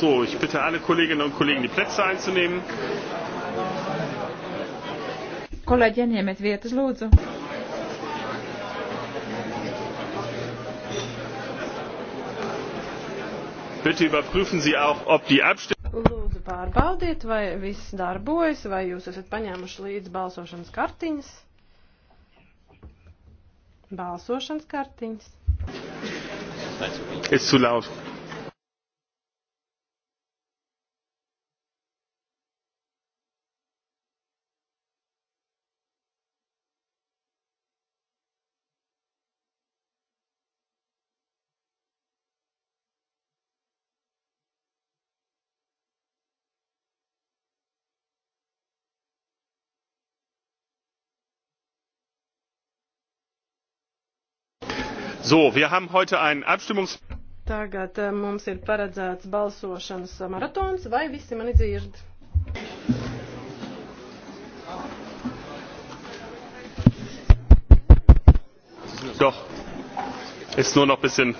So, ich bitte alle Kolleginnen und Kollegen, die Plätze einzunehmen. Kolēģi, ieņemiet vietas, lūdzu. Bitte überprüfen Sie auch, ob die Abstimmung. Lūdzu, pārbaudiet, vai viss darbojas, vai jūs esat paņēmuši līdz balsošanas kartiņas. Balsošanas kartiņas. It's too loud. So, wir haben heute einen Abstimmungs... Tagad eh, mums ir paredzēts balsošanas maratons, vai visi mani dzird? Doch, ist nur noch ein bisschen,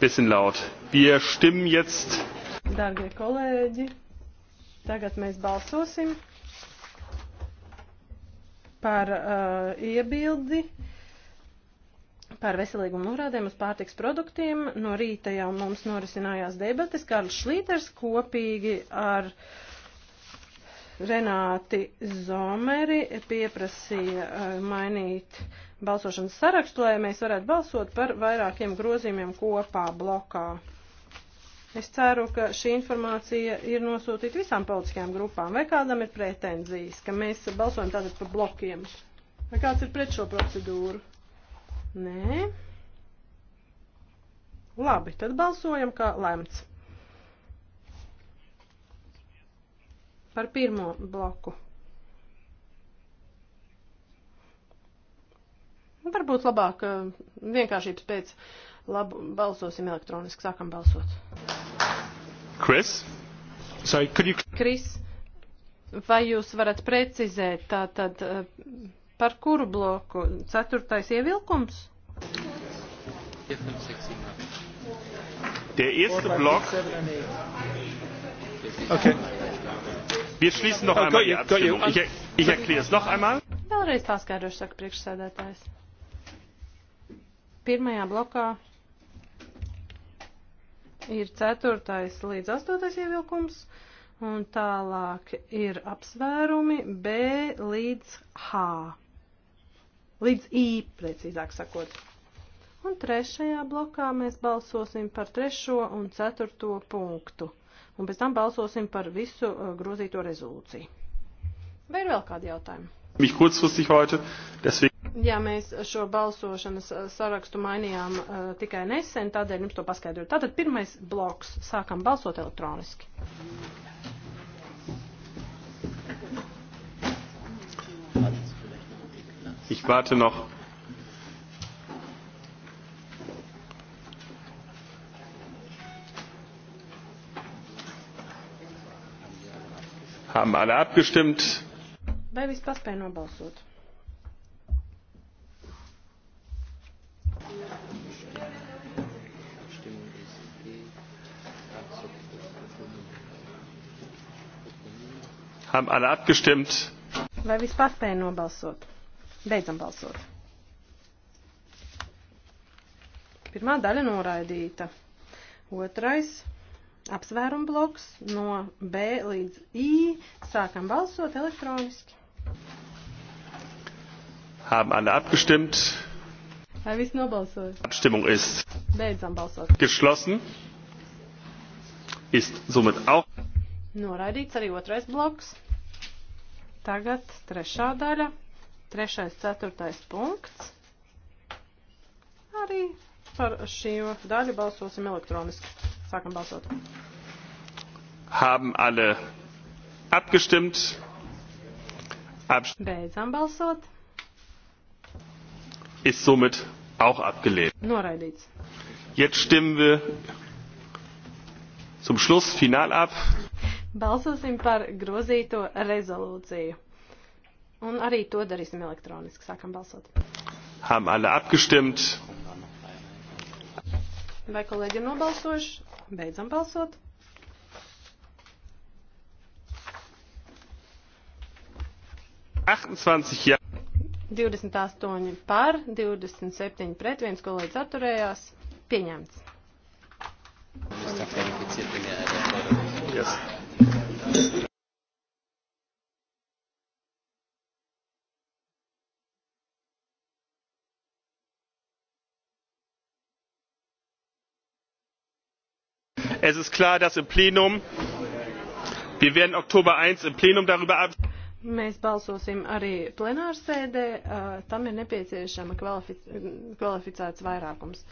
bisschen laut. Wir stimmen jetzt. Darbie kolēģi, tagad mēs balsosim par uh, iebildi. Uh, par veselīgumu norādēm uz pārtiks produktiem. No rīta jau mums norisinājās debates. Karls Šlīters kopīgi ar Renāti Zomeri pieprasīja eh, mainīt balsošanas sarakstu, lai mēs varētu balsot par vairākiem grozījumiem kopā blokā. Es ceru, ka šī informācija ir nosūtīta visām politiskajām grupām, vai kādam ir pretenzijas, ka mēs balsojam tātad par blokiem. Vai kāds ir pret šo procedūru? Nē. Labi, tad balsojam, kā lemts. Par pirmo bloku. Nu, varbūt labāk eh, vienkāršības pēc labu balsosim elektroniski, sākam balsot. Chris? Sorry, could you... Chris, vai jūs varat precizēt tātad eh, Par kuru bloku? Ceturtais ievilkums? Der erste Block. Okay. Wir schließen noch oh, einmal die Abstimmung. Ich, er-, ich erkläre es noch einmal. Vēlreiz tā skaidroši saka priekšsēdētājs. Pirmajā blokā ir ceturtais līdz astotais ievilkums, un tālāk ir apsvērumi B līdz H līdz I, precīzāk sakot. Un trešajā blokā mēs balsosim par trešo un ceturto punktu. Un pēc tam balsosim par visu uh, grozīto rezolūciju. Vai ir vēl kādi jautājumi? Heute, deswegen... Jā, mēs šo balsošanas uh, sarakstu mainījām uh, tikai nesen, tādēļ jums to paskaidroju. Tātad pirmais bloks. Sākam balsot elektroniski. Ich warte noch. Haben alle abgestimmt? Vai viss paspēja nobalsot? Haben alle abgestimmt? Vai viss paspēja nobalsot? Beidzam balsot. Pirmā daļa noraidīta. Otrais apsvērumu bloks no B līdz I. Sākam balsot elektroniski. Haben alle abgestimmt? Vai viss nobalsoja? Abstimmung ist. Beidzam balsot. Geschlossen. Ist somit auch. Noraidīts arī otrais bloks. Tagad trešā daļa Trešais, ceturtais punkts. Arī par šo daļu balsosim elektroniski. Sākam balsot. Haben alle abgestimmt. Abst Beidzam balsot. Ist somit auch abgelehnt. Noraidīts. Jetzt stimmen wir zum Schluss final ab. Balsosim par grozīto rezolūciju. Un arī to darīsim elektroniski. Sākam balsot. Haben alle abgestimmt. Vai kolēģi ir nobalsojuši? Beidzam balsot. Ja. 28 par, 27 pret, viens kolēģis atturējās. Pieņemts. Yes. es ist klar dass im plenum wir werden oktober eins im plenum darüber abstimmen Mēs balsosim arī plenārsēdē, uh, tam ir nepieciešama kvalific kvalificēts vairākums.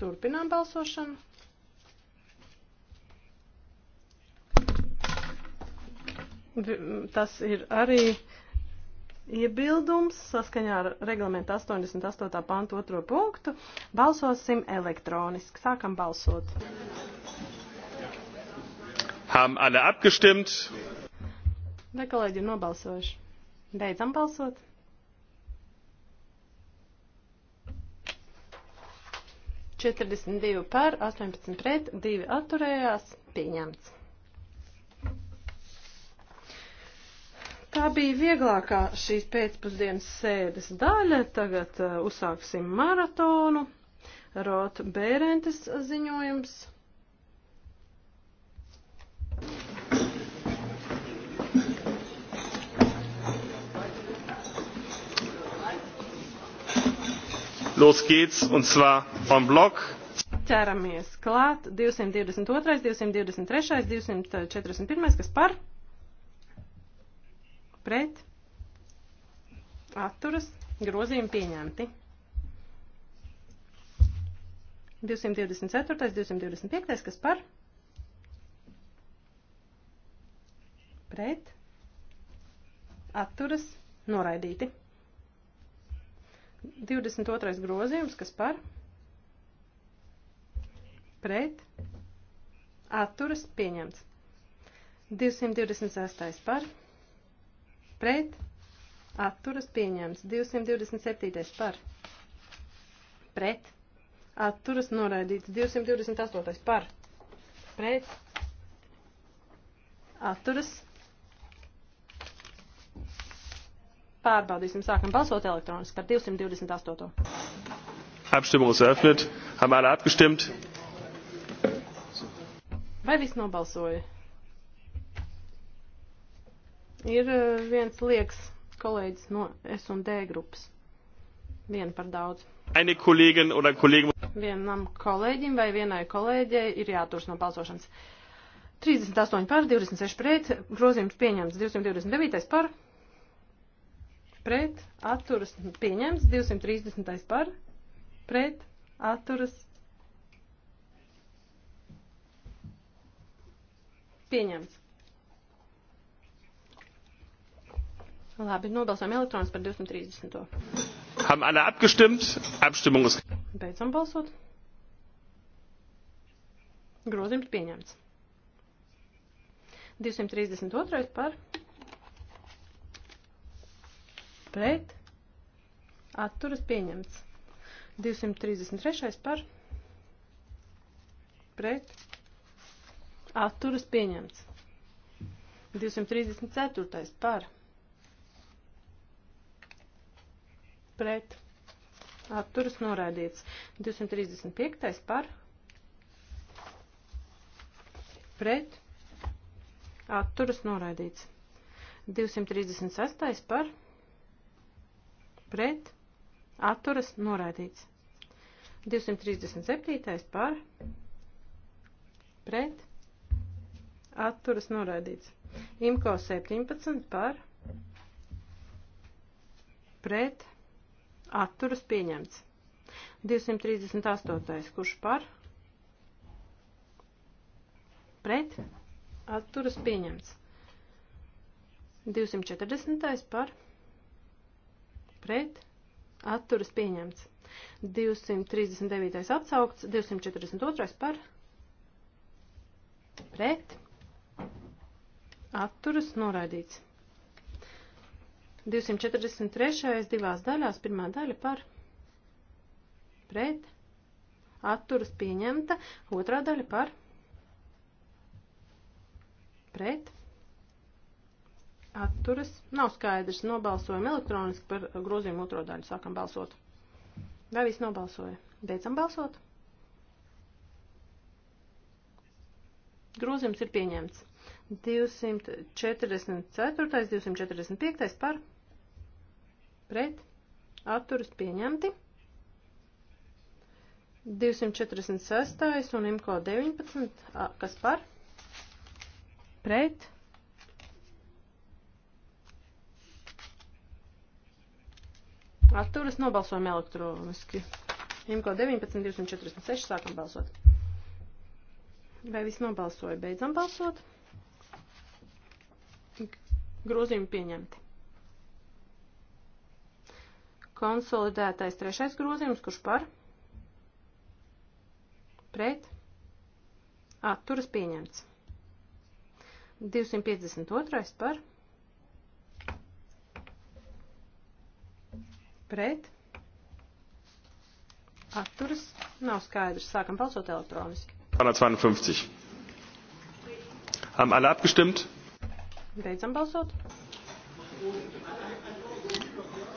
Turpinām balsošanu. Tas ir arī iebildums saskaņā ar reglamentu 88. pantu otro punktu. Balsosim elektroniski. Sākam balsot. Haben alle abgestimmt? Vai kolēģi ir nobalsojuši? Beidzam balsot. Četrdesmit divi par, astoņpadsmit pret, divi atturējās, pieņemts. Tā bija vieglākā šīs pēcpusdienas sēdes daļa. Tagad uh, uzsāksim maratonu. Rota Bērentes ziņojums. Los geht's, un zwar en bloc. Ķeramies klāt 222, 223, 241, kas par? pret, atturas, grozījumi pieņemti. 224, 225, kas par, pret, atturas, noraidīti. 22. grozījums, kas par, pret, atturas, pieņemts. 226. par, pret, pret atturas pieņemts. 227. par pret atturas noraidīts. 228. par pret atturas. Pārbaudīsim, sākam balsot elektroniski par 228. Abstimmung ist eröffnet. Haben alle abgestimmt? Vai viss nobalsoja? Ir eh, viens liekas kolēģis no S&D grupas. Vienu par daudz. Vienam kolēģim vai vienai kolēģei ir jāturas no balsošanas. 38 par, 26 pret, grozījums pieņemts 229 par, pret, atturas pieņemts 230 par, pret, atturas pieņemts. Labi, nobalsojam elektronis par 230. Haben alle abgestimmt? Abstimmung ist. Beidzam balsot. Grozījums pieņemts. 232 par pret atturas pieņemts. 233 par pret atturas pieņemts. 234 par pret pret atturas noraidīts. 235. par pret atturas noraidīts. 236. par pret atturas noraidīts. 237. par pret atturas noraidīts. Imko 17 par pret Atturas pieņemts. 238. Kurš par? Pret. Atturas pieņemts. 240. par? Pret. Atturas pieņemts. 239. atsaukts. 242. par? Pret. Atturas noraidīts. 243. divās daļās, pirmā daļa par pret, atturas pieņemta, otrā daļa par pret, atturas, nav skaidrs, nobalsojam elektroniski par grozījumu otro daļu, sākam balsot. Vai viss nobalsoja? Beidzam balsot. Grozījums ir pieņemts. 244. 245. par pret pret, atturas pieņemti. 246. un IMCO 19, kas par, pret, atturas, nobalsojam elektroniski. IMCO 19, 246, sākam balsot. Vai viss nobalsoja? Beidzam balsot. Grozījumi pieņemti. Konsolidētais trešais grozījums, kurš par? Pret? Atturas pieņemts. 252. par? Pret? Atturas nav skaidrs. Sākam balsot elektroniski. 252. Haben alle abgestimmt? Beidzam balsot.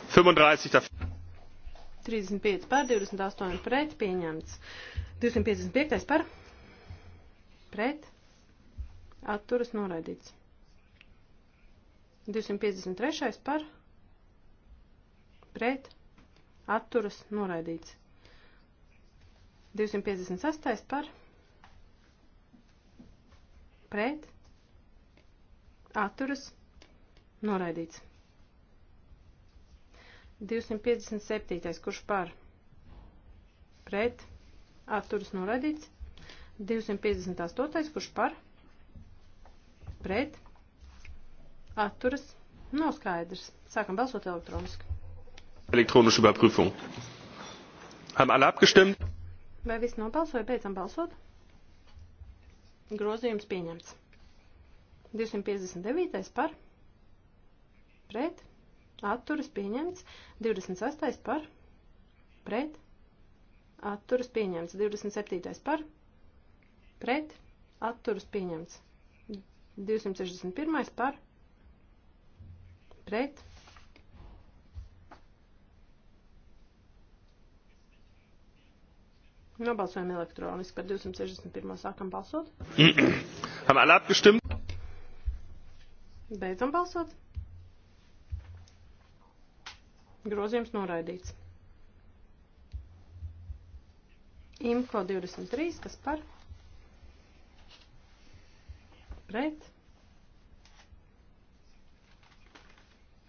35 dafür. 35 par, 28 pret, pieņemts. 255 par, pret, atturas noraidīts. 253 par, pret, atturas noraidīts. 258 par, pret, atturas noraidīts. 257. Kurš par? Pret. Atturas noraidīts. 258. Kurš par? Pret. Atturas. Nav skaidrs. Sākam balsot elektroniski. Elektronische Überprüfung. Haben alle abgestimmt? Vai viss nobalsoja? Beidzam balsot. Grozījums pieņemts. 259. par? Pret atturas pieņemts, 28. par, pret, atturas pieņemts, 27. par, pret, atturas pieņemts, 261. par, pret, Nobalsojam elektroniski par 261. sākam balsot. Haben alle abgestimmt? Beidzam balsot. Grozījums noraidīts. Imko 23, kas par? Pret.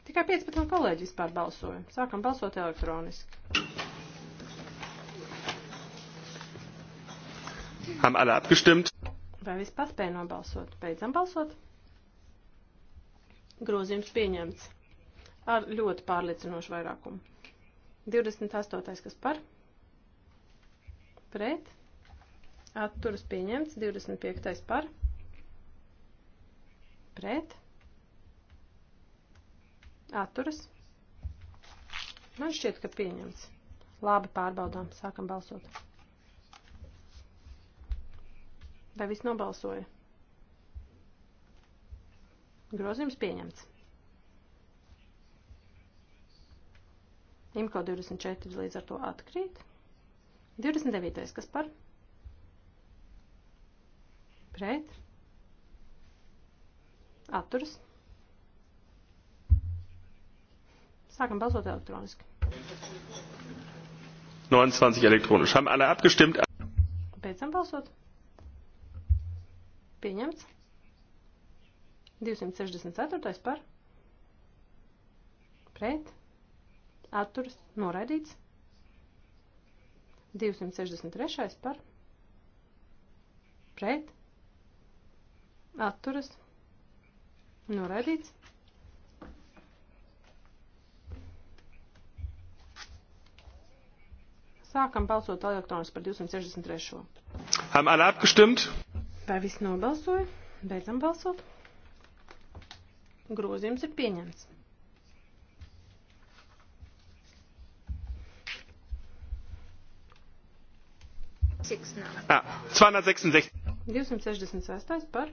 Tikai 15 kolēģi vispār balsoja. Sākam balsot elektroniski. Haben alle abgestimmt? Vai vispār spēja nobalsot? Beidzam balsot. Grozījums pieņemts ar ļoti pārliecinošu vairākumu. 28. kas par? Pret. Atturas pieņemts. 25. par? Pret. Atturas. Man šķiet, ka pieņemts. Labi, pārbaudām. Sākam balsot. Vai viss nobalsoja? Grozījums pieņemts. Imko 24 līdz ar to atkrīt. 29. kas par? Pret. Atturas. Sākam balsot elektroniski. 29 elektronisch. Haben alle abgestimmt? Beidzam balsot. Pieņemts. 264. par? Pret atturas noraidīts. 263. par pret atturas noraidīts. Sākam balsot elektronis par 263. Haben alle abgestimmt? Vai visi nobalsoja? Beidzam balsot. Grozījums ir pieņemts. 266 nav. Jā, 266. 266 par.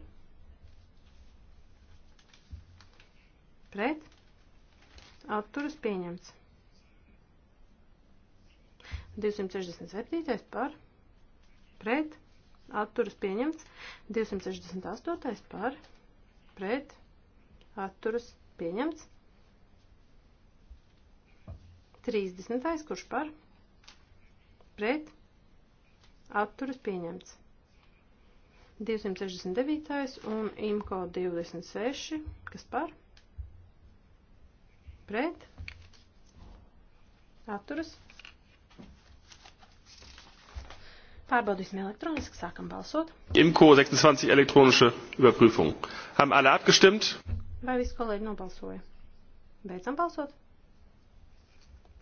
Pret. Atturas pieņemts. 267 par. Pret. Atturas pieņemts. 268 par. Pret. Atturas pieņemts. 30. kurš par? Pret atturas pieņemts. 269. un IMCO 26, kas par? Pret? Atturas? Pārbaudīsim elektroniski, sākam balsot. IMCO 26 elektronische Überprüfung. Haben alle abgestimmt? Vai visi kolēģi nobalsoja? Beidzam balsot?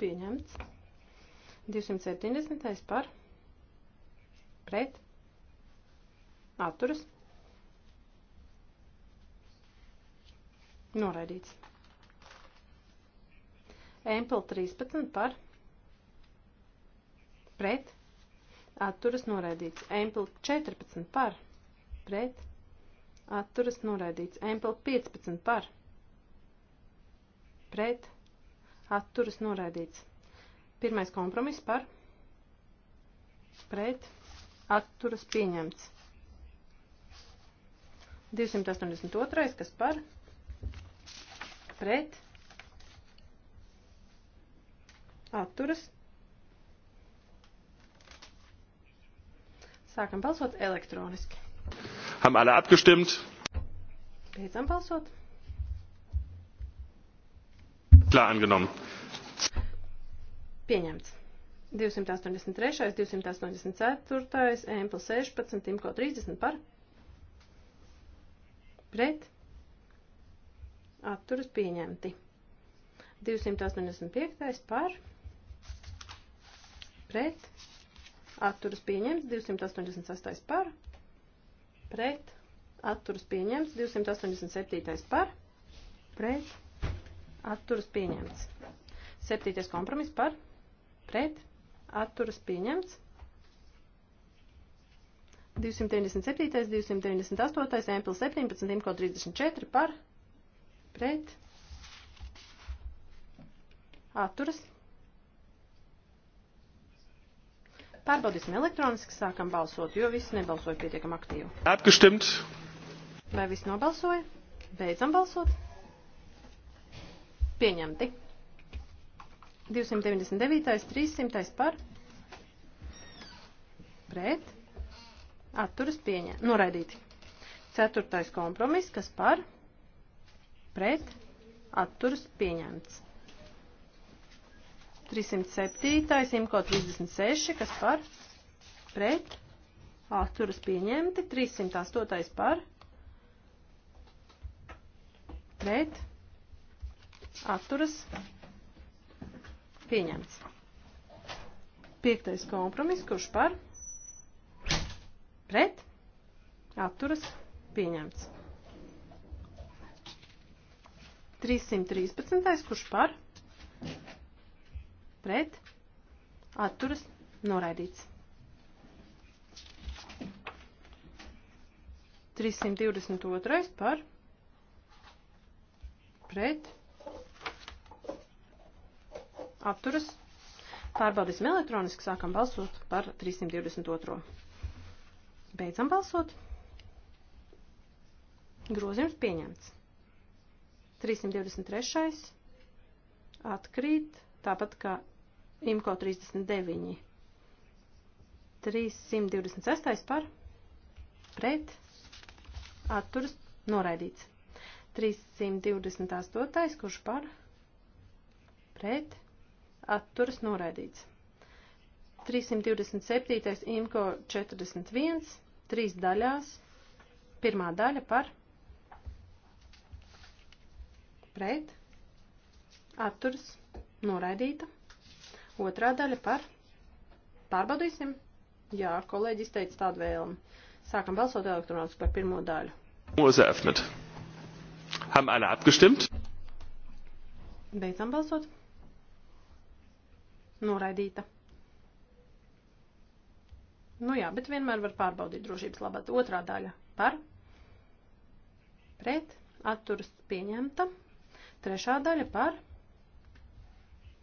Pieņemts. 270. par? pret, atturas, noraidīts. Empel 13 par, pret, atturas, noraidīts. Empel 14 par, pret, atturas, noraidīts. Empel 15 par, pret, atturas, noraidīts. Pirmais kompromiss par, pret, atturas, noraidīts atturas pieņemts. 282. kas par pret atturas. Sākam balsot elektroniski. Haben alle abgestimmt? Beidzam balsot. Klar angenommen. Pieņemts. 283, 284, M plus 16, Timko 30 par pret atturas pieņemti. 285 par pret atturas pieņemts, 288 par pret atturas pieņemts, 287 par pret atturas pieņemts. 7. kompromiss par pret atturas pieņemts. 297, 298, M plus 17, IMCO 34 par pret atturas. Pārbaudīsim elektroniski, sākam balsot, jo visi nebalsoja pietiekam aktīvi. Apgestimt. Vai visi nobalsoja? Beidzam balsot. Pieņemti. 299. 300. par pret atturas pieņem. Noraidīti. Ceturtais kompromiss, kas par pret atturas pieņemts. 307. Simko 36, kas par pret atturas pieņemti. 308. par pret atturas pieņemti Pieņemts. Piektais kompromiss, kurš par? Pret? Atturas? Pieņemts. 313. Kurš par? Pret? Atturas? Noraidīts. 322. par? Pret? atturas. Pārbaudīsim elektroniski, sākam balsot par 322. Beidzam balsot. Grozījums pieņemts. 323. atkrīt, tāpat kā IMCO 39. 326. par pret atturas noraidīts. 328. kurš par pret atturas noraidīts. 327. imko 41, trīs daļās, pirmā daļa par pret, atturas, noraidīta, otrā daļa par pārbaudīsim. Jā, kolēģi izteica tādu vēlmi. Sākam balsot elektroniski par pirmo daļu. Mūsu eröffnet. Haben alle abgestimmt? Beidzam balsot. Noraidīta. Nu jā, bet vienmēr var pārbaudīt drošības labāk. Otrā daļa par, pret, atturas pieņemta. Trešā daļa par,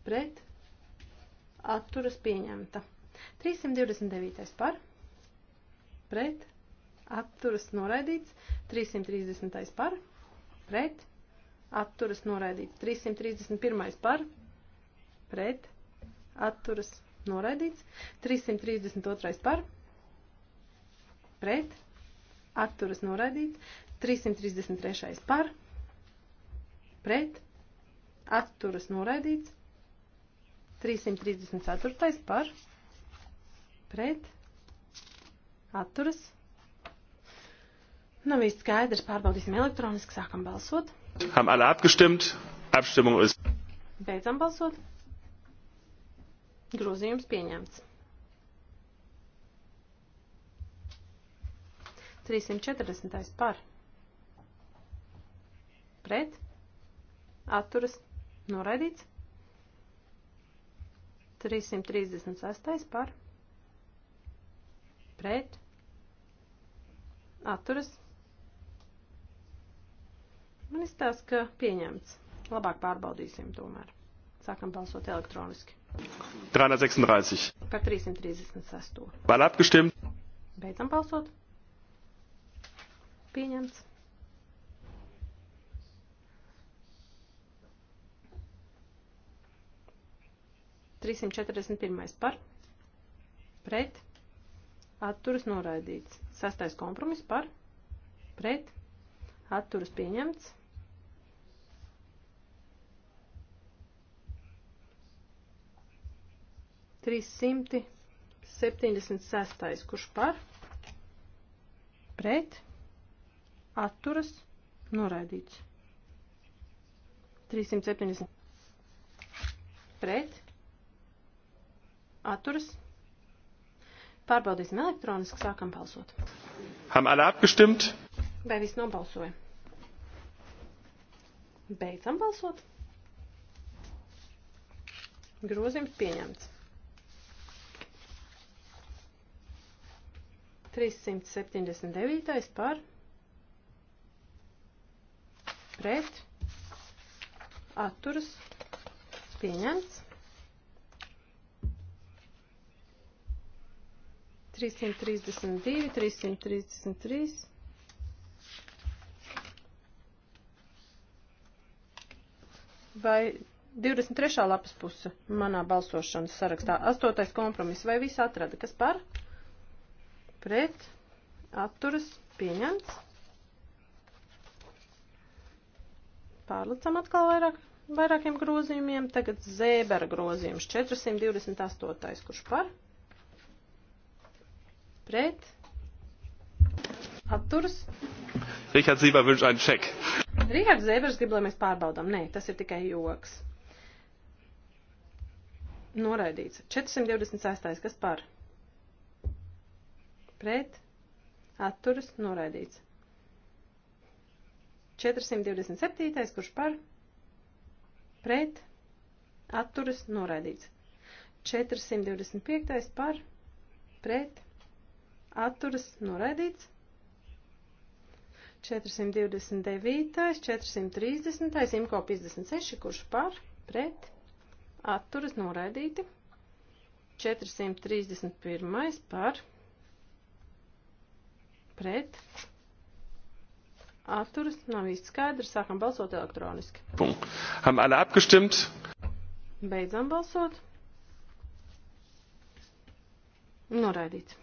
pret, atturas pieņemta. 329. par, pret, atturas noraidīts. 330. par, pret, atturas noraidīts. 331. par, pret, atturas noraidīts. 332. par pret atturas noraidīts. 333. par pret atturas noraidīts. 334. par pret atturas. Nav nu, īsti skaidrs, pārbaudīsim elektroniski, sākam balsot. Haben alle abgestimmt? Abstimmung ist. Beidzam balsot. Grozījums pieņemts. 340. par. Pret. Atturas. Noraidīts. 336. par. Pret. Atturas. Man izstāsta, ka pieņemts. Labāk pārbaudīsim tomēr. Sākam balsot elektroniski. 336. Par 336. Vēl apgestimt. Beidzam balsot. Pieņemts. Trīsimt četrdesmit pirmais par, pret, atturas noraidīts. Sastais kompromiss par, pret, atturas pieņemts. 376. Kurš par? Pret. Atturas. Noraidīts. 370. Pret. Atturas. Pārbaudīsim elektroniski, sākam balsot. Haben alle abgestimmt? Vai viss nobalsoja? Beidzam balsot. Grozījums pieņemts. 379. par pret atturas pieņemts. 332, 333. Vai 23. lapas puse manā balsošanas sarakstā. 8. kompromiss. Vai visi atrada? Kas par? pret, atturas, pieņemts. Pārlicam atkal vairāk, vairākiem grozījumiem. Tagad zēbera grozījums 428, kurš par, pret, atturas. Rihards Zīber wünscht einen Check. Rihards Zēbers grib, lai mēs pārbaudām. Nē, tas ir tikai joks. Noraidīts. 426. Kas par? pret, atturas, noraidīts. 427. kurš par, pret, atturas, noraidīts. 425. par, pret, atturas, noraidīts. 429. 430. imko 56. kurš par, pret, atturas, noraidīti. 431. par, pret pret, atturas, nav īsti skaidrs, sākam balsot elektroniski. Punkt. Ham alle abgestimt? Beidzam balsot. Noraidīts.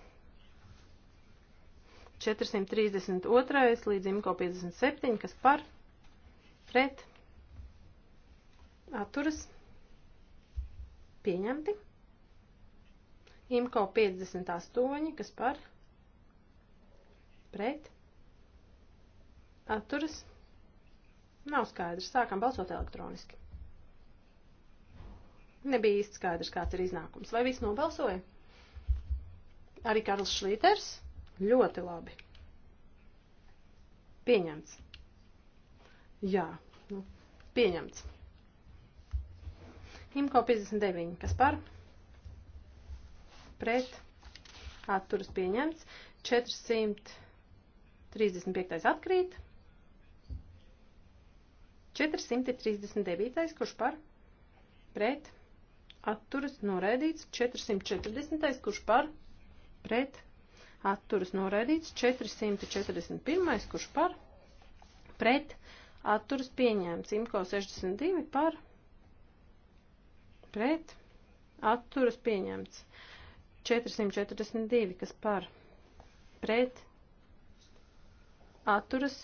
432 līdz imko 57, kas par, pret, atturas, pieņemti. Imko 58, kas par, pret pret, atturas, nav skaidrs. Sākam balsot elektroniski. Nebija īsti skaidrs, kāds ir iznākums. Vai viss nobalsoja? Arī Karls Šlīters? Ļoti labi. Pieņemts. Jā, nu, pieņemts. Imko 59, kas par? Pret. Atturas pieņemts. 400. 35. atkrīt. 439. kurš par pret atturas noraidīts. 440. kurš par pret atturas noraidīts. 441. kurš par pret atturas pieņēmts. Imko 62 par pret atturas pieņemts. 442, kas par pret atturas.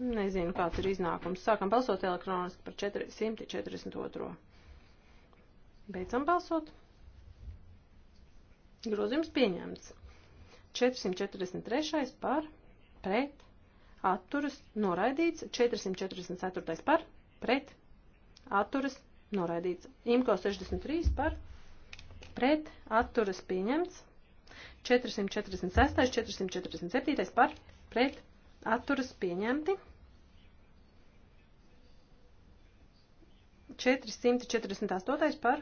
Nezinu, kāds ir iznākums. Sākam balsot elektroniski par 442. Beidzam balsot. Grozījums pieņemts. 443. par pret atturas noraidīts. 444. par pret atturas noraidīts. Imko 63 par pret atturas pieņemts. 446, 447 par pret atturas pieņemti. 448 par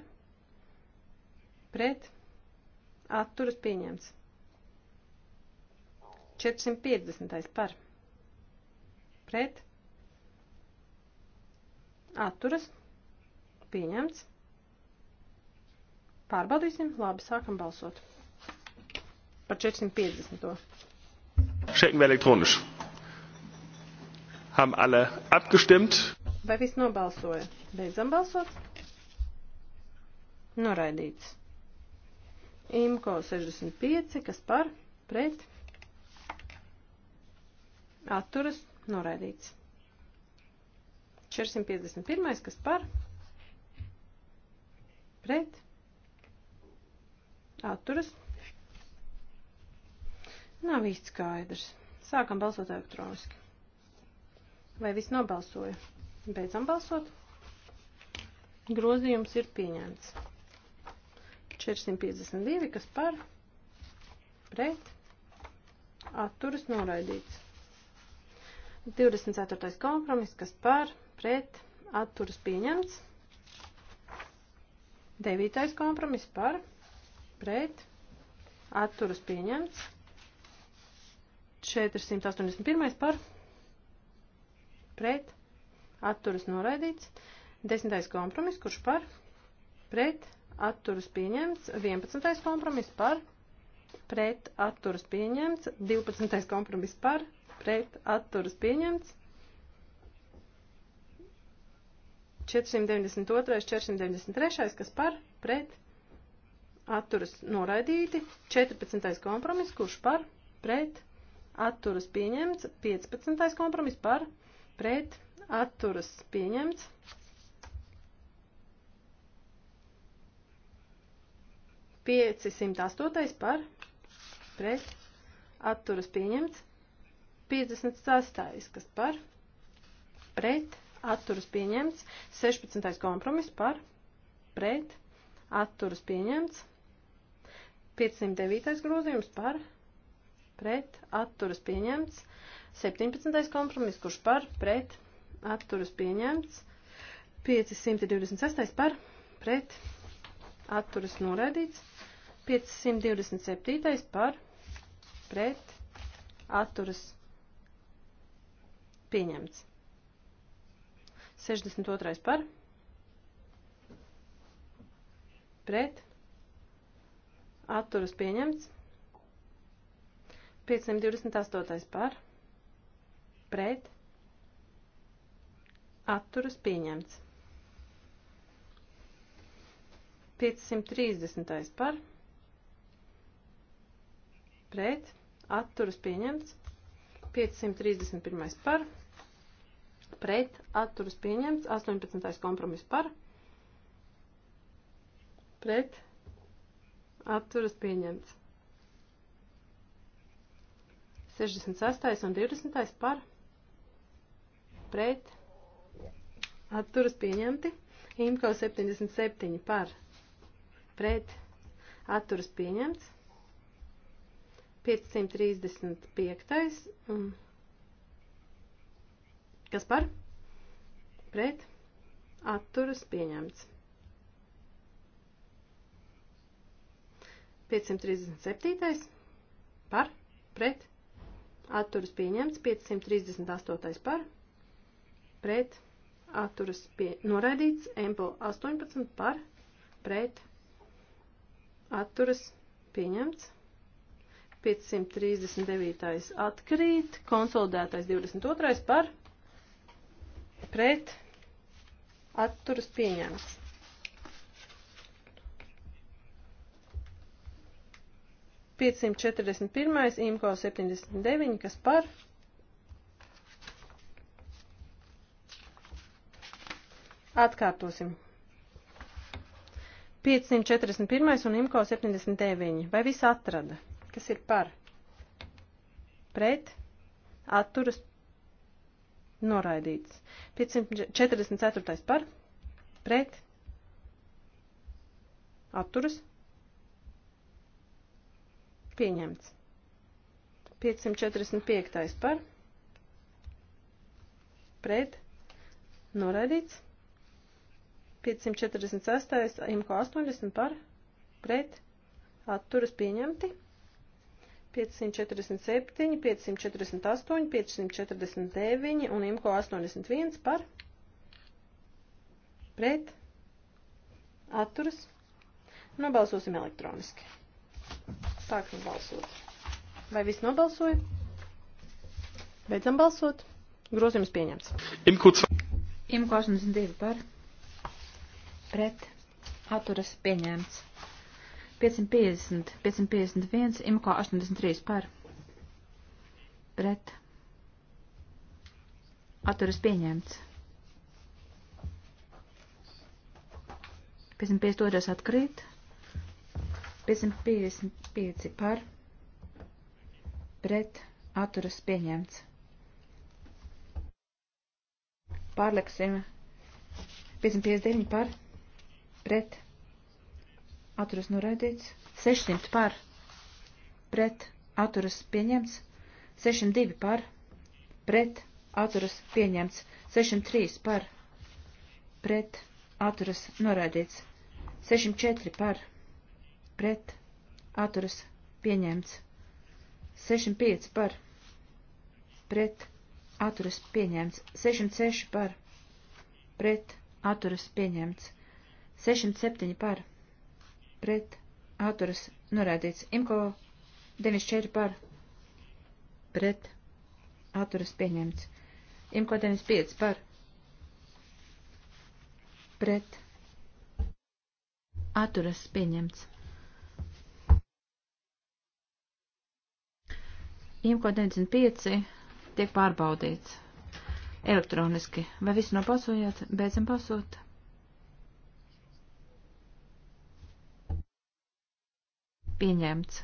pret atturas pieņemts. 450 par pret atturas pieņemts. Pārbaudīsim, labi, sākam balsot par 450. Checken wir elektronisch. Haben alle abgestimmt? Vai viss nobalsoja? Beidzam balsot? Noraidīts. Imko 65, kas par, pret, atturas, noraidīts. 451, kas par, pret, atturas, noraidīts Nav īsti skaidrs. Sākam balsot elektroniski. Vai viss nobalsoja? Beidzam balsot. Grozījums ir pieņemts. 452, kas par, pret, atturas noraidīts. 24. kompromiss, kas par, pret, atturas pieņemts. 9. kompromiss par, pret, atturas pieņemts. 481 par pret atturas noraidīts. 10. kompromis, kurš par pret atturas pieņemts. 11. kompromis par pret atturas pieņemts. 12. kompromis par pret atturas pieņemts. 492, 493, kas par pret atturas noraidīti. 14. kompromis, kurš par pret atturas pieņemts, 15. kompromiss par pret atturas pieņemts. Piecisimt astotais par pret atturas pieņemts. 56. kas par pret atturas pieņemts. 16. kompromiss par pret atturas pieņemts. 509. grozījums par pret pret atturas pieņemts. 17. kompromiss, kurš par pret atturas pieņemts. 526. par pret atturas noraidīts. 527. par pret atturas pieņemts. 62. par pret atturas pieņemts. 528. par, pret, atturas pieņemts. 530. par, pret, atturas pieņemts. 531. par, pret, atturas pieņemts. 18. kompromis par, pret, atturas pieņemts. 68. un 20. par pret atturas pieņemti. Imko 77 par pret atturas pieņemts. 535. Un kas par pret atturas pieņemts. 537. par pret atturas pieņemts, 538 par, pret, atturas pie, noraidīts, Empel 18 par, pret, atturas pieņemts, 539 atkrīt, konsolidētais 22 par, pret, atturas pieņemts. 541, IMCO 79, kas par? Atkārtosim. 541 un IMCO 79. Vai viss atrada? Kas ir par? Pret? Atturas? Noraidīts. 544 par? Pret? Atturas? Pieņemts. 545. par. Pret. Noraidīts. 546. Imko 80 par. Pret. Atturas pieņemti. 547, 548, 549 un IMCO 81 par pret atturas. Nobalsosim elektroniski. Sākam balsot. Vai viss nobalsoja? Beidzam balsot. Grozījums pieņemts. Imko 82 par. Pret. Atturas pieņemts. 550, 551, Imko 83 par. Pret. Atturas pieņemts. 552 atkrīt. 555 par pret atturas pieņemts. Pārleksim 559 par pret atturas noraidīts. 600 par pret atturas pieņemts. 602 par pret atturas pieņemts. 603 par pret atturas noraidīts. 604 par pret pret atturas pieņemts. 605 par pret atturas pieņemts. 606 par pret atturas pieņemts. 607 par pret atturas norādīts. Imko 94 par pret atturas pieņemts. Imko 95 par pret atturas pieņemts. Imko 95 tiek pārbaudīts elektroniski. Vai visi nopasojāt? Beidzam pasūt. Pieņemts.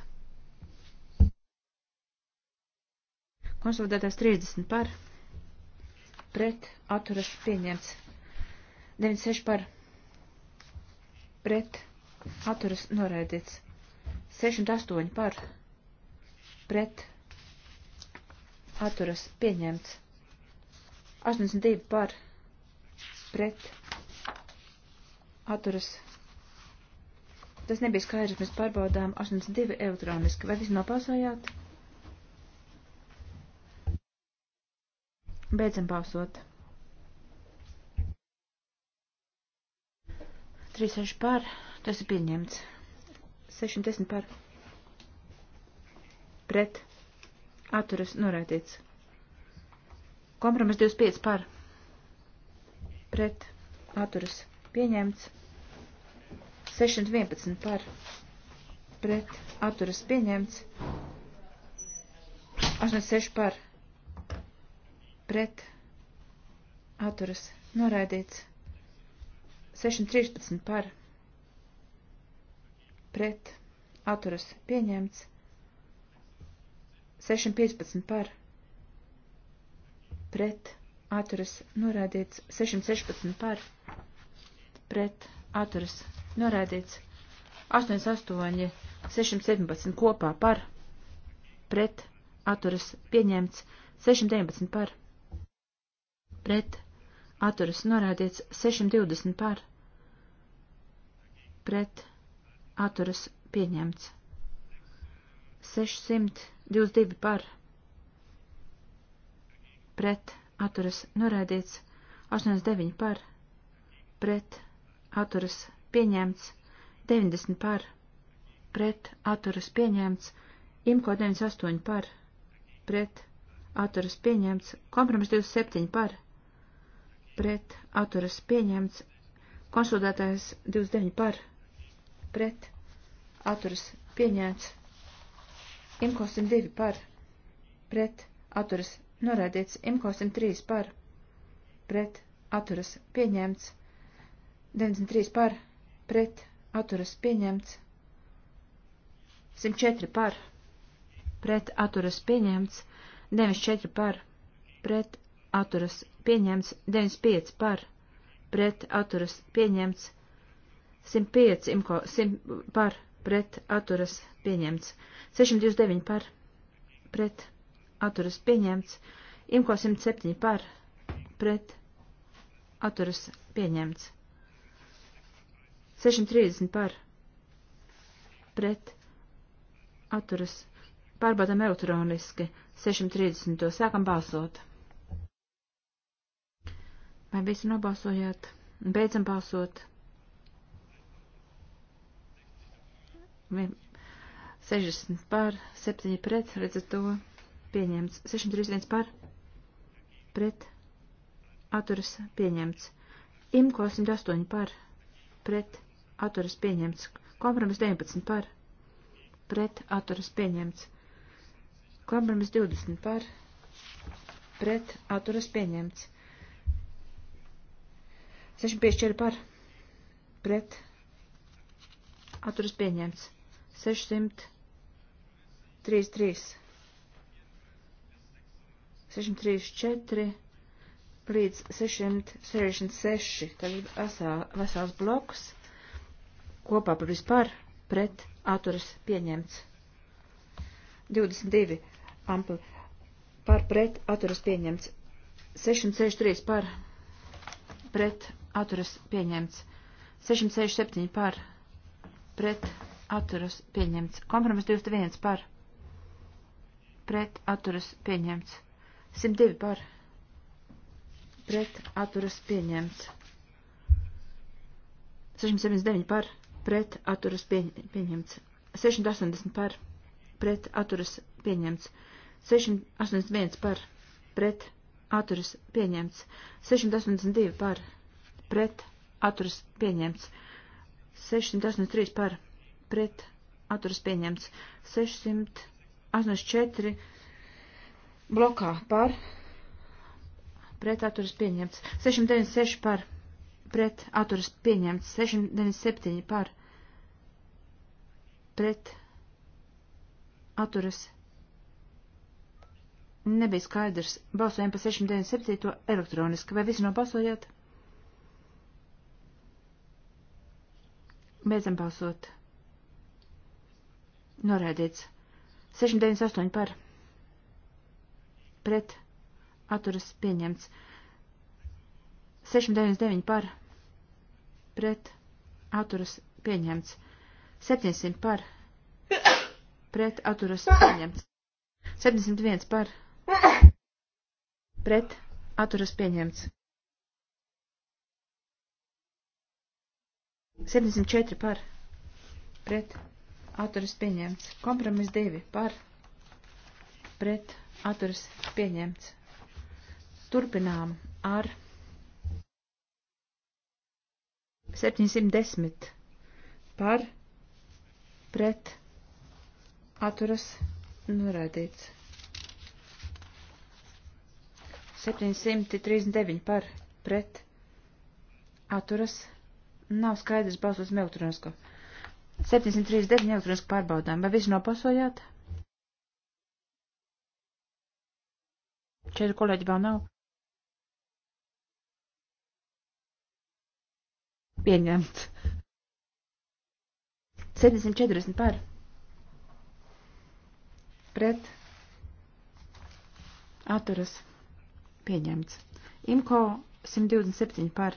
Konsolidētais 30 par. Pret. Atturas pieņemts. 96 par. Pret. Atturas noraidīts. 68 par. Pret atturas pieņemts. 82 par pret atturas. Tas nebija skaidrs, mēs pārbaudām 82 elektroniski. Vai visi nopasojāt? Beidzam pausot. 36 par, tas ir pieņemts. 610 par pret atturas norēdīts. Kompromiss 25 par pret atturas pieņemts. 611 par pret atturas pieņemts. 86 par pret atturas noraidīts. 613 par pret atturas pieņemts. 615 par pret atturas norādīts 616 par pret atturas norādīts 88 617 kopā par pret atturas pieņemts 619 par pret atturas norādīts 620 par pret atturas pieņemts 600 22 par pret atturas norādīts, 89 par pret atturas pieņemts, 90 par pret atturas pieņemts, imko 98 par pret atturas pieņemts, kompromis 27 par pret atturas pieņemts, konsultētājs 29 par pret atturas pieņemts. Imko 102 par, pret, atturas, norādīts. Imko 103 par, pret, atturas, pieņemts. 93 par, pret, atturas, pieņemts. 104 par, pret, atturas, pieņemts. 94 par, pret, atturas, pieņemts. 95 par, pret, atturas, pieņemts. 105 imko, 100 par, pret pret atturas pieņemts. 629 par pret atturas pieņemts. Imko 107 par pret atturas pieņemts. 630 par pret atturas pārbaudam elektroniski. 630 to sākam balsot. Vai visi nobalsojāt? Beidzam balsot. 60 par, 7 pret, redz to pieņemts. 631 par, pret, atturas pieņemts. Imko 88 par, pret, atturas pieņemts. Kompromis 19 par, pret, atturas pieņemts. Kompromis 20 par, pret, atturas pieņemts. 654 par, pret, atturas pieņemts. 633, 634 līdz 666. Tas ir vesels bloks kopā par vispār pret atturas pieņemts. 22 ampli par pret atturas pieņemts. 663 par pret atturas pieņemts. 667 par pret atturas pieņemts. Kompromiss 21 par. Pret atturas pieņemts. 102 par. Pret atturas pieņemts. 679 par. Pret atturas pieņemts. 680 par. Pret atturas pieņemts. 681 par. Pret atturas pieņemts. 682 par. Pret atturas pieņemts. 683 par pret atturas pieņemts 684 blokā par pret atturas pieņemts 696 par pret atturas pieņemts 697 par pret atturas nebija skaidrs. Balsojam pa 697 elektroniski. Vai visi nobalsojāt? Beidzam balsot. Norēdīts. 698 par. Pret. Atturas pieņemts. 699 par. Pret. Atturas pieņemts. 700 par. Pret. Atturas pieņemts. 71 par. Pret. Atturas pieņemts. 74 par. Pret atturas pieņemts. Kompromis 2 par pret atturas pieņemts. Turpinām ar 710 par pret atturas norādīts. 739 par pret atturas nav skaidrs balsos Meltronsku. 739 elektroniski pārbaudām. Vai visi nopasojāt? Četri kolēģi vēl nav. Pieņemts. 740 par. Pret. Atturas. Pieņemts. Imko 127 par.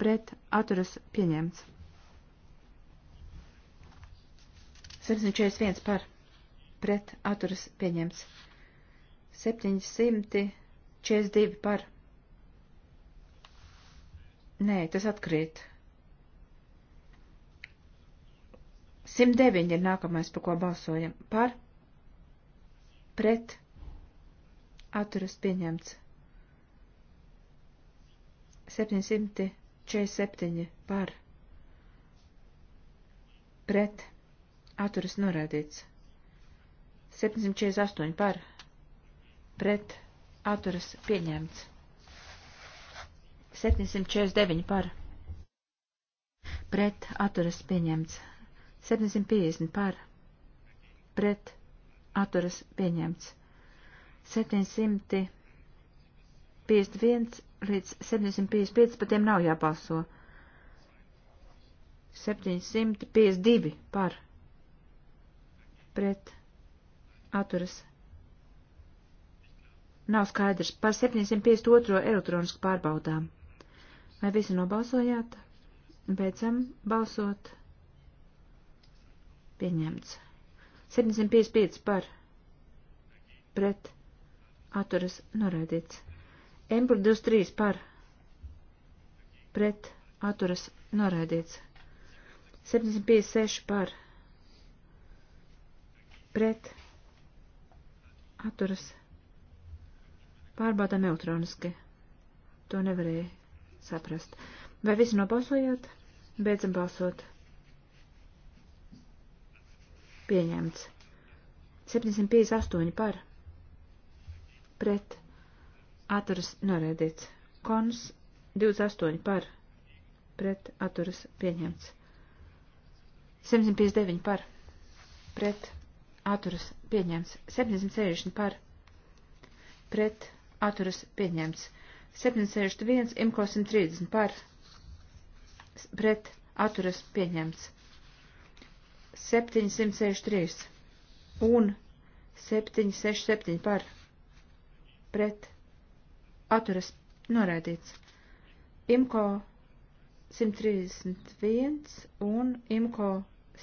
Pret. Atturas. Pieņemts. 741 par pret atturas pieņemts. 742 par. Nē, tas atkrīt. 109 ir nākamais, par ko balsojam. Par. Pret. Atturas pieņemts. 747 par. Pret atturas norādīts. 748 par, pret, atturas pieņemts. 749 par, pret, atturas pieņemts. 750 par, pret, atturas pieņemts. 751 līdz 755 par tiem nav jābalso. 752 par pret atturas. Nav skaidrs. Par 752. elektronisku pārbaudām. Vai visi nobalsojāt? Beidzam balsot. Pieņemts. 755 par. Pret. Atturas noraidīts. Empur 23 par. Pret. Atturas noraidīts. 756 par pret atturas pārbauda neutroniski. To nevarēja saprast. Vai visi nobalsojāt? Beidzam balsot. Pieņemts. 758 par. Pret. Atturas norēdīts. Kons 28 par. Pret. Atturas pieņemts. 759 par. Pret atturas pieņemts. 760 par pret atturas pieņemts. 761 imko 130 par pret atturas pieņemts. 763 un 767 par pret atturas noraidīts. Imko 131 un Imko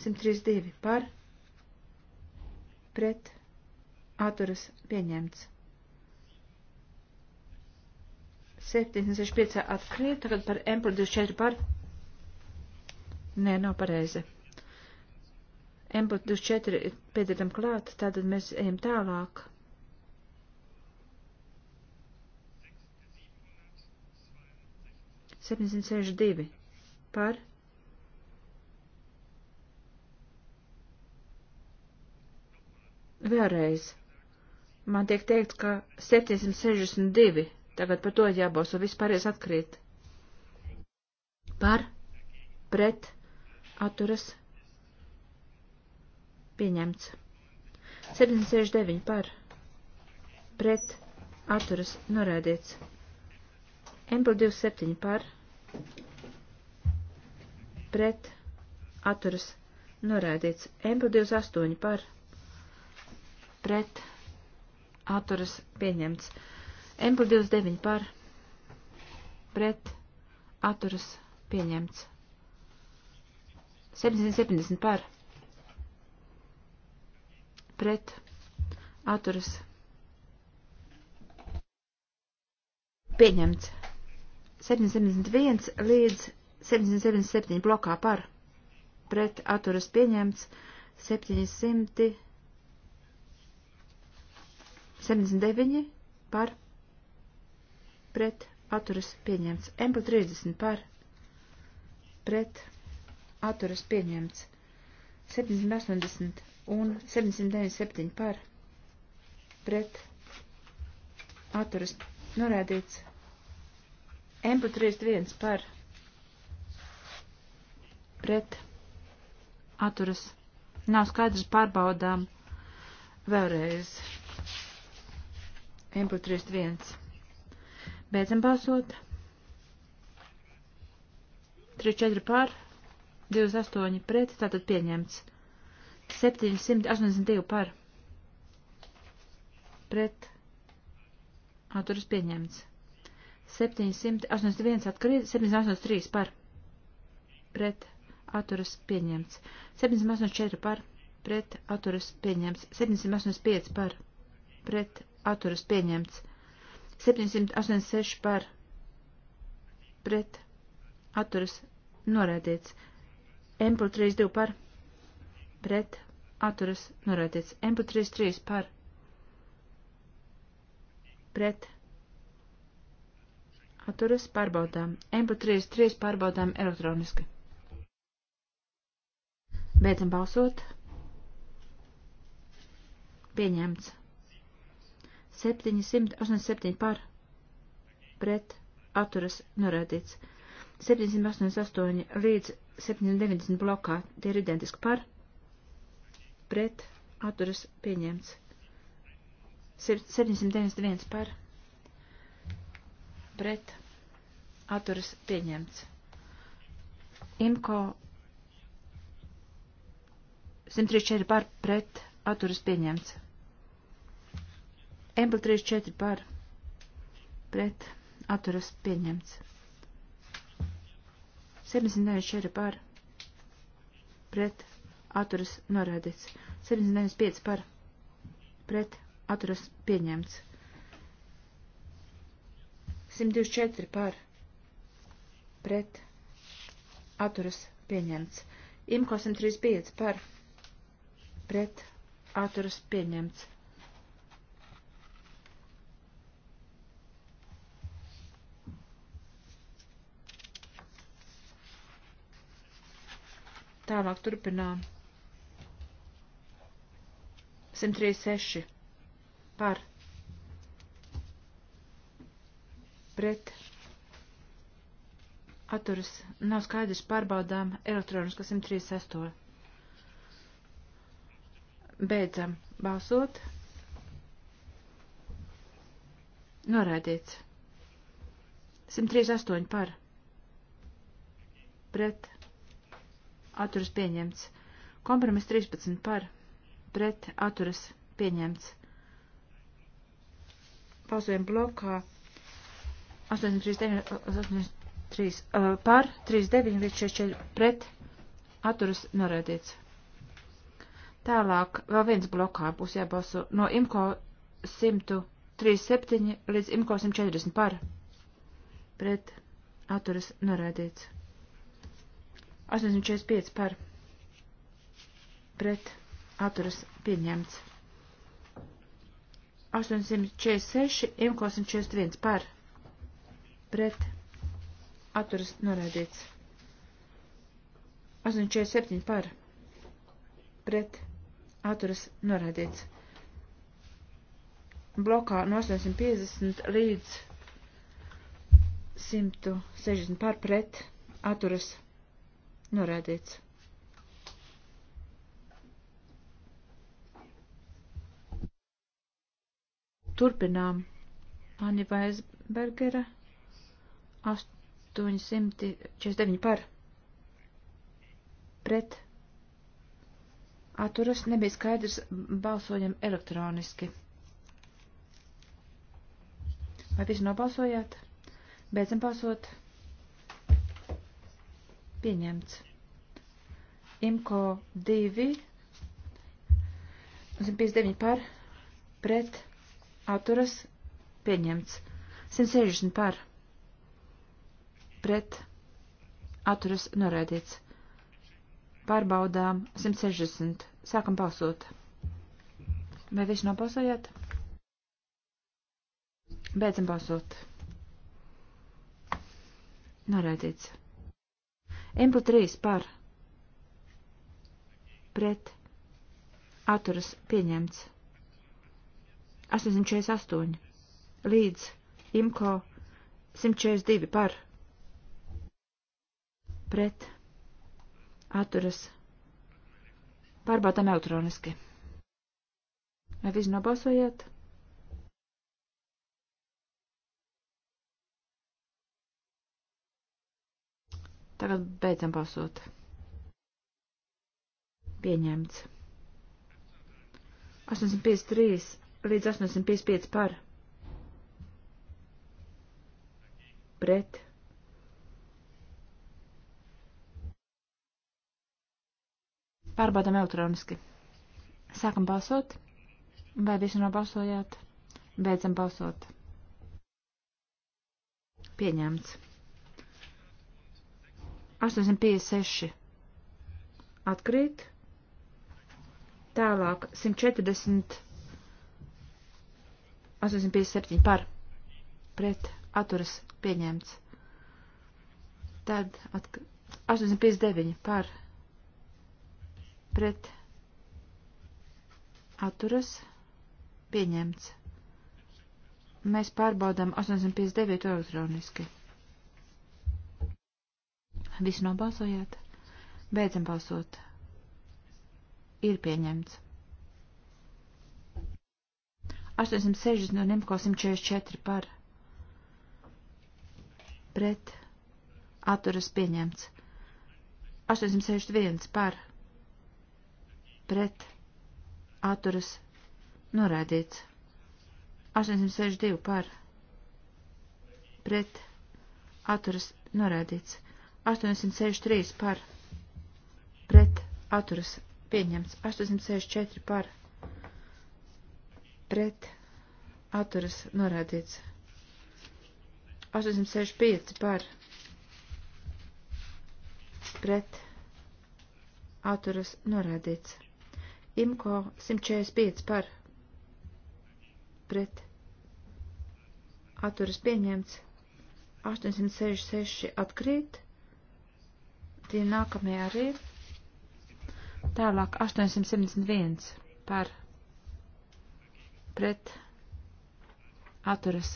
132 par pret pret atturas pieņemts. 765 atkrīt, tagad par M plus 24 par. Nē, nav pareizi. M plus 24 ir pēdējam klāt, tātad mēs ejam tālāk. Septiņsimt seši divi par. Vēlreiz. Man tiek teikt, ka 762. Tagad par to jābalso. Vispārējais atkrīt. Par, pret, atturas. Pieņemts. 769 par. Pret, atturas, norēdīts. Empel 27 par. Pret, atturas, norēdīts. Empel 28 par pret atturas pieņemts. Emplu 29 par pret atturas pieņemts. 770 par pret atturas pieņemts. 771 līdz 777 blokā par pret atturas pieņemts 700. 79 par pret atturas pieņemts. Empel 30 par pret atturas pieņemts. 780 un 797 par pret atturas norādīts. Empel 31 par pret atturas. Nav skaidrs pārbaudām vēlreiz. 131. Beidzam balsot. 34 pār, 28 pret, tātad pieņemts. 782 pār. Pret. Atturas pieņemts. 781 atkarīt, 783 par. Pret. Atturas pieņemts. 784 par. Pret. Atturas pieņemts. 785 par. Pret atturas pieņemts. 786 par pret atturas norēdīts. MP32 par pret atturas norēdīts. MP33 par pret atturas pārbaudām. MP33 pārbaudām elektroniski. Beidzam balsot. Pieņemts. 787 par pret atturas norādīts. 788 līdz 790 blokā tie ir identiski par pret atturas pieņemts. 791 par pret atturas pieņemts. Imko 134 par pret atturas pieņemts. MP34 par pret atturas pieņemts. 79.4 par pret atturas norādīts. 79.5 par pret atturas pieņemts. 124 par pret atturas pieņemts. IMCO 135 par pret atturas pieņemts. Tālāk turpinām. 136 par pret atturas nav skaidrs pārbaudām elektronisko 136. Beidzam balsot. Noraidīts. 138 par pret atturas pieņemts. Kompromiss 13 par pret atturas pieņemts. Balsojam blokā 839 3, uh, par 39 līdz 44 pret atturas norēdīts. Tālāk vēl viens blokā būs jābalso no IMCO 137 līdz IMCO 140 par pret atturas norēdīts. 845 par pret atturas pieņemts. 846, imko 141 par pret atturas norādīts. 847 par pret atturas norādīts. Blokā no 850 līdz 160 par pret atturas norādīts Norādīts. Turpinām. Pani Vaisbergera 849 par. Pret. Atturas nebija skaidrs, balsojam elektroniski. Vai visi nobalsojāt? Beidzam balsot. Pieņemts. Imko 2. 159 par. Pret. Atturas. Pieņemts. 160 par. Pret. Atturas norēdīts. Pārbaudām 160. Sākam balsot. Vai visi nobalsojāt? Beidzam balsot. Norēdīts. MP3 par pret atturas pieņemts 848 līdz IMCO 142 par pret atturas pārbaudām elektroniski. Vai visi nobalsojāt? Tagad beidzam balsot. Pieņemts. 853 līdz 855 par. Pret. Pārbaudām elektroniski. Sākam balsot. Vai visi nobalsojāt? Beidzam balsot. Pieņemts. 856 atkrīt, tālāk 140, 857 par, pret atturas pieņemts, tad atk 859 par, pret atturas pieņemts. Mēs pārbaudām 859 elektroniski. Visi nobalsojāt? Beidzam balsot. Ir pieņemts. 860 no Nemko 144 par. Pret. Atturas pieņemts. 861 par. Pret. Atturas norādīts. 862 par. Pret. Atturas norādīts. 863 par pret atturas pieņemts. 864 par pret atturas norādīts. 865 par pret atturas norādīts. Imko 145 par pret atturas pieņemts. 866 atkrīt. Tie nākamie arī. Tālāk 871 par pret atturas.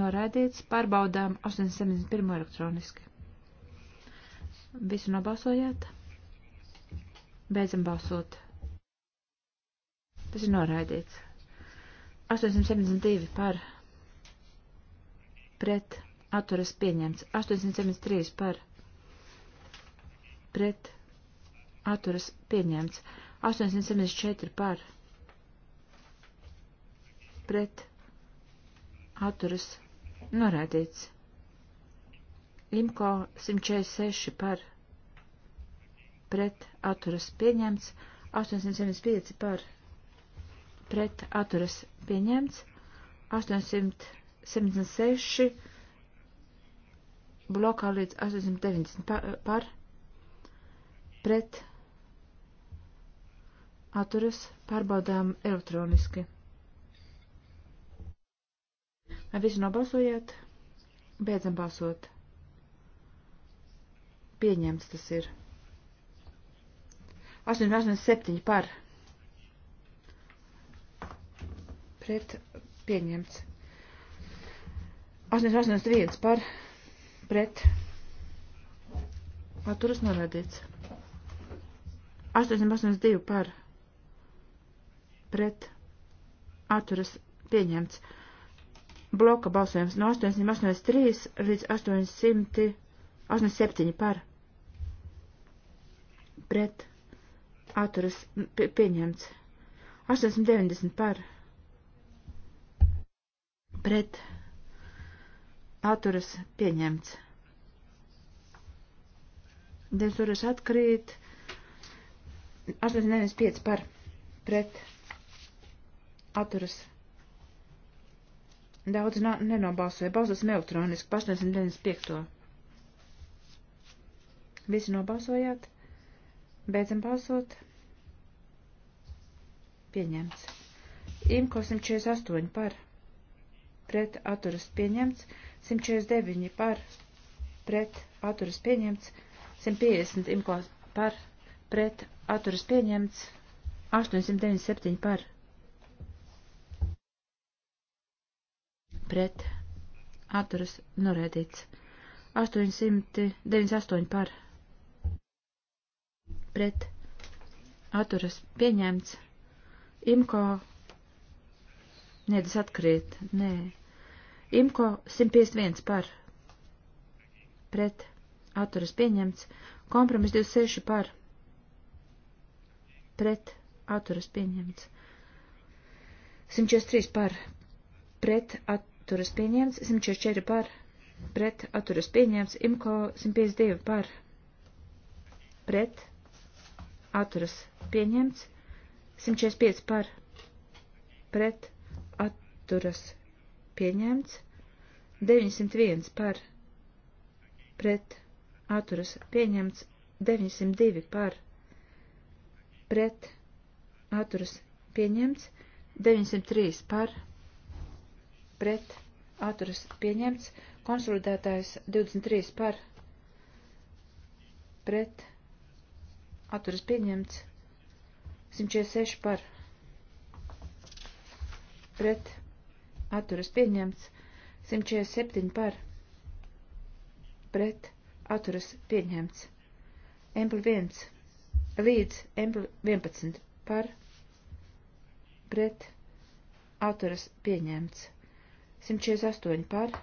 Noraidīts, pārbaudām 871 elektroniski. Visu nobalsojāt. Beidzam balsot. Tas ir noraidīts. 872 par pret atturas pieņemts. 873 par pret atturas pieņemts. 874 par pret atturas norādīts. Imko 146 par pret atturas pieņemts. 875 par pret atturas pieņemts. 876 blokā līdz 890 par, par pret atturas pārbaudām elektroniski. Vai visi nobalsojāt? Beidzam balsot. Pieņemts tas ir. 887 par. Pret pieņemts. 881 par pret atturas norādīts. 882 par pret atturas pieņemts. Bloka balsojums no 883 līdz 887 par pret atturas pieņemts. 890 par pret atturas pieņemts. Dezuras atkrīt. 8,95 par pret atturas. Daudz nenobalsoja. Balsosim elektroniski. 8,95. Visi nobalsojāt. Beidzam balsot. Pieņemts. Imko 148 par pret atturas pieņemts. 149 par pret atturas pieņemts, 150 imko par pret atturas pieņemts, 897 par pret atturas norēdīts, 898 par pret atturas pieņemts, imko, nē, tas atkrīt, nē. Imko 151 par pret atturas pieņemts, kompromis 26 par pret atturas pieņemts, 143 par pret atturas pieņemts, 144 par pret atturas pieņemts, imko 152 par pret atturas pieņemts, 145 par pret atturas pieņemts pieņemts, 901 par pret atturas pieņemts, 902 par pret atturas pieņemts, 903 par pret atturas pieņemts, konsolidētājs 23 par pret atturas pieņemts, 146 par pret atturas pieņemts, 147 par, pret, atturas pieņemts, empl 1 līdz empl 11 par, pret, atturas pieņemts, 148 par,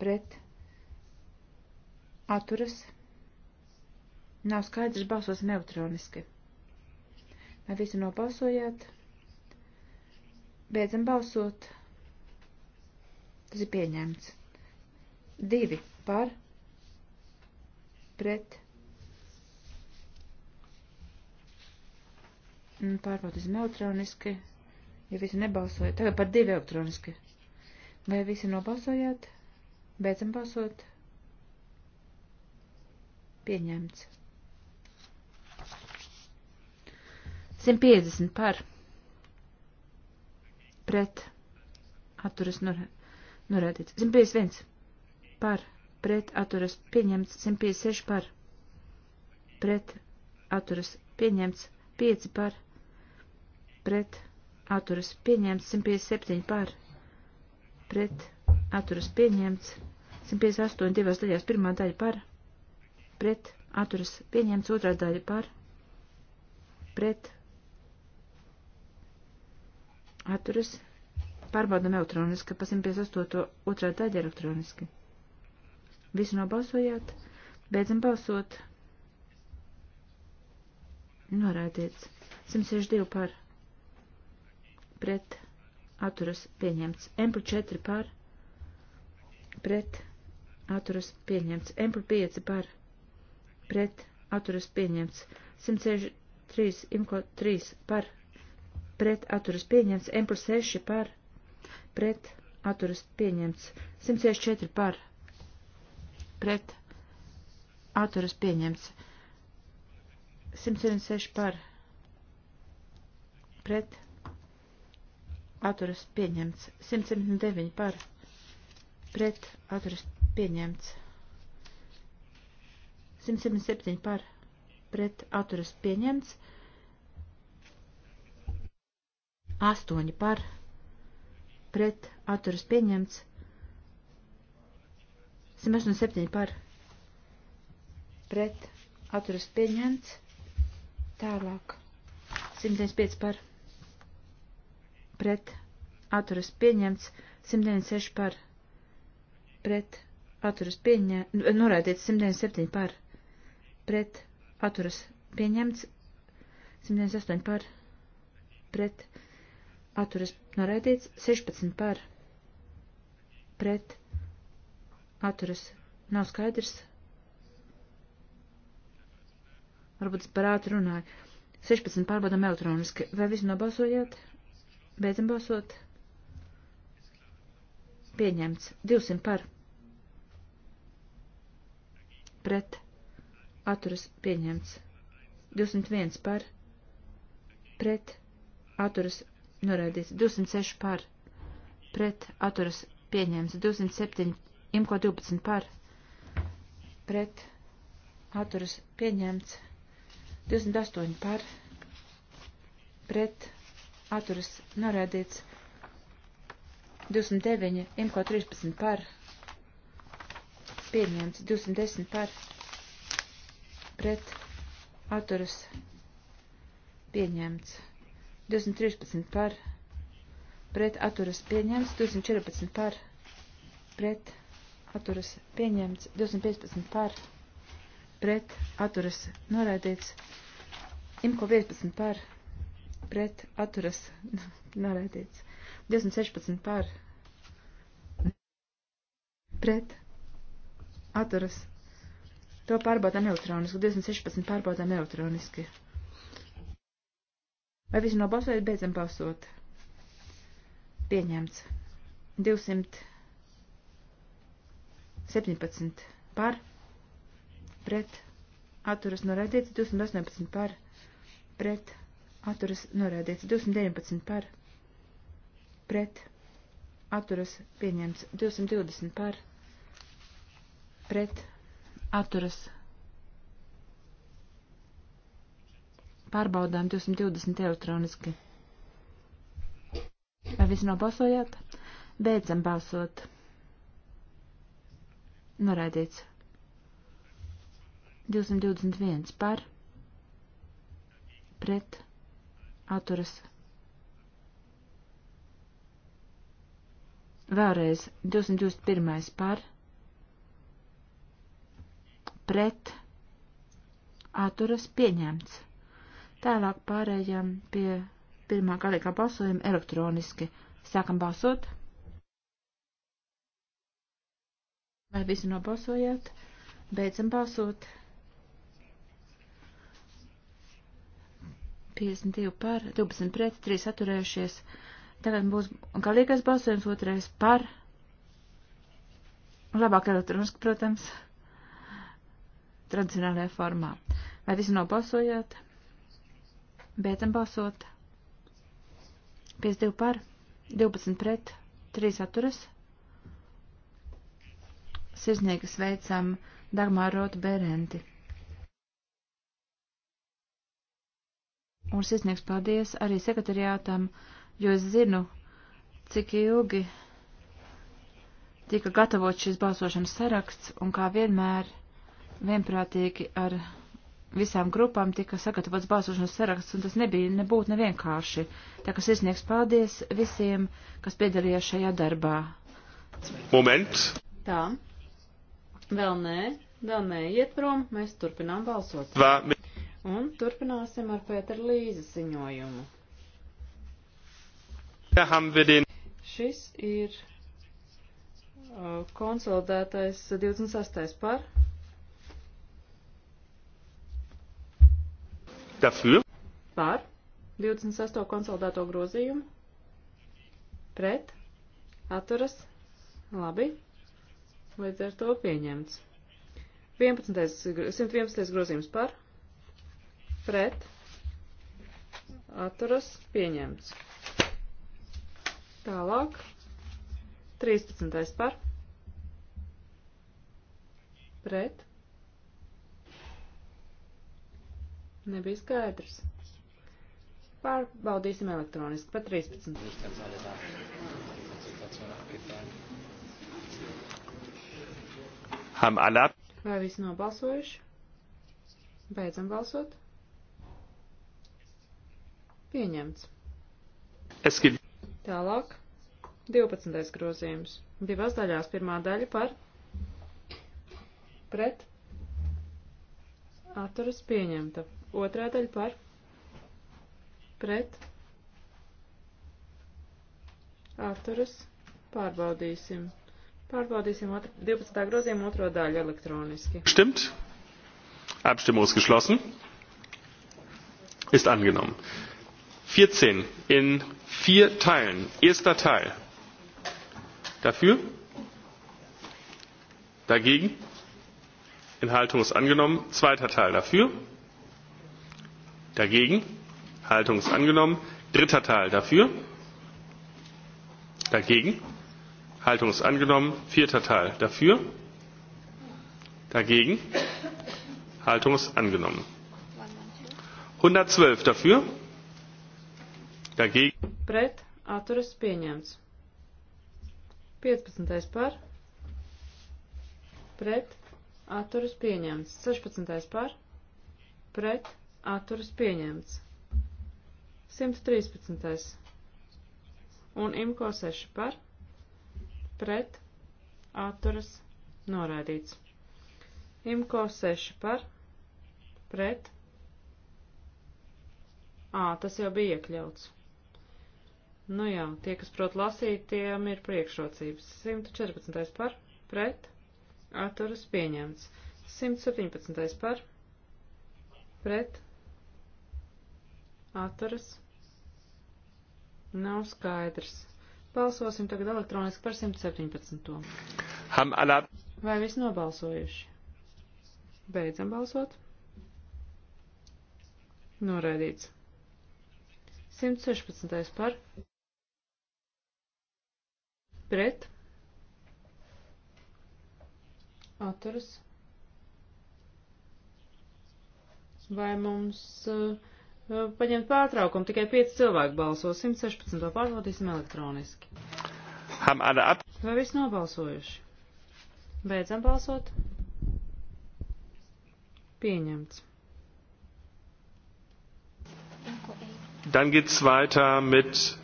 pret, atturas, nav skaidrs, balsosim elektroniski. Vai visi nobalsojāt? Beidzam balsot. Tas ir pieņemts. Divi par pret. Nu, pārbaudīsim elektroniski. Ja visi nebalsoja, tagad par divi elektroniski. Vai visi nobalsojāt? Beidzam balsot. Pieņemts. 150 par pret atturas norādīts. 151 par pret atturas pieņemts. 156 par pret atturas pieņemts. 5 par pret atturas pieņemts. 157 par pret atturas pieņemts. 158 divās daļās pirmā daļa par pret atturas pieņemts. Otrā daļa par pret atturas pārbaudam elektroniski, pa 158. otrā daļa elektroniski. Visi nobalsojāt, beidzam balsot. Norādīts. 162 par pret atturas pieņemts. Emplu 4 par pret atturas pieņemts. Emplu 5 par pret atturas pieņemts. 163 imko 3 par pret atturas pieņemts, M plus 6 par, pret atturas pieņemts, 164 par, pret atturas pieņemts, 176 par, pret atturas pieņemts, 179 par, pret atturas pieņemts, 177 par, pret atturas pieņemts, 177 par, 8 par pret atturas pieņemts 187 par pret atturas pieņemts tālāk 105 par pret atturas pieņemts 196 par pret atturas pieņemts norādīts 197 par pret atturas pieņemts 198 par pret atturas noraidīts, 16 par pret atturas nav skaidrs. Varbūt es par ātri runāju. 16 pārbaudām elektroniski. Vai visi nobalsojāt? Beidzam balsot. Pieņemts. 200 par. Pret. Atturas pieņemts. 201 par. Pret. Atturas noraidīts 206 par, pret atturas pieņēmts 207, imko 12 par, pret atturas pieņēmts 28 par, pret atturas noraidīts 209, imko 13 par, pieņēmts 210 par, pret atturas pieņēmts 210 par 213 par pret atturas pieņemts, 214 par pret atturas pieņemts, 215 par pret atturas noraidīts, imko 15 par pret atturas noraidīts, 216 par pret atturas. To pārbaudām elektroniski, 216 pārbaudām elektroniski. 216. Vai visi nobalsoja? Beidzam balsot. Pieņemts. 217 par, pret, atturas norādīts, 218 par, pret, atturas norādīts, 219 par, pret, atturas pieņemts, 220 par, pret, atturas norādīts Pārbaudām 220 elektroniski. Vai visi nobalsojāt? Beidzam balsot. Noraidīts. 221 par. Pret. Atturas. Vēlreiz 221 par. Pret. Atturas pieņemts. Tālāk pārējām pie pirmā galīgā balsojuma elektroniski. Sākam balsot. Vai visi nobalsojāt? Beidzam balsot. 52 par, 12 pret, 3 atturējušies. Tagad būs galīgais balsojums, otrais par. Labāk elektroniski, protams, tradicionālajā formā. Vai visi nobalsojāt? Beidzam balsot. 52 par, 12 pret, 3 atturas. Sirsnīgi sveicam Dagmāru Rotu Berenti. Un sirsnīgs paldies arī sekretariātam, jo es zinu, cik ilgi tika gatavots šis balsošanas saraksts un kā vienmēr vienprātīgi ar visām grupām tika sagatavots balsošanas saraksts, un tas nebija nebūt nevienkārši. Tā kā sirsnieks paldies visiem, kas piedalījās šajā darbā. Moment. Tā. Vēl nē, vēl nē, iet prom, mēs turpinām balsot. Vā. Un turpināsim ar Pēteru Līzi ziņojumu. Šis ir uh, konsolidētais 26. par Dafür. Par 28. konsolidēto grozījumu. Pret. Atturas. Labi. Līdz ar to pieņemts. 11. 111. grozījums par. Pret. Atturas. Pieņemts. Tālāk. 13. par. Pret. Nebija skaidrs. Pārbaudīsim elektroniski pa 13. Vai visi nobalsojuši? Beidzam balsot. Pieņemts. Es gribu. Tālāk. 12. grozījums. Divās daļās. Pirmā daļa par pret atturas pieņemta. Otrā daļa par pret atturas pārbaudīsim. Pārbaudīsim 12. grozījumu otro daļu elektroniski. Stimmt. Abstimmung ist geschlossen. Ist angenommen. 14 in vier Teilen. Erster Teil. Dafür? Dagegen? Enthaltung ist angenommen. Zweiter Teil dafür? Dagegen? Haltung ist angenommen. Dritter Teil dafür? Dagegen? Haltung ist angenommen. Vierter Teil dafür? Dagegen? Haltung ist angenommen. 112 dafür? Dagegen? Pret? Atturas pieņemts. 15. par. Pret. Atturas pieņemts. 16. par. Pret atturas pieņemts. 113. Un imko 6 par, pret, atturas, noraidīts. Imko 6 par, pret, ā, tas jau bija iekļauts. Nu jā, tie, kas prot lasīt, tiem ir priekšrocības. 114. par, pret, atturas pieņemts. 117. par, pret, atturas nav skaidrs. Balsosim tagad elektroniski par 117. Vai viss nobalsojuši? Beidzam balsot. Noraidīts. 116. par. Pret. Atturas. Vai mums uh, paņemt pārtraukumu. Tikai 5 cilvēki balso. 116. pārbaudīsim elektroniski. Vai viss nobalsojuši? Beidzam balsot. Pieņemts. Dann geht's weiter mit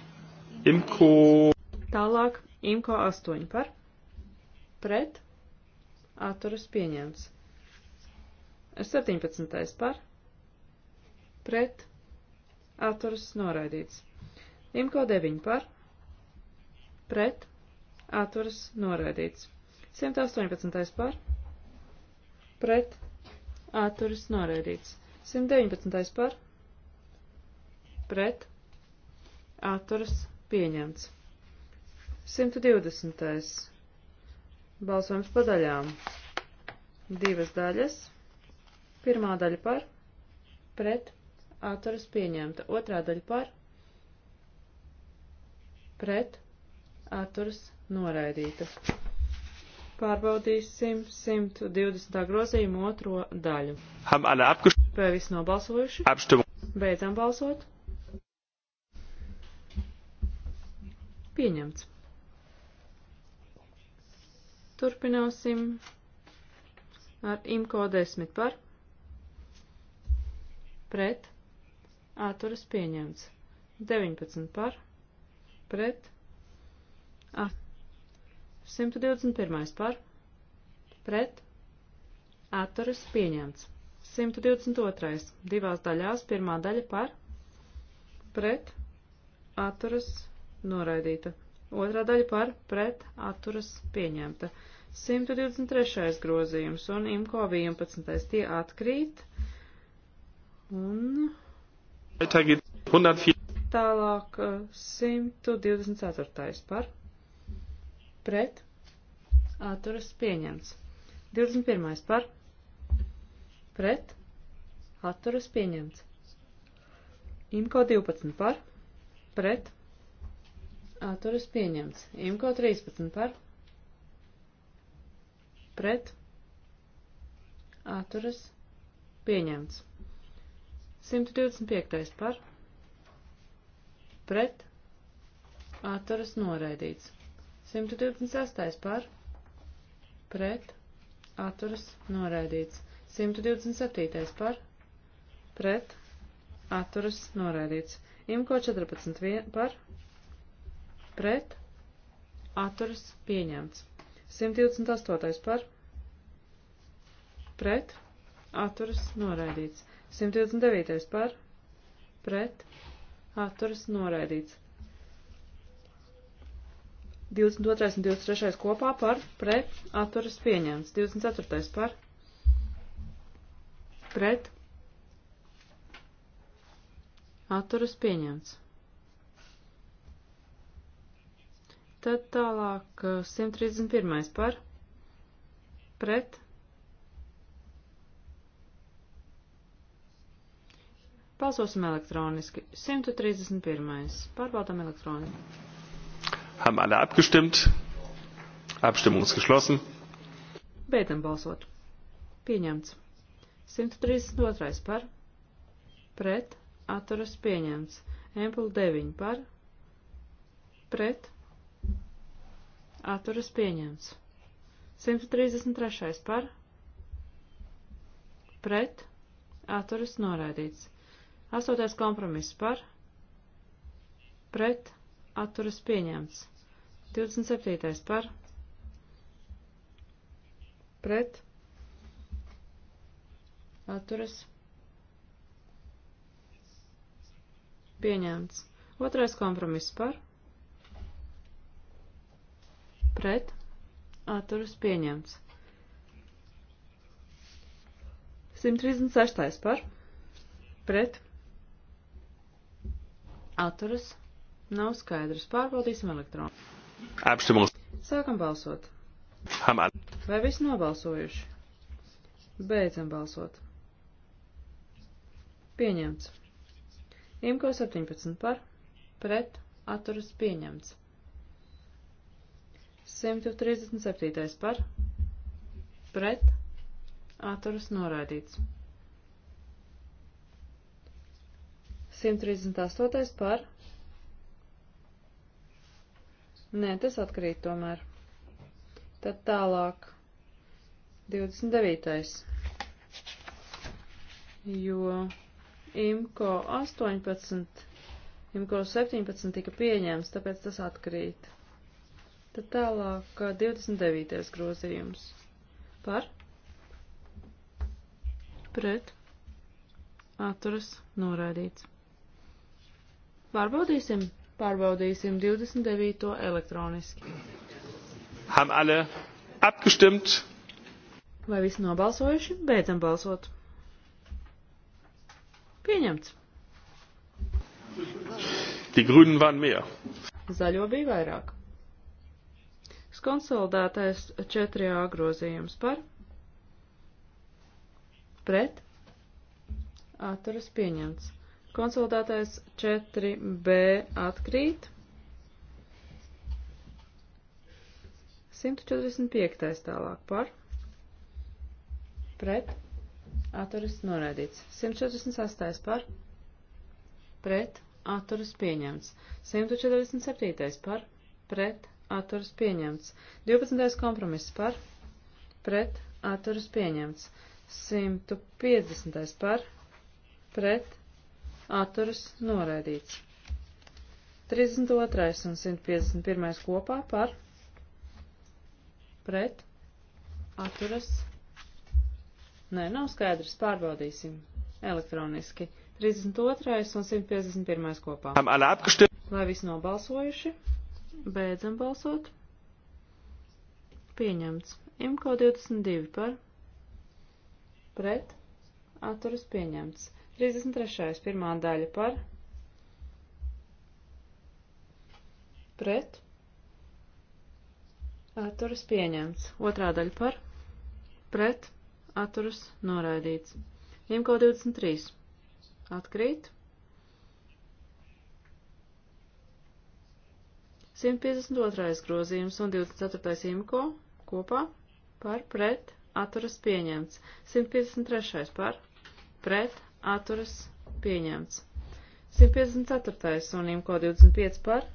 Imko. Tālāk Imko 8 par. Pret. Atturas pieņemts. 17. par. Pret atturas noraidīts. Imko 9 par, pret, atturas noraidīts. 118 par, pret, atturas noraidīts. 119 par, pret, atturas pieņemts. 120. Balsojums pa daļām. Divas daļas. Pirmā daļa par, pret, atturas pieņemta. Otrā daļa par pret atturas noraidīta. Pārbaudīsim 120. grozījumu otro daļu. Vai viss nobalsojuši? Apstumu. Beidzam balsot. Pieņemts. Turpināsim ar IMCO 10 par pret atturas pieņemts. 19 par, pret, at, 121 par, pret, atturas pieņemts. 122. divās daļās, pirmā daļa par, pret, atturas noraidīta. Otrā daļa par, pret, atturas pieņemta. 123. grozījums un imko 11. tie atkrīt. Un Tālāk 124. Eh, par pret atturas pieņemts. 21. par pret atturas pieņemts. Imko 12 par pret atturas pieņemts. Imko 13 par pret atturas pieņemts. 125. par pret atturas noraidīts. 126. par pret atturas noraidīts. 127. par pret atturas noraidīts. Imko 14. par pret atturas pieņemts. 128. par pret atturas noraidīts. 129. par, pret, atturas noraidīts. 22. un 23. kopā par pret atturas pieņemts. 24. par pret atturas pieņemts. Tad tālāk 131. Uh, par pret Balsosim elektroniski. 131. Pārbaudām elektroniski. Haben alle abgestimmt? Abstimmung ist geschlossen. Beidzam balsot. Pieņemts. 132 par. Pret. Atturas pieņemts. Empul 9 par. Pret. Atturas pieņemts. 133 par. Pret. Atturas noraidīts. Astotais kompromiss par, pret, atturas pieņemts. 27. par, pret, atturas pieņemts. Otrais kompromiss par, pret, atturas pieņemts. 136. par, pret, atturas pieņemts. Atturas. Nav skaidrs. Pārbaudīsim elektronu. Apstumums. Sākam balsot. Hamad. Vai visi nobalsojuši? Beidzam balsot. Pieņemts. Imko 17 par. Pret. Atturas pieņemts. 137 par. Pret. Atturas noraidīts. 138. par. Nē, tas atkarīt tomēr. Tad tālāk. 29. Jo IMCO 18, IMCO 17 tika pieņemts, tāpēc tas atkarīt. Tad tālāk 29. grozījums. Par? Pret? Atturas noraidīts. Pārbaudīsim? Pārbaudīsim 29. elektroniski. Ham alle abgestimmt. Vai visi nobalsojuši? Beidzam balsot. Pieņemts. Die Grünen waren mehr. Zaļo bija vairāk. Skonsolidētais 4A grozījums par pret atturas pieņemts. Konsultētais 4b atkrīt. 145. tālāk par. Pret. Atturis noraidīts. 148. par. Pret. Atturis pieņemts. 147. par. Pret. Atturis pieņemts. 12. kompromiss par. Pret. Atturis pieņemts. 150. par. Pret atturas noraidīts. 32. un 151. kopā par pret atturas. Nē, nav skaidrs, pārbaudīsim elektroniski. 32. un 151. kopā. Lai visi nobalsojuši, beidzam balsot. Pieņemts. Imko 22 par pret atturas pieņemts. 33. pirmā daļa par pret atturas pieņemts. Otrā daļa par pret atturas noraidīts. Ņemko 23. Atkrīt. 152. grozījums un 24. imko kopā par pret atturas pieņemts. 153. par pret atturas pieņemts. 154. un imko 25 par,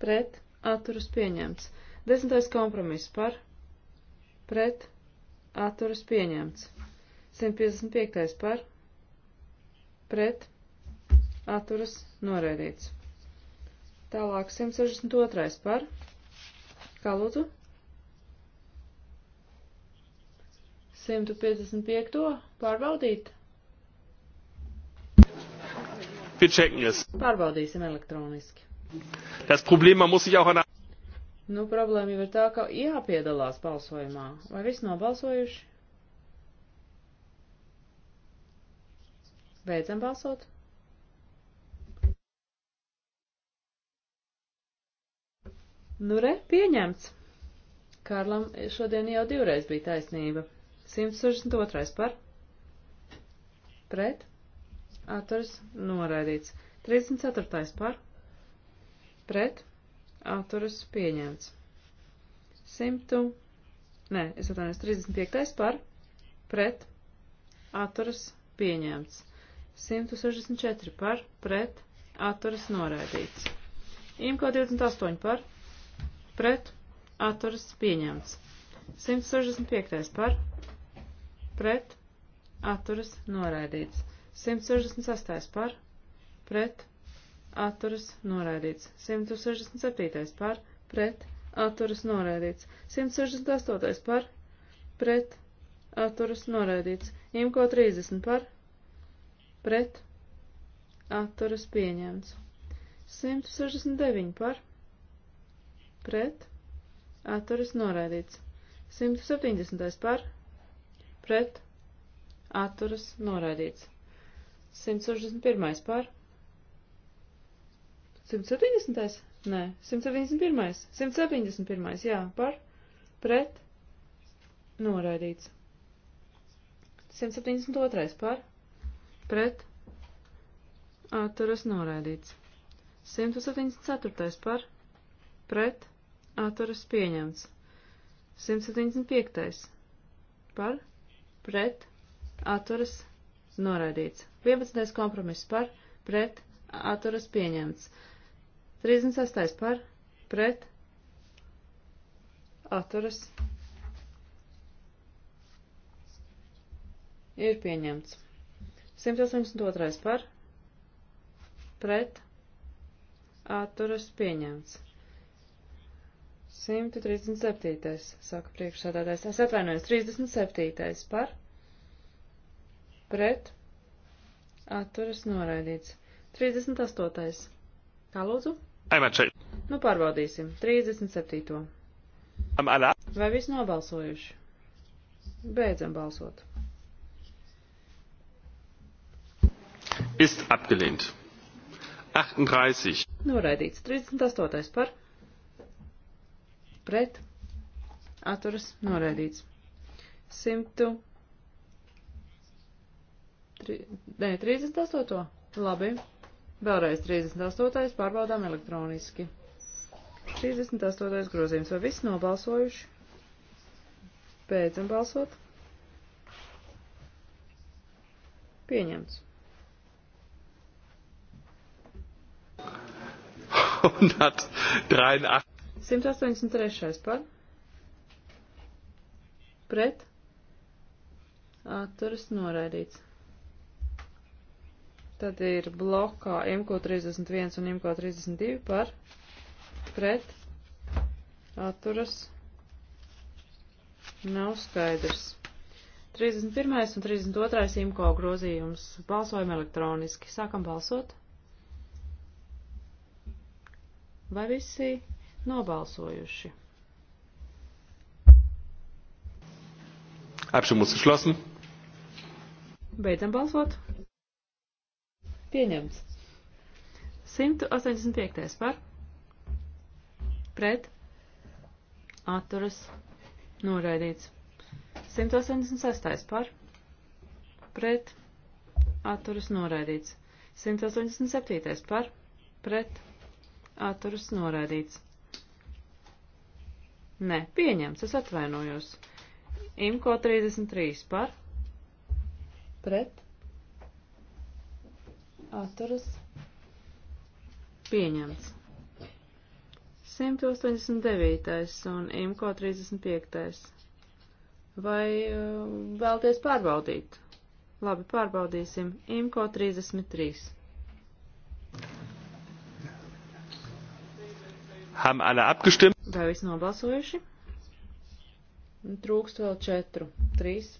pret, atturas pieņemts. 10. kompromiss par, pret, atturas pieņemts. 155. par, pret, atturas noraidīts. Tālāk 162. par, kā lūdzu? 155. pārbaudīt. Wir checken es. Pārbaudīsim elektroniski. Tas problēma mums jau ir. Nu, problēma jau ir tā, ka jāpiedalās balsojumā. Vai viss nobalsojuši? Beidzam balsot. Nu, re, pieņemts. Kārlam šodien jau divreiz bija taisnība. 162. par. Pret atturas noraidīts. 34. par pret atturas pieņemts. 100. Nē, es atvainojos 35. par pret atturas pieņemts. 164 par pret atturas noraidīts. Imko 28 par pret atturas pieņemts. 165 par pret atturas noraidīts. 168. par, pret, atturas noraidīts. 167. par, pret, atturas noraidīts. 168. par, pret, atturas noraidīts. Imko 30 par, pret, atturas pieņemts. 169 par, pret, atturas noraidīts. 170 par, pret, atturas noraidīts. 161. par. 170. Nē, 171. 171. Jā, par. Pret. Noraidīts. 172. par. Pret. Atturas noraidīts. 174. par. Pret. Atturas pieņemts. 175. par. Pret. Atturas noraidīts. 11. kompromiss par, pret, atturas pieņemts. 36. par, pret, atturas ir pieņemts. 182. par, pret, atturas pieņemts. 137. saka priekšsādātājs. Es atvainojos, 37. par, pret, atturas noraidīts. 38. Kā lūdzu? Nu, pārbaudīsim. 37. Vai viss nobalsojuši? Beidzam balsot. Ist abgelehnt. 38. Noraidīts. 38. par. Pret. Atturas noraidīts. 100. Tri, nē, 38. Labi. Vēlreiz 38. pārbaudām elektroniski. 38. grozījums. Vai viss nobalsojuši? Beidzam balsot. Pieņemts. Un 183. par. Pret. Atturas noraidīts. Tad ir blokā MK31 un MK32 par pret atturas nav skaidrs. 31. un 32. imko grozījums. Balsojam elektroniski. Sākam balsot. Vai visi nobalsojuši? Abstimmung geschlossen. Beidzam balsot. Pieņemts. 185. par. Pret. Atturas. Noraidīts. 186. par. Pret. Atturas. Noraidīts. 187. par. Pret. Atturas. Noraidīts. Nē, pieņemts. Es atvainojos. Imko 33 par. Pret atturas pieņemts. 189. un IMCO 35. Vai uh, vēlties pārbaudīt? Labi, pārbaudīsim. IMCO 33. Haben alle abgestimmt? Vai viss nobalsojuši? Trūkst vēl četru. Trīs.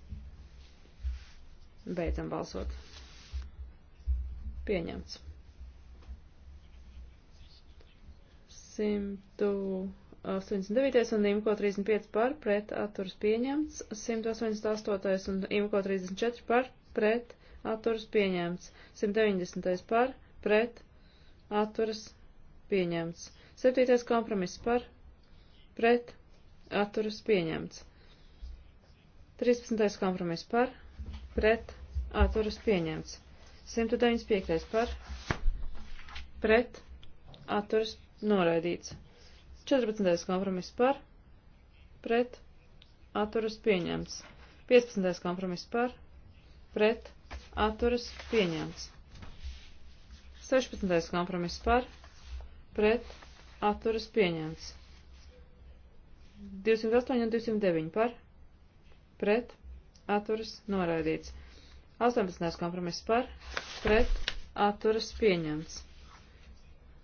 Beidzam balsot. Pieņemts. 189. un IMCO 35 par pret atturas pieņemts, 188. un IMCO 34 par pret atturas pieņemts, 190. par pret atturas pieņemts, 7. kompromiss par pret atturas pieņemts, 13. kompromiss par pret atturas pieņemts. 195. par pret atturas noraidīts. 14. kompromiss par pret atturas pieņemts. 15. kompromiss par pret atturas pieņemts. 16. kompromiss par pret atturas pieņemts. 208 un 209 par pret atturas noraidīts. 18. kompromiss par, pret, atturas pieņemts.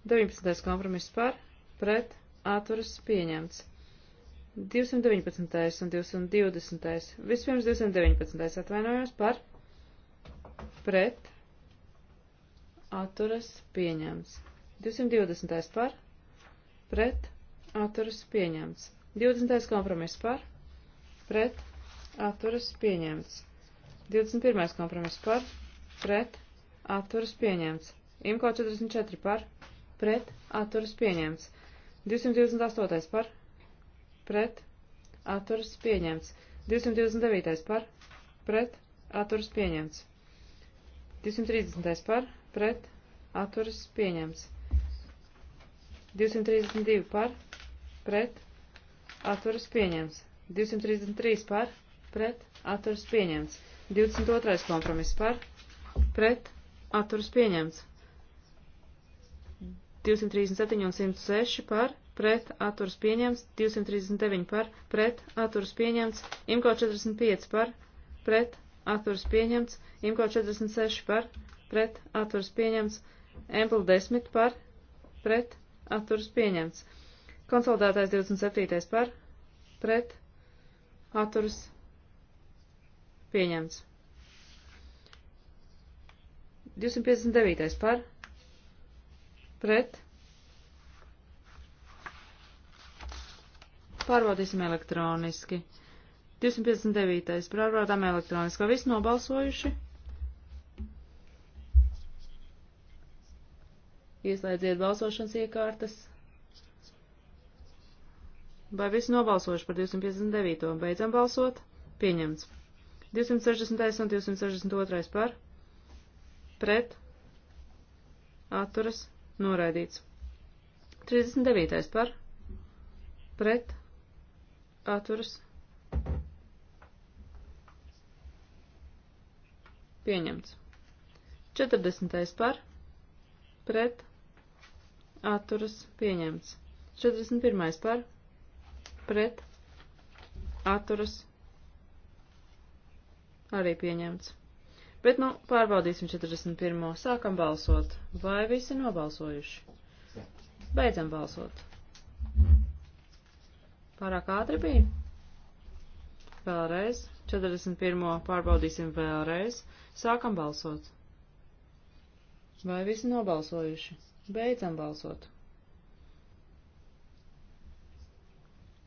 19. kompromiss par, pret, atturas pieņemts. 219. un 220. Vispirms 219. atvainojos par, pret, atturas pieņemts. 220. par, pret, atturas pieņemts. 20. kompromiss par, pret, atturas pieņemts. 21. kompromiss par, pret, atturas pieņemts. Imko 44 par, pret, atturas pieņemts. 228 par, pret, atturas pieņemts. 229 par, pret, atturas pieņemts. 230 par, pret, atturas pieņemts. 232 par, pret, atturas pieņemts. 233 par, pret, atturas pieņemts. 22. kompromiss par, pret, atturas pieņemts. 237 un 106 par, pret, atturas pieņemts. 239 par, pret, atturas pieņemts. Imko 45 par, pret, atturas pieņemts. Imko 46 par, pret, atturas pieņemts. Empel 10 par, pret, atturas pieņemts. Konsolidētais 27. par, pret, atturas pieņemts Pieņemts. 259. par pret. Pārbaudīsim elektroniski. 259. Pārbaudām elektroniski. Vai viss nobalsojuši? Ieslēdziet balsošanas iekārtas. Vai viss nobalsojuši par 259. Beidzam balsot. Pieņemts. 260. un 262. par pret atturas noraidīts. 39. par pret atturas pieņemts. 40. par pret atturas pieņemts. 41. par pret atturas pieņemts. Arī pieņemts. Bet, nu, pārbaudīsim 41. Sākam balsot. Vai visi nobalsojuši? Beidzam balsot. Pārāk ātri bija? Vēlreiz. 41. pārbaudīsim vēlreiz. Sākam balsot. Vai visi nobalsojuši? Beidzam balsot.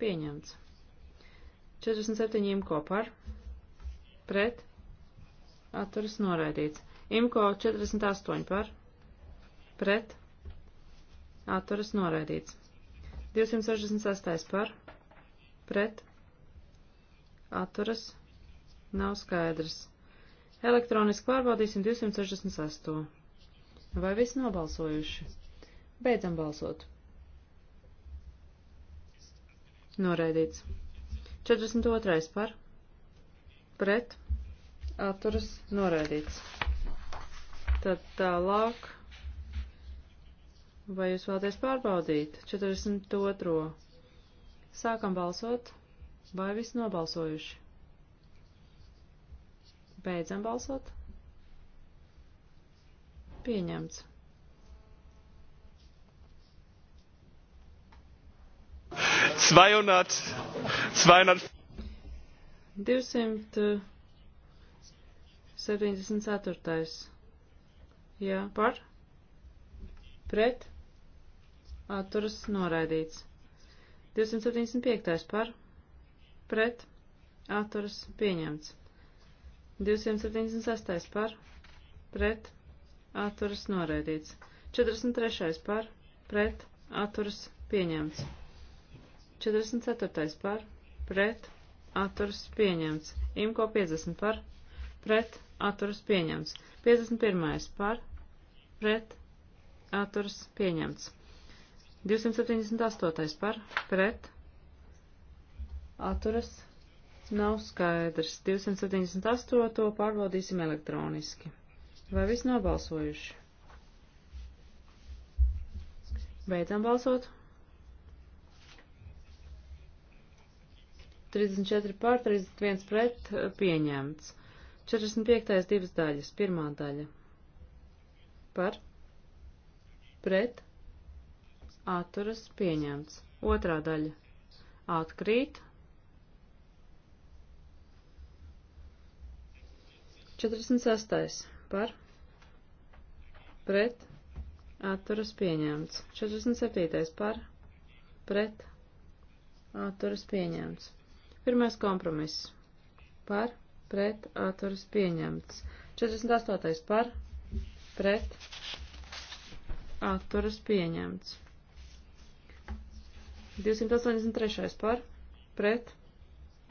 Pieņemts. 47. kopā par pret, atturas noraidīts. Imko 48 par, pret, atturas noraidīts. 268 par, pret, atturas, nav skaidrs. Elektroniski pārbaudīsim 268. Vai visi nobalsojuši? Beidzam balsot. Noraidīts. 42. par, pret pret atturas noraidīts. Tad tālāk, vai jūs vēlaties pārbaudīt 42. Sākam balsot, vai visi nobalsojuši? Beidzam balsot. Pieņemts. Zweihundert, zweihundert. 274. Eh, Jā, par, pret, atturas noraidīts. 275. par, pret, atturas pieņemts. 276. par, pret, atturas noraidīts. 43. par, pret, atturas pieņemts. 44. par, pret, atturas pieņemts. Imko 50 par, pret, atturas pieņemts. 51 par, pret, atturas pieņemts. 278 par, pret, atturas nav skaidrs. 278 pārbaudīsim elektroniski. Vai viss nobalsojuši? Beidzam balsot. 34 pār 31 pret eh, pieņemts. 45. divas daļas. Pirmā daļa. Par. Pret. Atturas pieņemts. Otrā daļa. Atkrīt. 46. Par. Pret. Atturas pieņemts. 47. Par. Pret. Atturas pieņemts. Pirmais kompromiss. Par, pret, atturas pieņemts. 48. par, pret, atturas pieņemts. 283. par, pret,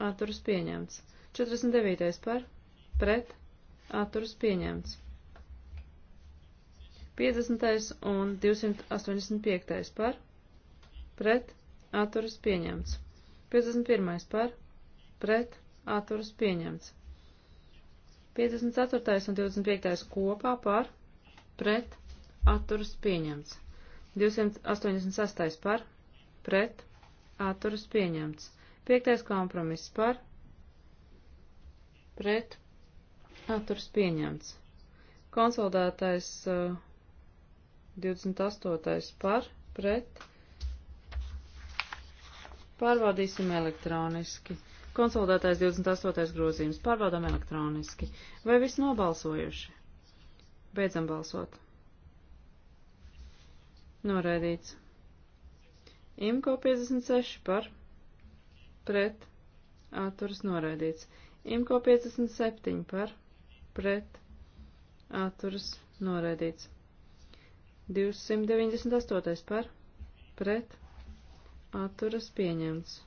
atturas pieņemts. 49. par, pret, atturas pieņemts. 50. un 285. par, pret, atturas pieņemts. 51. par, pret atturas pieņemts. 54. un 25. kopā par pret atturas pieņemts. 286. par pret atturas pieņemts. 5. kompromiss par pret atturas pieņemts. Konsolidētais uh, 28. par pret. Pārbaudīsim elektroniski. Konsolidētais 28. grozījums. Pārbaudām elektroniski. Vai viss nobalsojuši? Beidzam balsot. Noraidīts. Imko 56 par. Pret. Atturas noraidīts. Imko 57 par. Pret. Atturas noraidīts. 298 par. Pret. Atturas pieņemts.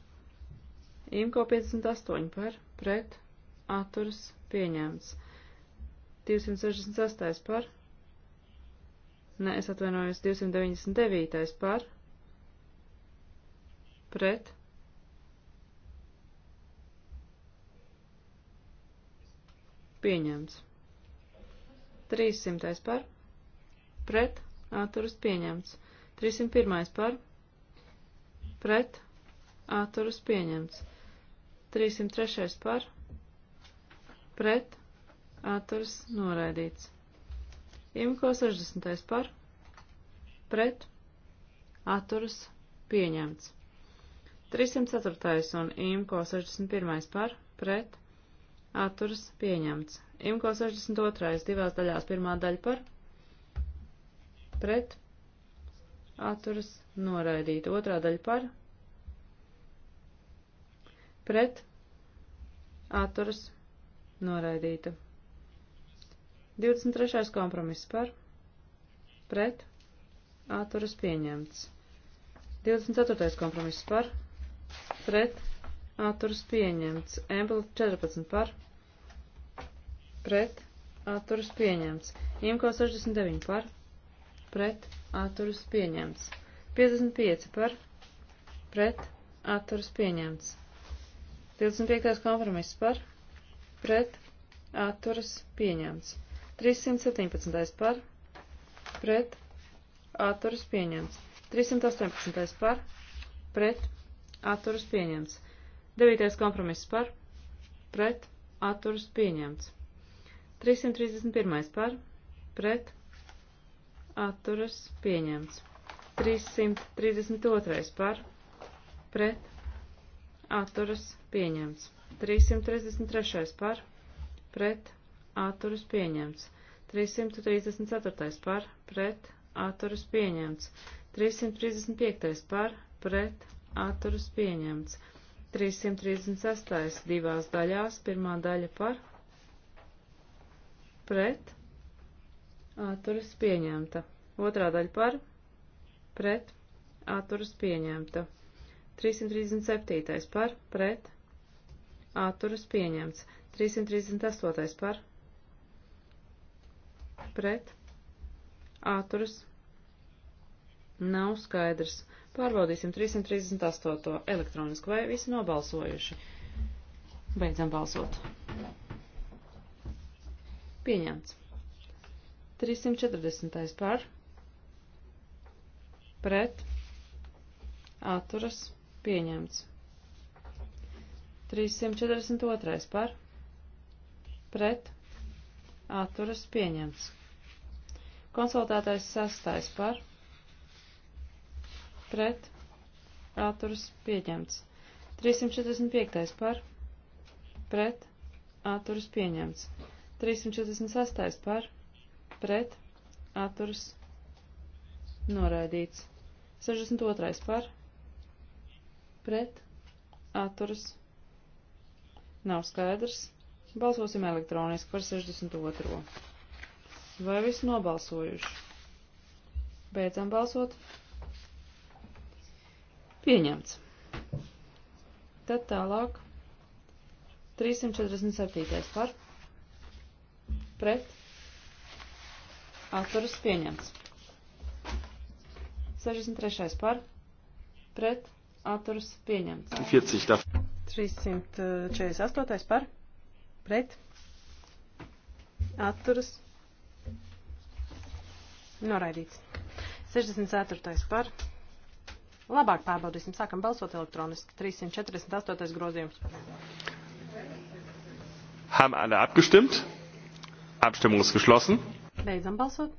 Imko 58 par pret atturas pieņemts. 268 par. Nē, es atvainojos 299 par. Pret. Pieņemts. 300 par. Pret. Atturas pieņemts. 301 par. Pret. Atturas pieņemts. 303. par pret atturas noraidīts. Imko 60. par pret atturas pieņemts. 304. un Imko 61. par pret atturas pieņemts. Imko 62. divās daļās pirmā daļa par pret atturas noraidīt. Otrā daļa par pret atturas noraidīta. 23. kompromiss par pret atturas pieņemts. 24. kompromiss par pret atturas pieņemts. Embla 14 par pret atturas pieņemts. Imko 69 par pret atturas pieņemts. 55 par pret atturas pieņemts. 25. kompromiss par, pret, atturas pieņemts. 317. par, pret, atturas pieņemts. 318. par, pret, atturas pieņemts. 9. kompromiss par, pret, atturas pieņemts. 331. par, pret, atturas pieņemts. 332. par, pret, atturas pieņemts. 333. par pret atturas pieņemts. 334. par pret atturas pieņemts. 335. par pret atturas pieņemts. 336. divās daļās, pirmā daļa par pret atturas pieņemta. Otrā daļa par pret atturas pieņemta. 337. par pret atturas pieņemts. 338. par pret atturas nav skaidrs. Pārbaudīsim 338. elektronisku vai visi nobalsojuši. Beidzam balsot. Pieņemts. 340. par pret atturas pieņemts Pieņemts. 342. par pret atturas pieņemts. Konsultētais sastais par pret atturas pieņemts. 345. par pret atturas pieņemts. 346. par pret atturas noraidīts. 62. par pret atturas nav skaidrs. Balsosim elektroniski par 62. Vai viss nobalsojuši? Beidzam balsot. Pieņemts. Tad tālāk. 347. par. Pret. Atturas pieņemts. 63. par. Pret atturas pieņemts. 348 par pret atturas noraidīts. 64. par labāk pārbaudīsim. Sākam balsot elektroniski. 348. grozījums. Haben alle abgestimmt? Abstimmung ist geschlossen. Beidzam balsot.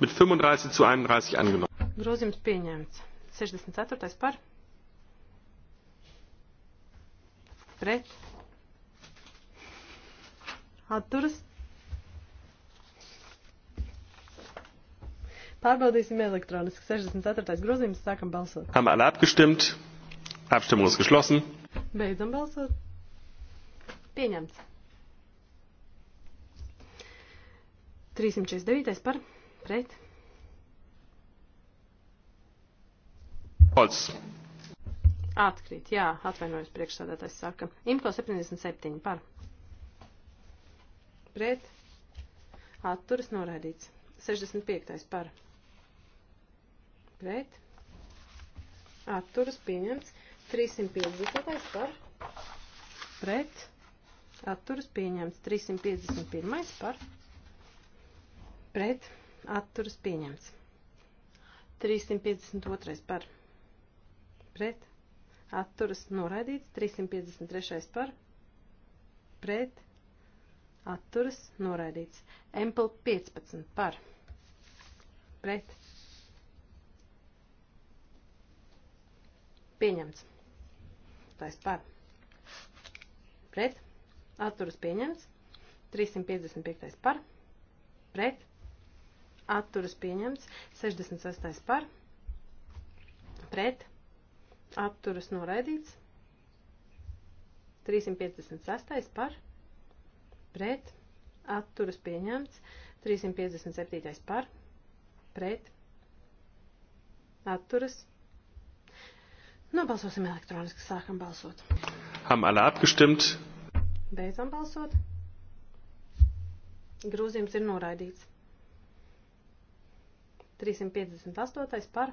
Mit 35 zu 31 angenommen. Grozījums pieņemts. 64. par pret atturas. Pārbaudīsim elektroniski. 64. grozījums. Sākam balsot. Haben alle abgestimmt? Abstimmung ist geschlossen. Beidzam balsot. Pieņemts. 349. par pret. Holz. Atkrīt, jā, atvainojos priekšsādātais saka. Imko 77 par. Pret. Atturas noraidīts. 65 par. Pret. Atturas pieņemts. 350 par. Pret. Atturas pieņemts. 351 par. Pret. Atturas pieņemts. 352 par. Pret atturas noraidīts, 353. par, pret, atturas noraidīts, Empel 15 par, pret, pieņemts, tais par, pret, atturas pieņemts, 355. par, pret, atturas pieņemts, 66. par, pret, Atturas noraidīts. 356. par. Pret. Atturas pieņemts. 357. par. Pret. Atturas. Nobalsosim nu, elektroniski. Sākam balsot. Haben alle abgestimmt. Beidzam balsot. Grūzījums ir noraidīts. 358. par.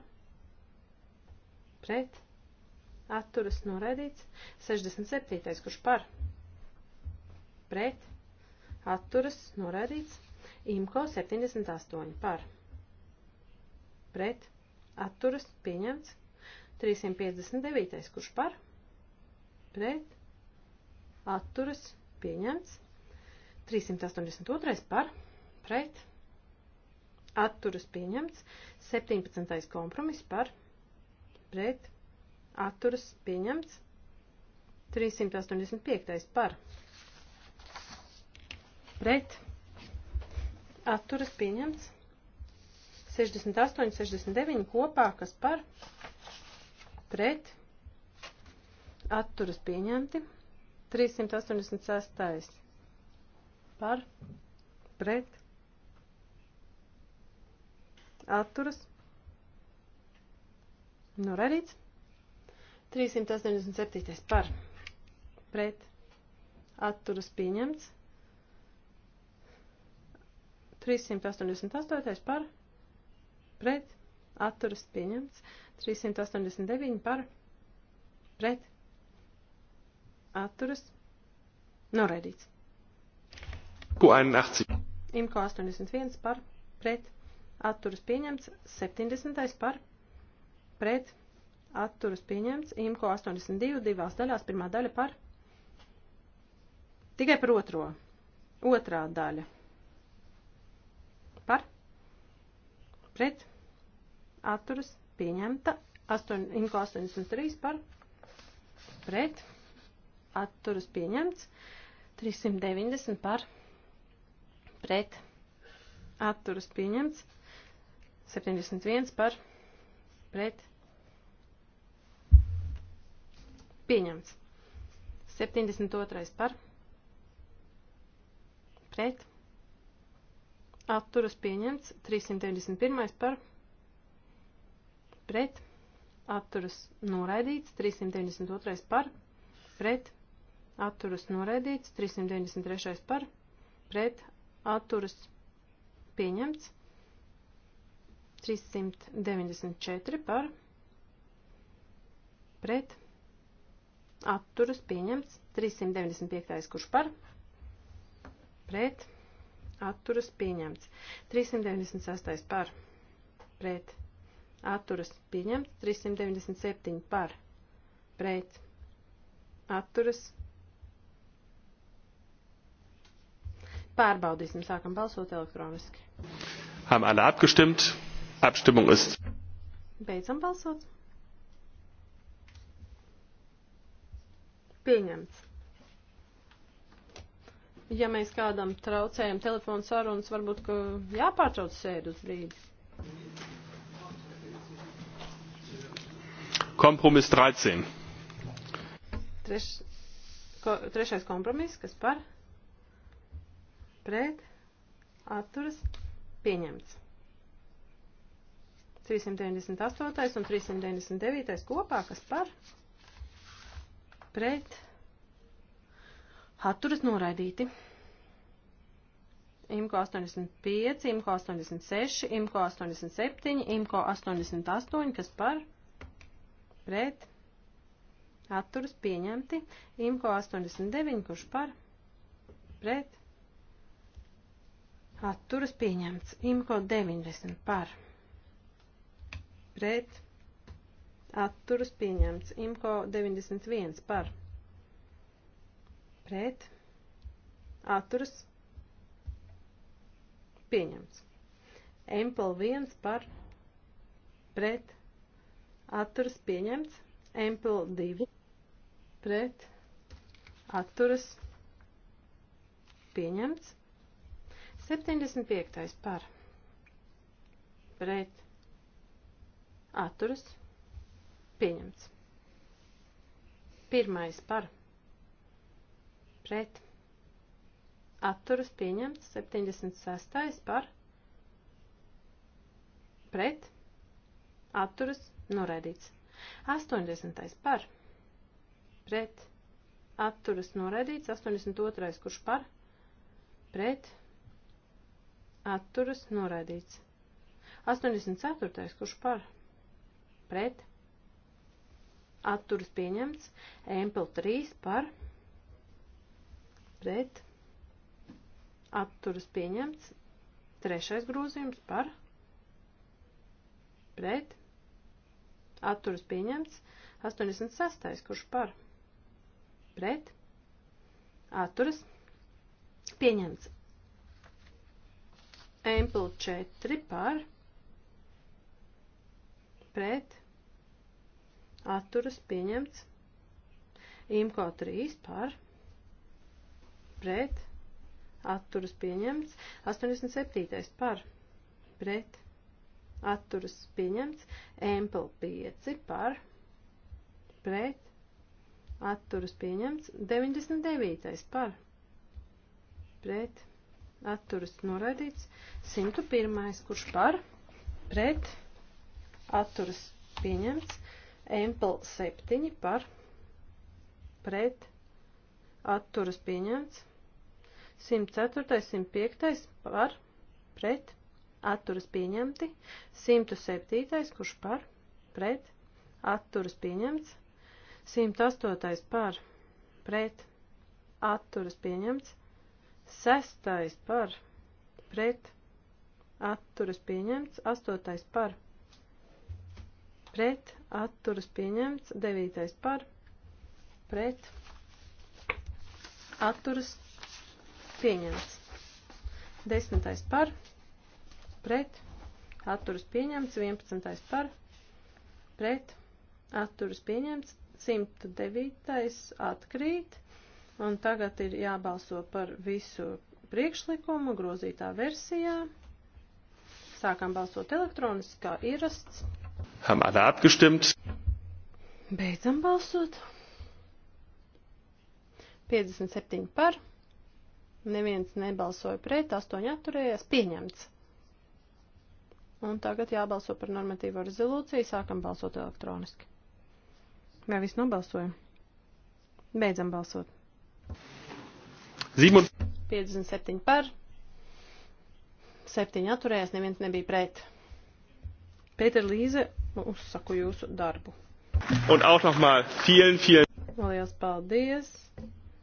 Pret atturas noraidīts. 67. kurš par pret atturas noraidīts. Imko 78 par pret atturas pieņemts. 359. kurš par pret atturas pieņemts. 382. par pret atturas pieņemts. 17. kompromiss par pret atturas pieņemts atturas pieņemts. 385. par pret atturas pieņemts. 68, 69 kopā, kas par pret atturas pieņemti. 386. par pret atturas norādīts. 387. par pret atturas pieņemts. 388. par pret atturas pieņemts. 389 par pret atturas noraidīts. Ko 81? Imko 81 par pret atturas pieņemts. 70. par pret atturas pieņemts. Imko 82 divās daļās, pirmā daļa par. Tikai par otro. Otrā daļa. Par. Pret. Atturas pieņemta. 8, Imko 83 par. Pret. Atturas pieņemts. 390 par. Pret. Atturas pieņemts. 71 par. Pret Pieņemts. 72. par. Pret. Atturas pieņemts. 391. par. Pret. Atturas noraidīts. 392. par. Pret. Atturas noraidīts. 393. par. Pret. Atturas pieņemts. 394 par pret atturas pieņemts 395. kurš par pret atturas pieņemts 396. par pret atturas pieņemts 397. par pret atturas pārbaudīsim sākam balsot elektroniski haben alle abgestimmt abstimmung ist beidzam balsot Pieņemts. Ja mēs kādam traucējam telefonu sarunas, varbūt, ka jāpārtrauc sēdu uz brīdi. Kompromis 13. Treš, ko, trešais kompromis, kas par? Pret? Atturas? Pieņemts. 398. un 399. kopā, kas par? pret, atturas noraidīti. IMCO 85, IMCO 86, IMCO 87, IMCO 88, kas par, pret, atturas pieņemti, IMCO 89, kurš par, pret, atturas pieņemts, IMCO 90 par, pret, atturas pieņemts. Imko 91 par pret atturas pieņemts. Empel 1 par pret atturas pieņemts. Empel 2 pret atturas pieņemts. 75. par pret atturas pieņemts Pieņemts. Pirmais par. Pret. Atturas pieņemts. 76. par. Pret. Atturas noraidīts. 80. par. Pret. Atturas noraidīts. 82. kurš par. Pret. Atturas noraidīts. 84. kurš par. Pret atturas pieņemts, Ample 3 par, pret, atturas pieņemts, trešais grozījums par, pret, atturas pieņemts, 86. kurš par, pret, atturas pieņemts, Ample 4 par, pret, atturas pieņemts. Imko 3 par pret atturas pieņemts. 87. par pret atturas pieņemts. Empel 5 par pret atturas pieņemts. 99. par pret atturas noraidīts. 101. kurš par pret atturas pieņemts. Empel 7 par pret atturas pieņemts. 104. 105. par pret atturas pieņemti. 107. kurš par pret atturas pieņemts. 108. par pret atturas pieņemts. 6. par pret atturas pieņemts. 8. par pret atturas pieņemts, 9. par, pret, atturas pieņemts, 10. par, pret, atturas pieņemts, 11. par, pret, atturas pieņemts, 109. atkrīt, un tagad ir jābalso par visu priekšlikumu grozītā versijā. Sākam balsot elektroniski, kā ierasts. Haben alle abgestimmt? Beidzam balsot. 57 par. Neviens nebalsoja pret, 8 atturējās. Pieņemts. Un tagad jābalso par normatīvo rezolūciju. Sākam balsot elektroniski. Vai viss nobalsoja? Beidzam balsot. 57 par. 7 atturējās, neviens nebija pret. Pēter Līze Nu, uzsaku jūsu darbu. Un auch nochmal vielen, vielen. Lielas paldies!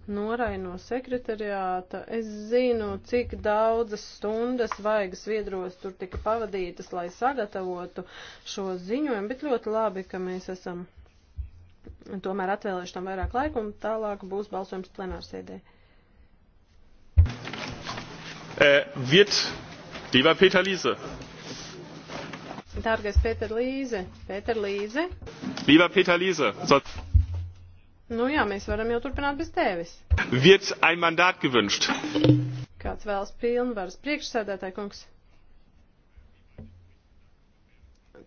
Norai no sekretariāta. Es zinu, cik daudzas stundas vaigas viedros tur tika pavadītas, lai sagatavotu šo ziņojumu, bet ļoti labi, ka mēs esam tomēr atvēlējuši tam vairāk laika un tālāk būs balsojums plenārsēdē. Uh, wird, lieber Peter Liese. Dārgais Pēter Līze. Pēter Līze. Lieber Pēter Līze. So... Nu jā, mēs varam jau turpināt bez tevis. Wird ein Mandat gewünscht. Kāds vēlas pilnvaras priekšsēdētāji, kungs?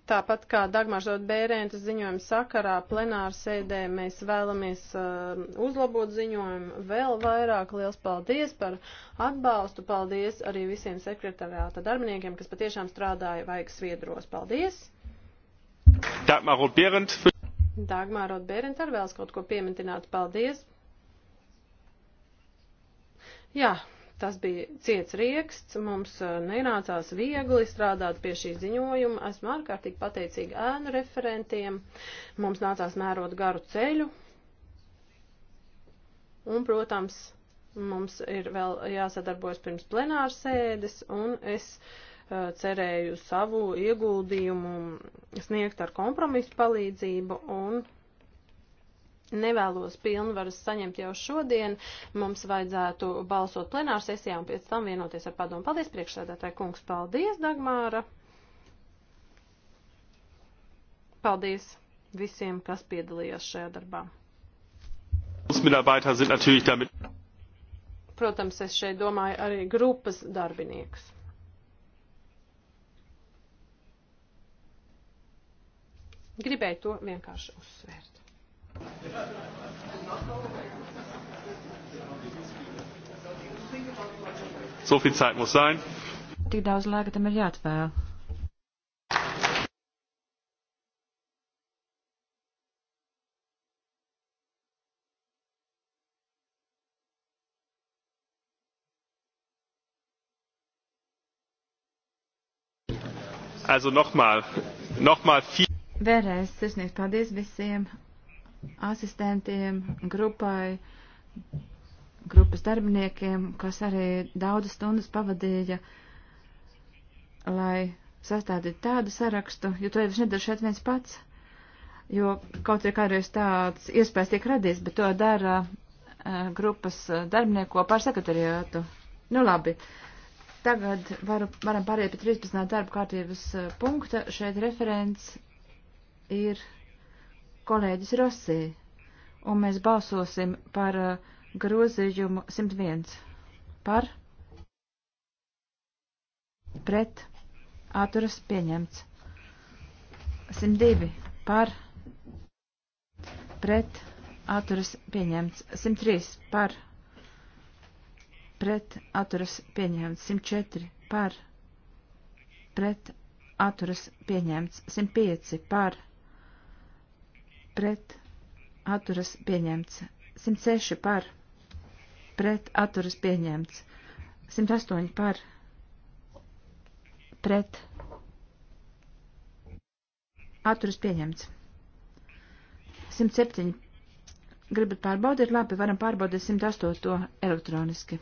Tāpat kā Dagmaržot Bērēntas ziņojuma sakarā plenāra sēdē mēs vēlamies uh, uzlabot ziņojumu vēl vairāk. Liels paldies par atbalstu. Paldies arī visiem sekretariāta darbiniekiem, kas patiešām strādāja vaigas viedros. Paldies! Dagmarot Bērent. Dagmarot Bērent ar vēlas kaut ko pieminēt. Paldies! Jā. Tas bija ciets rieksts, mums uh, nenācās viegli strādāt pie šī ziņojuma. Esmu ārkārtīgi pateicīga ēnu referentiem. Mums nācās mērot garu ceļu. Un, protams, mums ir vēl jāsadarbojas pirms plenārsēdes, un es uh, cerēju savu ieguldījumu sniegt ar kompromisu palīdzību un nevēlos pilnvaras saņemt jau šodien. Mums vajadzētu balsot plenāru sesijā un pēc tam vienoties ar padomu. Paldies, priekšsēdētāji kungs. Paldies, Dagmāra. Paldies visiem, kas piedalījās šajā darbā. Protams, es šeit domāju arī grupas darbiniekus. Gribēju to vienkārši uzsvērt. So viel Zeit muss sein. Tik daudz laika tam ir jāatvēl. Also nochmal, nochmal viel. Vēlreiz sirsnīgi paldies visiem asistentiem, grupai, grupas darbiniekiem, kas arī daudzas stundas pavadīja, lai sastādītu tādu sarakstu, jo to jau viņš nedara šeit viens pats, jo kaut arī kādreiz tāds iespējas tiek radīts, bet to dara grupas darbinieku kopā ar sekretariātu. Nu labi, tagad varu, varam pāriet pie 13. darba kārtības punkta. Šeit referents ir kolēģis Rosī, un mēs balsosim par uh, grozījumu 101. Par? Pret? Atturas pieņemts. 102. Par? Pret? Atturas pieņemts. 103. Par? Pret? Atturas pieņemts. 104. Par? Pret? Atturas pieņemts. 105. Par? pret atturas pieņemts. 106 par pret atturas pieņemts. 108 par pret atturas pieņemts. 107. Gribat pārbaudīt? Labi, varam pārbaudīt 108 elektroniski.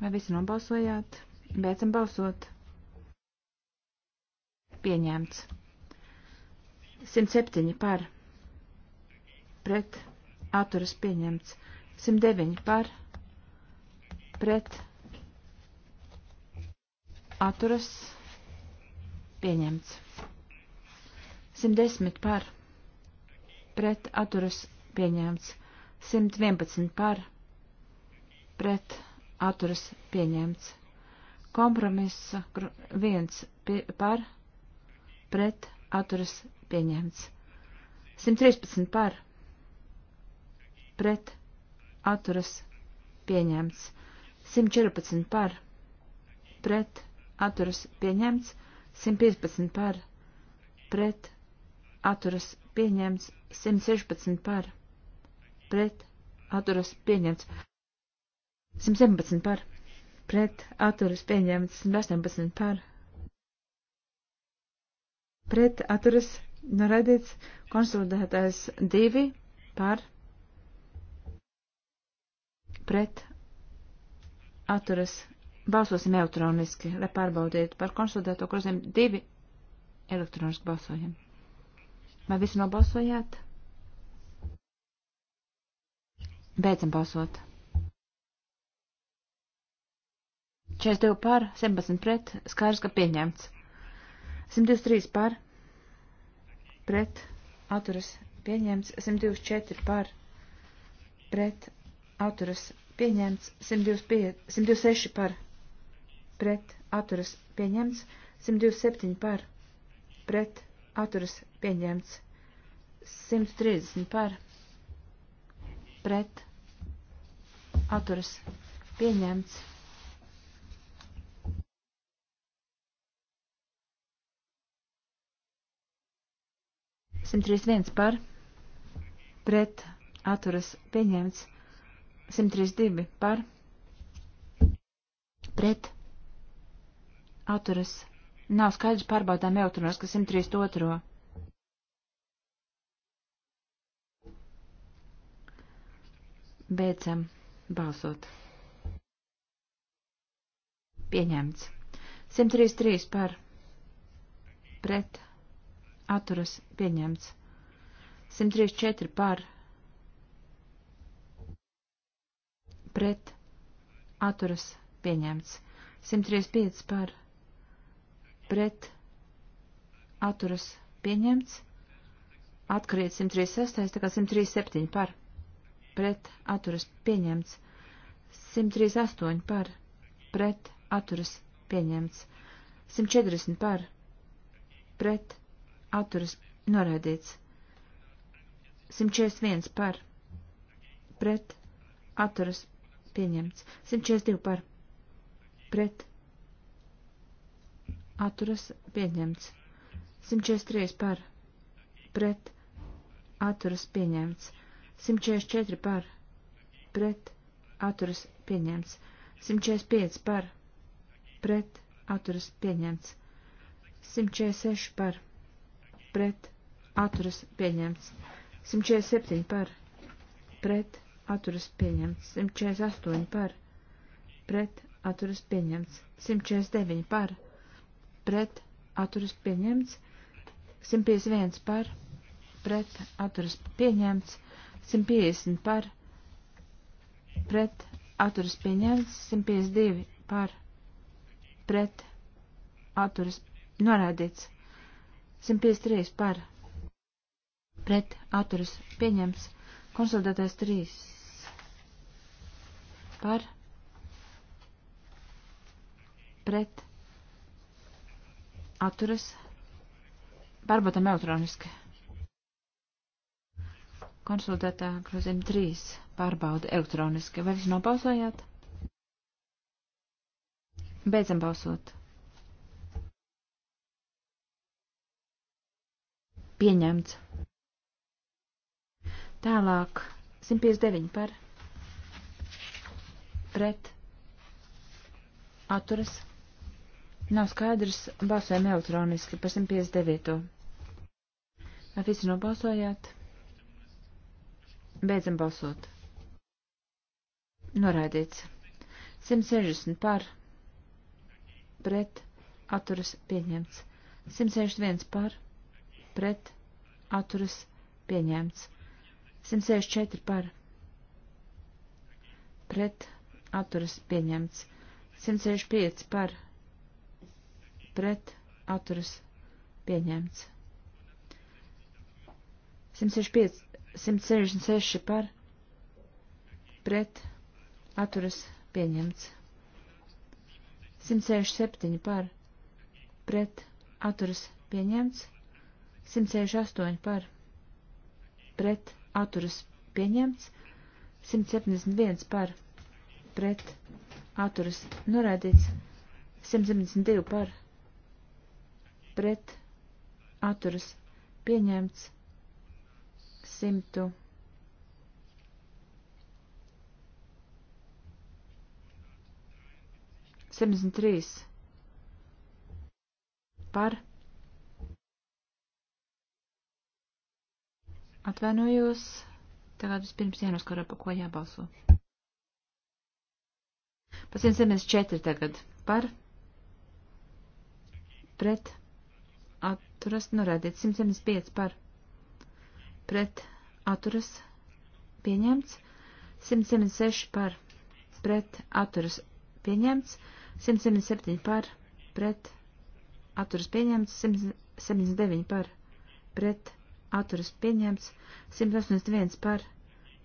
Vai visi nobalsojāt? Beidzam balsot pieņemts. 107 par pret atturas pieņemts. 109 par pret atturas pieņemts. 110 par pret atturas pieņemts. 111 par pret atturas pieņemts. Kompromiss 1 par pret pret atturas pieņemts. 113 par pret atturas pieņemts. 114 par pret atturas pieņemts. 115 par pret atturas pieņemts. 116 par pret atturas pieņemts. 117 par pret atturas pieņemts. 118 par pret pret atturas noraidīts konsolidētais 2 par pret atturas. Balsosim elektroniski, lai pārbaudītu par konsolidēto grozījumu 2 elektroniski balsojam. Vai visi nobalsojāt? Beidzam balsot. 42 par, 17 pret, skaidrs, ka pieņemts. 123 par, pret, atturas, pieņemts, 124 par, pret, atturas, pieņemts, 125, 126 par, pret, atturas, pieņemts, 127 par, pret, atturas, pieņemts, 130 par, pret, atturas, pieņemts. 131 par, pret, atturas pieņemts. 132 par, pret, atturas. Nav skaidrs pārbaudām elektronos, ka 132. Beidzam balsot. Pieņemts. 133 par, pret, atturas pieņemts. 134 par pret atturas pieņemts. 135 par pret atturas pieņemts. Atkrīt 136, tā kā 137 par pret atturas pieņemts. 138 par pret atturas pieņemts. 140 par pret atturas noraidīts. 141 par, pret, atturas pieņemts. 142 par, pret, atturas pieņemts. 143 par, pret, atturas pieņemts. 144 par, pret, atturas pieņemts. 145 par, pret, atturas pieņemts. 146 par, pret atturas pieņemts. 147 par pret atturas pieņemts. 148 par pret atturas pieņemts. 149 par pret atturas pieņemts. 151 par pret atturas pieņemts. 150 par pret atturas pieņemts. 152 par pret atturas norādīts. 153 par pret atturas pieņems konsolidētais 3 par pret atturas pārbaudam elektroniski. Konsultētā grozījuma 3 pārbauda elektroniski. Vai visi nobalsojāt? Beidzam balsot. pieņemts. Tālāk 159 par pret atturas. Nav skaidrs, balsojam elektroniski par 159. Vai visi nobalsojāt? Beidzam balsot. Noraidīts. 160 par pret atturas pieņemts. 161 par pret pret atturas pieņemts. 164 par pret atturas pieņemts. 165 par pret atturas pieņemts. 165, 166 par pret atturas pieņemts. 167 par pret atturas pieņemts. 168 par pret atturas pieņemts, 171 par pret atturas norādīts, 172 par pret atturas pieņemts, 100. 73 par Atvainojos, tagad vispirms Jānos Korapa, ko jābalso. Pa 174 tagad par pret atturas norādīts 175 par pret atturas pieņemts 176 par pret atturas pieņemts 177 par pret atturas pieņemts 179 par pret atturas pieņemts, 181 par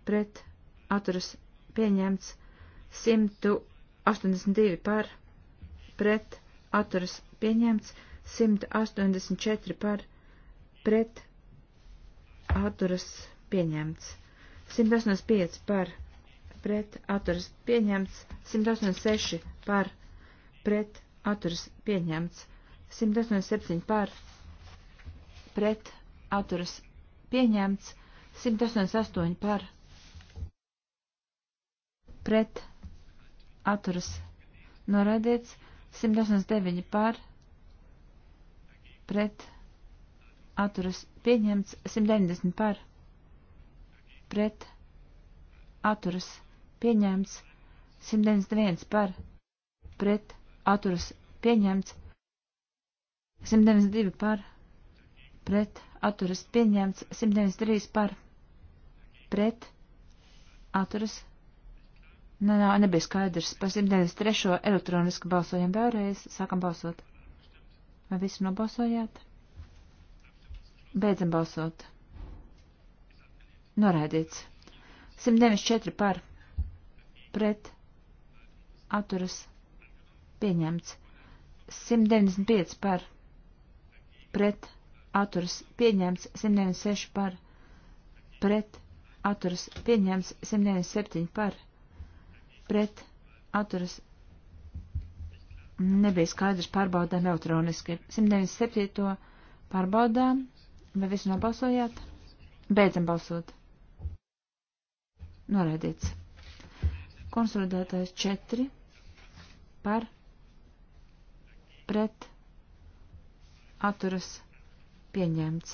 pret atturas pieņemts, 182 par pret atturas pieņemts, 184 par pret atturas pieņemts, 185 par pret atturas pieņemts, 186 par pret atturas pieņemts, 187 par pret atturas pieņemts 188 par pret atturas norādīts 189 par pret atturas pieņemts 190 par pret atturas pieņemts 191 par pret atturas pieņemts 192 par pret atturas pieņemts 193 par pret atturas. Nē, nē, nebija skaidrs. Par 193. elektroniski balsojam vēlreiz. Sākam balsot. Vai visi nobalsojāt? Beidzam balsot. Noraidīts. 194 par pret atturas pieņemts. 195 par pret atturas atturas pieņemts 196 par, pret atturas pieņemts 197 par, pret atturas nebija skaidrs pārbaudām elektroniski. 197. pārbaudām, vai visu nobalsojāt? Beidzam balsot. Noraidīts. Konsolidētājs 4 par pret atturas pieņemts Pieņemts.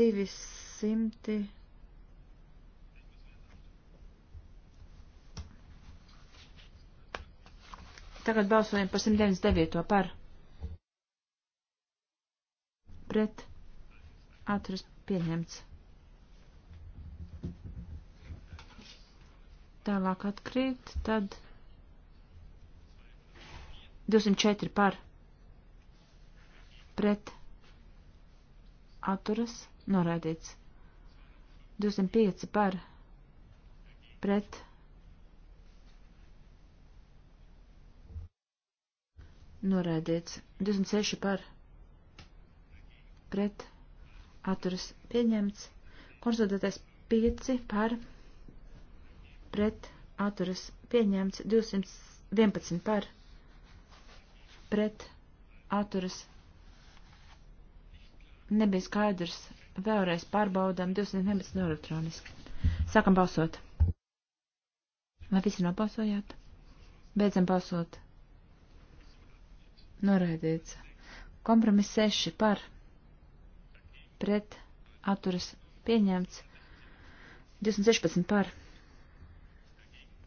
200. Tagad balsojam par 199. par. Pret. Atturas pieņemts. Tālāk atkrīt, tad 204 par pret atturas noraidīts. 205 par pret noraidīts. 206 par pret atturas pieņemts. Konsultētais 5 par pret atturas pieņemts. 211 par pret atturas pieņemts nebija skaidrs. Vēlreiz pārbaudām 211 elektroniski. Sākam balsot. Vai visi nobalsojāt? Beidzam balsot. Noraidīts. Kompromiss 6 par. Pret. Atturas. Pieņemts. 216 par.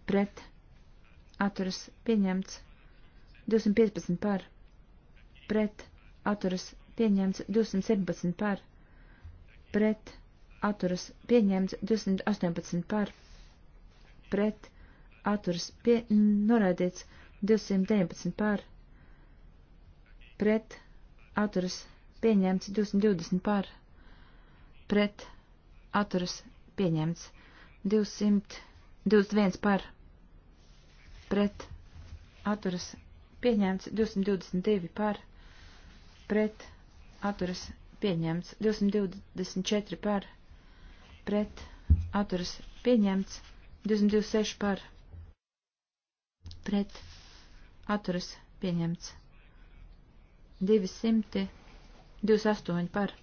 Pret. Atturas. Pieņemts. 215 par. Pret. Atturas pieņemts 217 par, pret atturas pieņemts 218 par, pret atturas pie, noraidīts 219 par, pret atturas pieņemts 220 par, pret atturas pieņemts 221 par, pret atturas pieņemts 222 par, pret atturas pieņemts atturas pieņemts. 224 par pret atturas pieņemts. 226 par pret atturas pieņemts. 228 par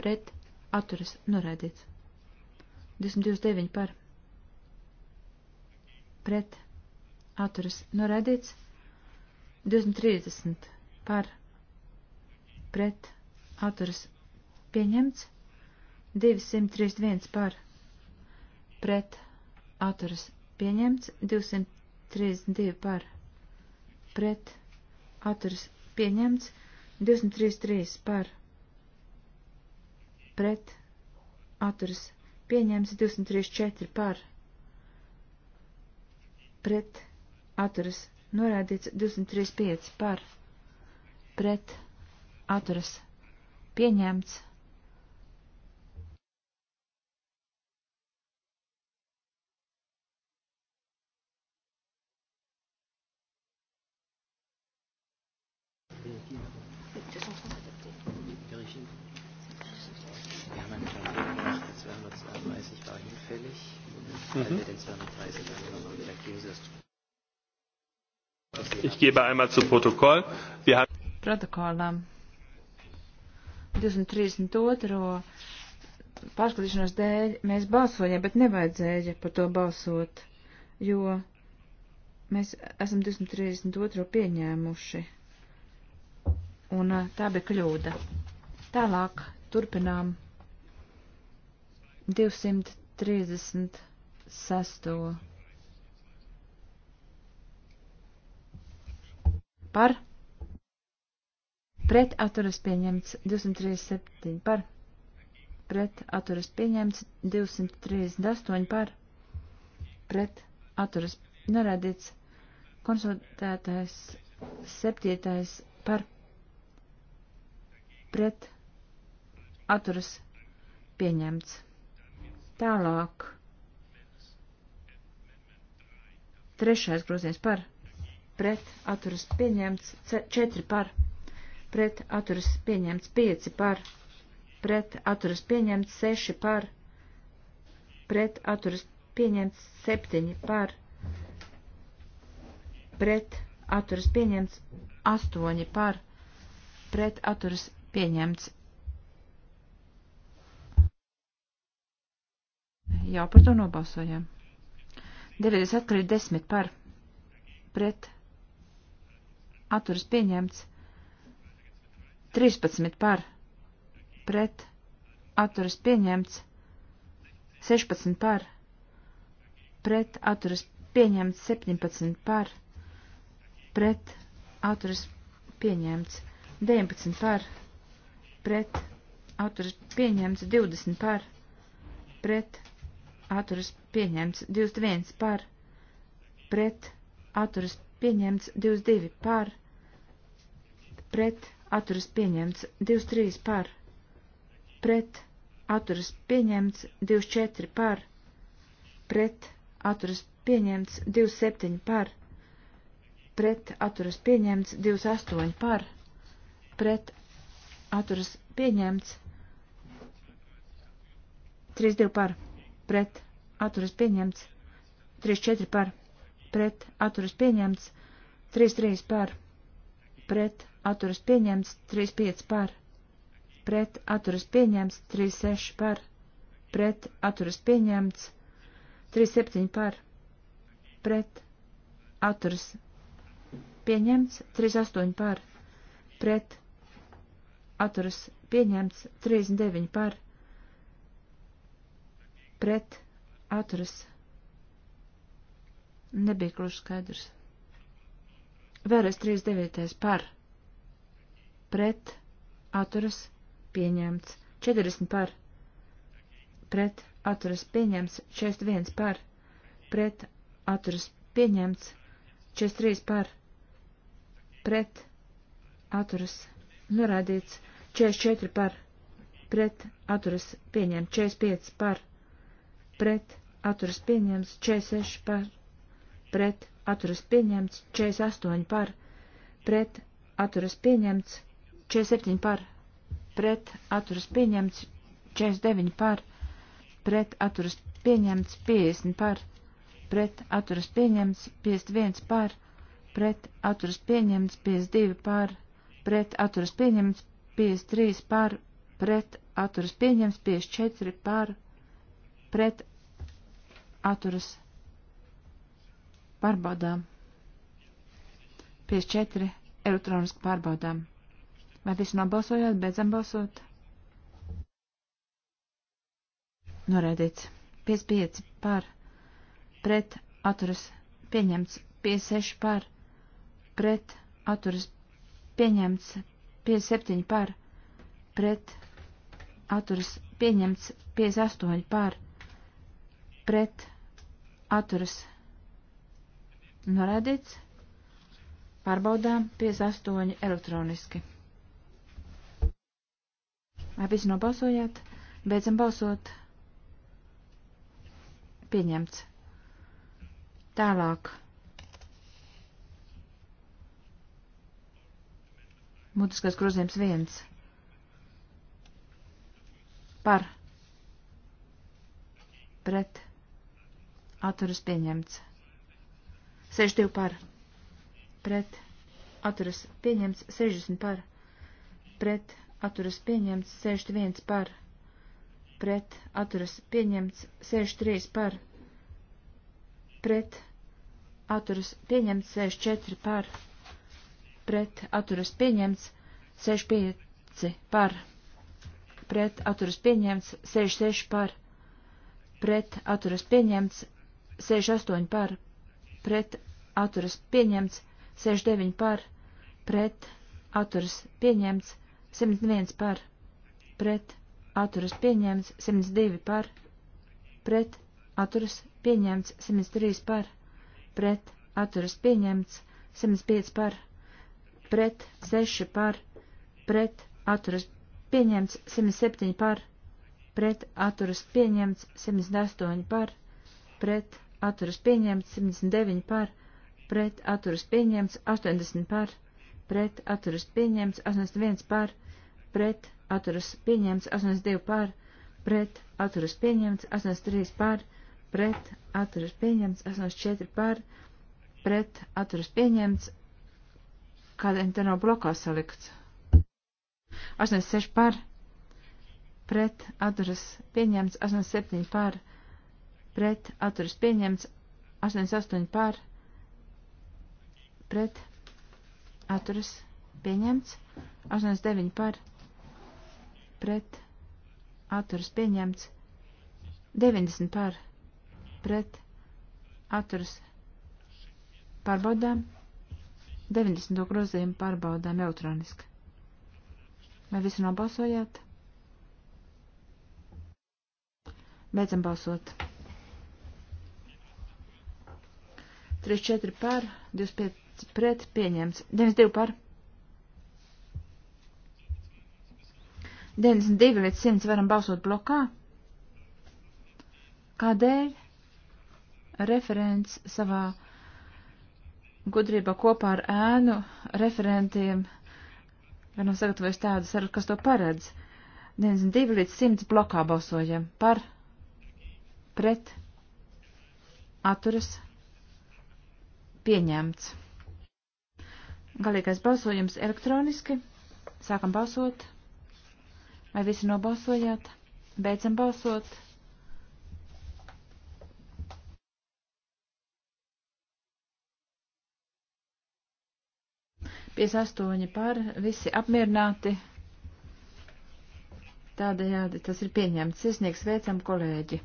pret atturas norādīts. 229 par pret atturas norādīts. 230 par pret pret atturas pieņemts, 231 par pret atturas pieņemts, 232 par pret atturas pieņemts, 233 par pret atturas pieņemts, 234 par pret atturas norādīts 235 par pret atturas atturas pieņemts. hinfällig. Mhm. Ich gebe einmal zu Protokoll. Wir haben Protokollam. 232. pārskatīšanās dēļ mēs balsojam, bet nevajadzēja par to balsot, jo mēs esam 232. pieņēmuši. Un tā bija kļūda. Tālāk turpinām 236. par Pret atturas pieņemts 237 par. Pret atturas pieņemts 238 par. Pret atturas norādīts konsultētais 7 par. Pret atturas pieņemts. Tālāk. Trešais groziens par. Pret atturas pieņemts 4 par pret atturas pieņemts 5 par, pret atturas pieņemts 6 par, pret atturas pieņemts 7 par, pret atturas pieņemts 8 par, pret atturas pieņemts. Jau par to nobalsojām. 9 atkarīgi 10 par, pret atturas pieņemts 8. 13 par, pret, atturas pieņemts, 16 par, pret, atturas pieņemts, 17 par, pret, atturas pieņemts, 19 par, pret, atturas pieņemts, 20 par, pret, atturas pieņemts, 21 par, pret, atturas pieņemts, 22 par, pret, atturas pieņemts, 23 par, pret, atturas pieņemts, 24 par, pret, atturas pieņemts, 27 par, pret, atturas pieņemts, 28 par, pret, atturas pieņemts, 32 par, pret, atturas pieņemts, 34 par, pret, atturas pieņemts, 33 par, pret, pret atturas pieņemts 35 par, pret atturas pieņemts 36 par, pret atturas pieņemts 37 par, pret atturas pieņemts 38 par, pret atturas pieņemts 39 par, pret atturas nebija kluši skaidrs. Vēlreiz 39. par. Pret. Atturas. Pieņemts. 40 par. Pret. Atturas. Pieņemts. 41 par. Pret. Atturas. Pieņemts. 43 par. Pret. Atturas. Norādīts. 44 par pret atturas pieņemt 45 par, pret atturas pieņemts 46 par, pret atturas pieņemts, 48 par, pret, atturas pieņemts, 47 par, pret, atturas pieņemts, 49 par, pret, atturas pieņemts, 50 par, pret, atturas pieņemts, 51 par, pret, atturas pieņemts, 52 par, pret, atturas pieņemts, 53 par, pret, atturas pieņemts, 54 par, pret, atturas pieņemts Pārbaudām. 54 elektroniski pārbaudām. Vai visi nobalsojāt, beidzam balsot? Norēdīts. 55 par. Pret atturas pieņemts. 56 par. Pret atturas pieņemts. 57 par. Pret atturas pieņemts. 58 par. Pret atturas pieņemts Norādīts. Pārbaudām 58 elektroniski. Vai visi nobalsojāt? Beidzam balsot. Pieņemts. Tālāk. Mutiskais grozījums viens. Par. Pret. Atturas pieņemts. 62 par pret atturas pieņemts 60 par pret atturas pieņemts 61 par pret atturas pieņemts 63 par pret atturas pieņemts 64 par pret atturas pieņemts 65 par pret atturas pieņemts 66 par pret atturas pieņemts 68 par pret atturas pieņemts, 69 par, pret atturas pieņemts, 71 par, pret atturas pieņemts, 72 par, pret atturas pieņemts, 73 par, pret atturas pieņemts, 75 par, pret 6 par, pret atturas pieņemts, 77 par, pret atturas pieņemts, 78 par, pret atturas pieņemts, 79 par, pret atturas pieņemts, 80 par, pret atturas pieņemts, 81 par, pret atturas pieņemts, 82 par, pret atturas pieņemts, 83 par, pret atturas pieņemts, 84 par, pret atturas pieņemts, kādēļ te nav blokā salikts. 86 par, pret atturas pieņemts, 87 par, pret pret atturas pieņemts 88 par pret atturas pieņemts 89 par pret atturas pieņemts 90 par pret atturas pārbaudām 90 grozījumu pārbaudām elektroniski. Vai visi nobalsojāt? Beidzam balsot. 34 par, 25 pret, pieņemts. 92 par. 92 līdz 100 varam balsot blokā. Kādēļ? Referents savā gudrībā kopā ar ēnu referentiem gan nav sagatavojis tādu sarunu, kas to paredz. 92 līdz 100 blokā balsojam par, pret, atturas, pieņemts. Galīgais balsojums elektroniski. Sākam balsot. Vai visi nobalsojāt? Beidzam balsot. Pies astoņi par, visi apmierināti. Tādējādi tas ir pieņemts. Iesniegs veicam kolēģi.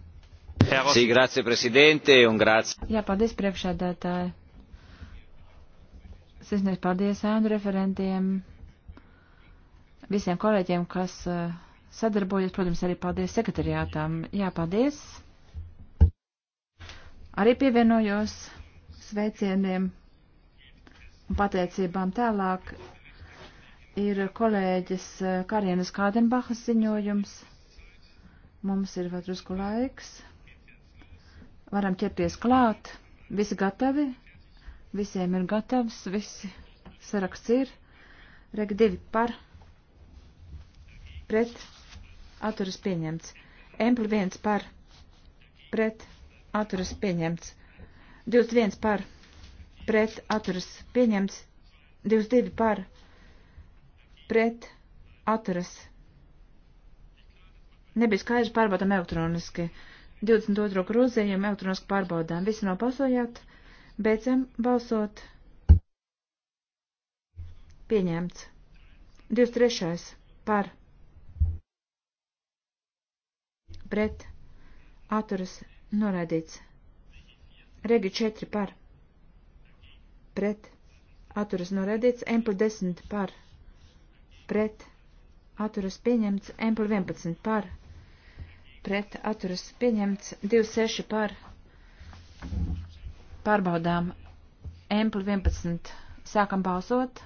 Sī, grazie, prezidente, un grazie. Jā, paldies priekšādātāji. Sirsnieks paldies ēnu referentiem, visiem kolēģiem, kas eh, sadarbojas, protams, arī paldies sekretariātām. Jā, paldies. Arī pievienojos sveicieniem un pateicībām tālāk ir kolēģis eh, Karienas Kādenbachas ziņojums. Mums ir vēl drusku laiks. Varam ķerties klāt. Visi gatavi? Visiem ir gatavs, visi saraksts ir. Reg 2 par, pret, atturas pieņemts. Empl 1 par, pret, atturas pieņemts. 21 par, pret, atturas pieņemts. 22 par, pret, atturas. Nebija skaidrs, pārbaudām elektroniski. 22. grozējumu elektroniski pārbaudām. Visi nobalsojāt. Beidzam balsot. Pieņemts. 23. par. Pret. Atturas noraidīts. Regi 4 par. Pret. Atturas noraidīts. Empl 10 par. Pret. Atturas pieņemts. Empl 11 par. Pret. Atturas pieņemts. 26 par. Pārbaudām Emplu 11. Sākam balsot.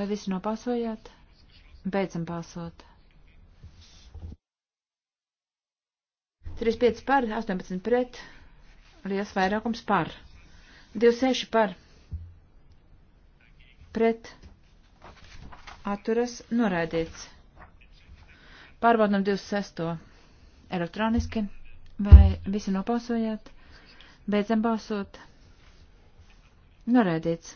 Vai visi nopalsojāt? Beidzam balsot. 35 par, 18 pret, liels vairākums par. 26 par, pret, atturas, noraidīts. Pārbaudam 26. elektroniski, vai visi nopalsojāt? Beidzam balsot. Noraidīts.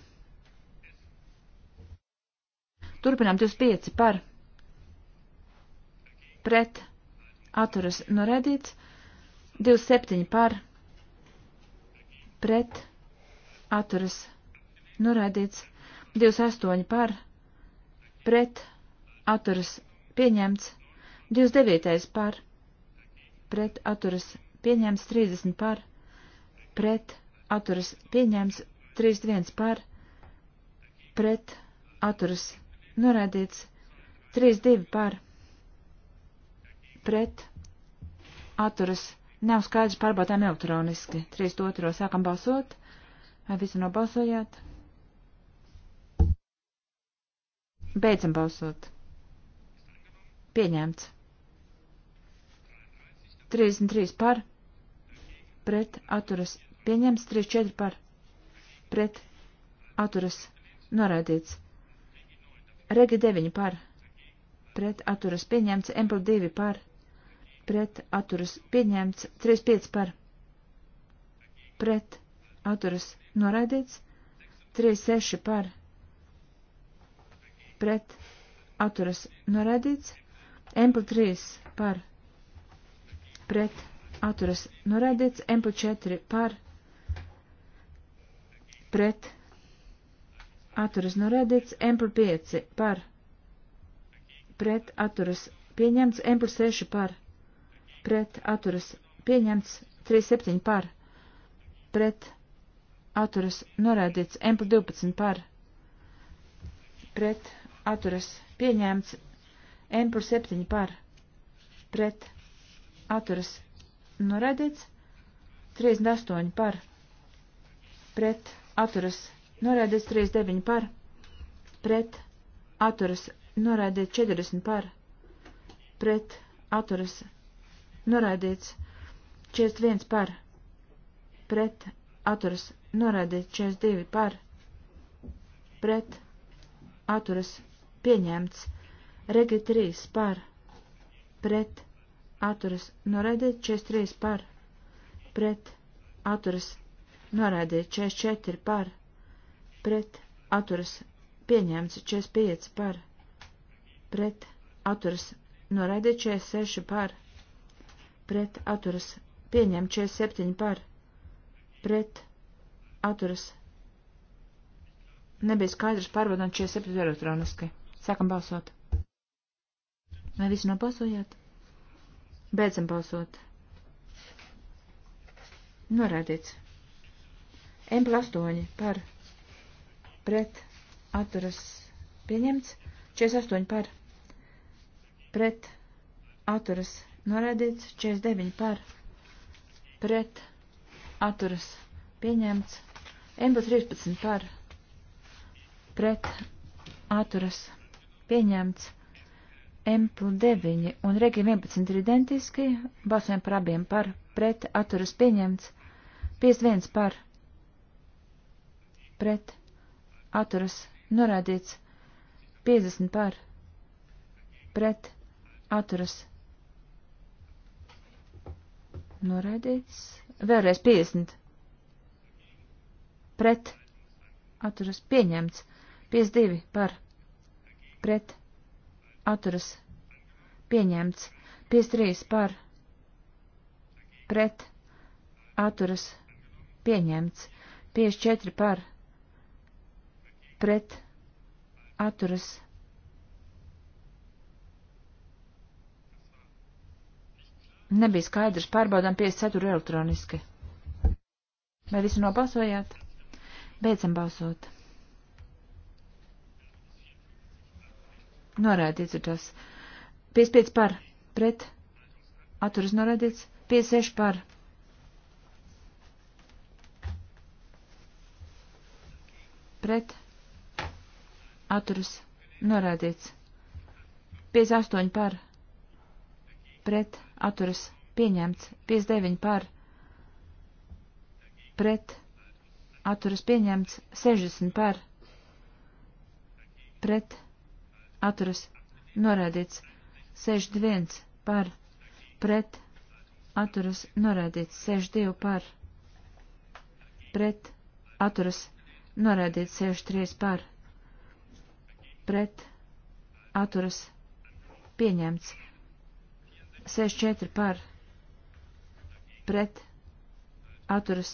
Turpinām 25 par. Pret. Atturas noraidīts. 27 par. Pret. Atturas noraidīts. 28 par. Pret. Atturas pieņemts. 29 par. Pret. Atturas pieņemts. 30 par pret atturas pieņemts, 31 par pret atturas norādīts, 32 par pret atturas nav skaidrs pārbaudām elektroniski. 32 sākam balsot, vai visi nobalsojāt? Beidzam balsot. Pieņemts. 33 par, pret atturas pieņemts, 34 par, pret, atturas, noraidīts. Regi 9 par, pret, atturas, pieņemts, Empel 2 par, pret, atturas, pieņemts, 35 par, pret, atturas, noraidīts, 36 par, pret, atturas, noraidīts, Empel 3 par, pret, atturas, noraidīts, Empel 4 par, pret, pret atturas norēdīts, M plus 5 par pret atturas pieņemts, M plus 6 par pret atturas pieņemts, 37 par pret atturas norēdīts, M plus 12 par pret atturas pieņemts, M plus 7 par pret atturas norēdīts, 38 par pret atturas atturas norādīts 39 par, pret atturas norādīts 40 par, pret atturas norādīts 41 par, pret atturas norādīts 42 par, pret atturas pieņemts, regi 3 par, pret atturas norādīts 43 par, pret atturas norādīts norādīt 44 par, pret atturas pieņemts 45 par, pret atturas norādīt 46 par, pret atturas pieņemt 47 par, pret atturas nebija skaidrs pārvadot 47 elektroniski. Sākam balsot. Vai visi nobalsojāt? Beidzam balsot. Norādīts. M8 par pret atturas pieņemts, 48 par pret atturas norādīts, 49 par pret atturas pieņemts, M13 par pret atturas pieņemts, M9 un Regi 11 ir identiski, balsojam par abiem par pret atturas pieņemts, 51 par pret pret atturas norādīts 50 par pret atturas norādīts vēlreiz 50 pret atturas pieņemts 52 par pret atturas pieņemts 53 par pret atturas pieņemts 54 par pret pret atturas. Nebija skaidrs, pārbaudām 54 elektroniski. Vai visi nobalsojāt? Beidzam balsot. Norādīts ir tas. 55 par, pret, atturas norādīts, 56 par, pret, atturas norādīts. 58 par, pret, atturas pieņemts. 59 par, pret, atturas pieņemts. 60 par, pret, atturas norādīts. 61 par, pret, atturas norādīts. 62 par, pret, atturas norādīts. 63 par, pret pret atturas pieņemts. 64 par pret atturas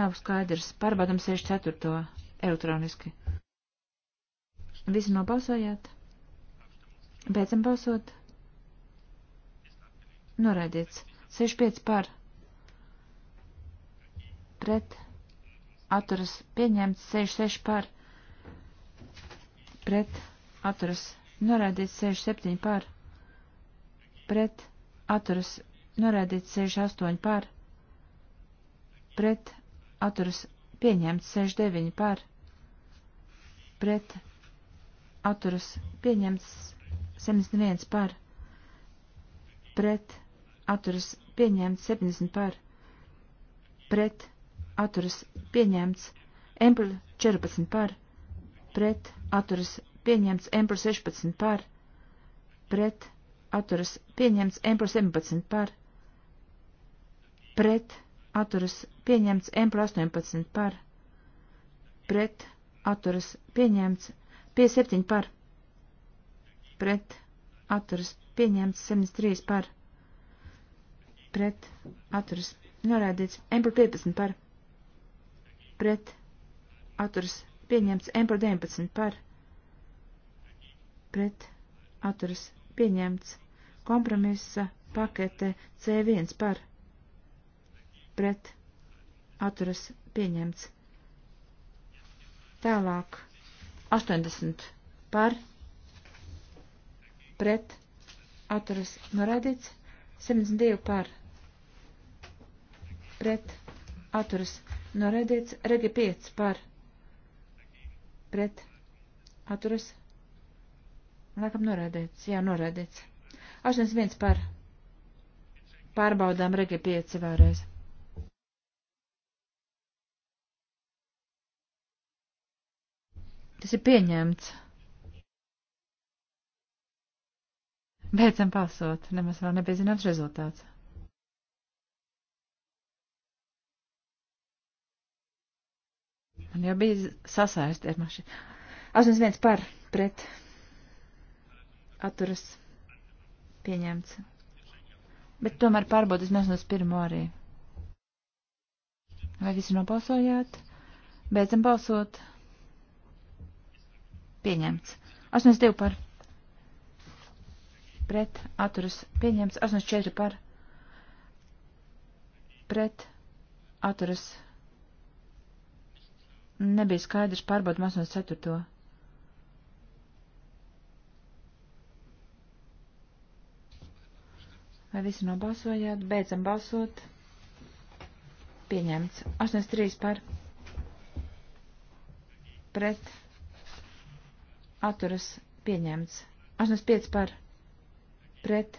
nav skaidrs. Pārbaudam 64. elektroniski. Visi nobalsojāt? Beidzam balsot. Noraidīts. 65 par pret atturas pieņemts 66 par pret pret atturas norādīts 67 par, pret atturas norādīts 68 par, pret atturas pieņemts 69 par, pret atturas pieņemts 71 par, pret atturas pieņemts 70 par, pret atturas pieņemts empl 14 par, pret atturas pieņemts M plus 16 par, pret atturas pieņemts M plus 17 par, pret atturas pieņemts M plus 18 par, pret atturas pieņemts 57 par, pret atturas pieņemts 73 par, pret atturas norādīts M plus 15 par, pret atturas pieņemts pieņemts M par 19 par pret atturas pieņemts kompromisa pakete C1 par pret atturas pieņemts. Tālāk 80 par pret atturas norādīts 72 par pret atturas norādīts regi 5 par pret pret atturas. Nākam norādīts. Jā, norādīts. 81 par. Pārbaudām regi 5 vēlreiz. Tas ir pieņemts. Beidzam balsot, nemaz vēl nebija zināms rezultāts. Man jau bija sasaisti ar mašīnu. 81 par pret atturas pieņemts. Bet tomēr pārbaudas mēs no pirmo arī. Vai visi nobalsojāt? Beidzam balsot. Pieņemts. 82 par pret atturas pieņemts. 84 par pret atturas pieņemts nebija skaidrs pārbaudam 84. Vai visi nobalsojāt? Beidzam balsot. Pieņemts. 83 par. Pret. Atturas. Pieņemts. 85 par. Pret.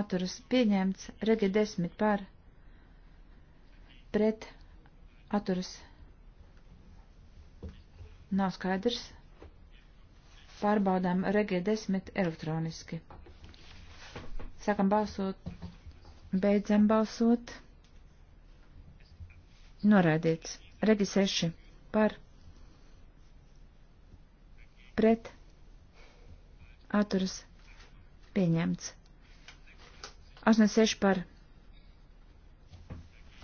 Atturas. Pieņemts. Regi 10 par. Pret. Atturas. Pieņemts Nav skaidrs. Pārbaudām regie desmit elektroniski. Sākam balsot. Beidzam balsot. Noraidīts. Regi seši. Par. Pret. Atturas. Pieņemts. 86 par.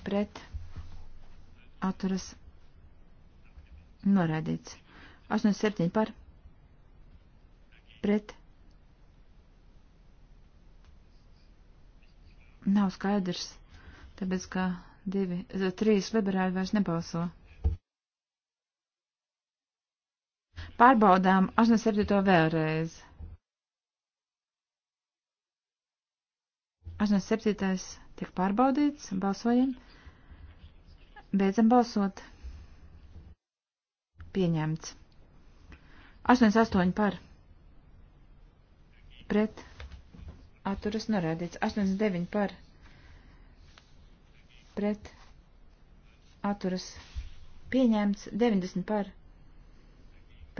Pret. Atturas. Norādīts. 87 par. Pret. Nav skaidrs, tāpēc ka divi, eh, trīs liberāļi vairs nebalso. Pārbaudām 87. vēlreiz. 87. tiek pārbaudīts, balsojam. Beidzam balsot. Pieņemts. 88 par. Pret. Atturas norādīts. 89 par. Pret. Atturas. Pieņemts. 90 par.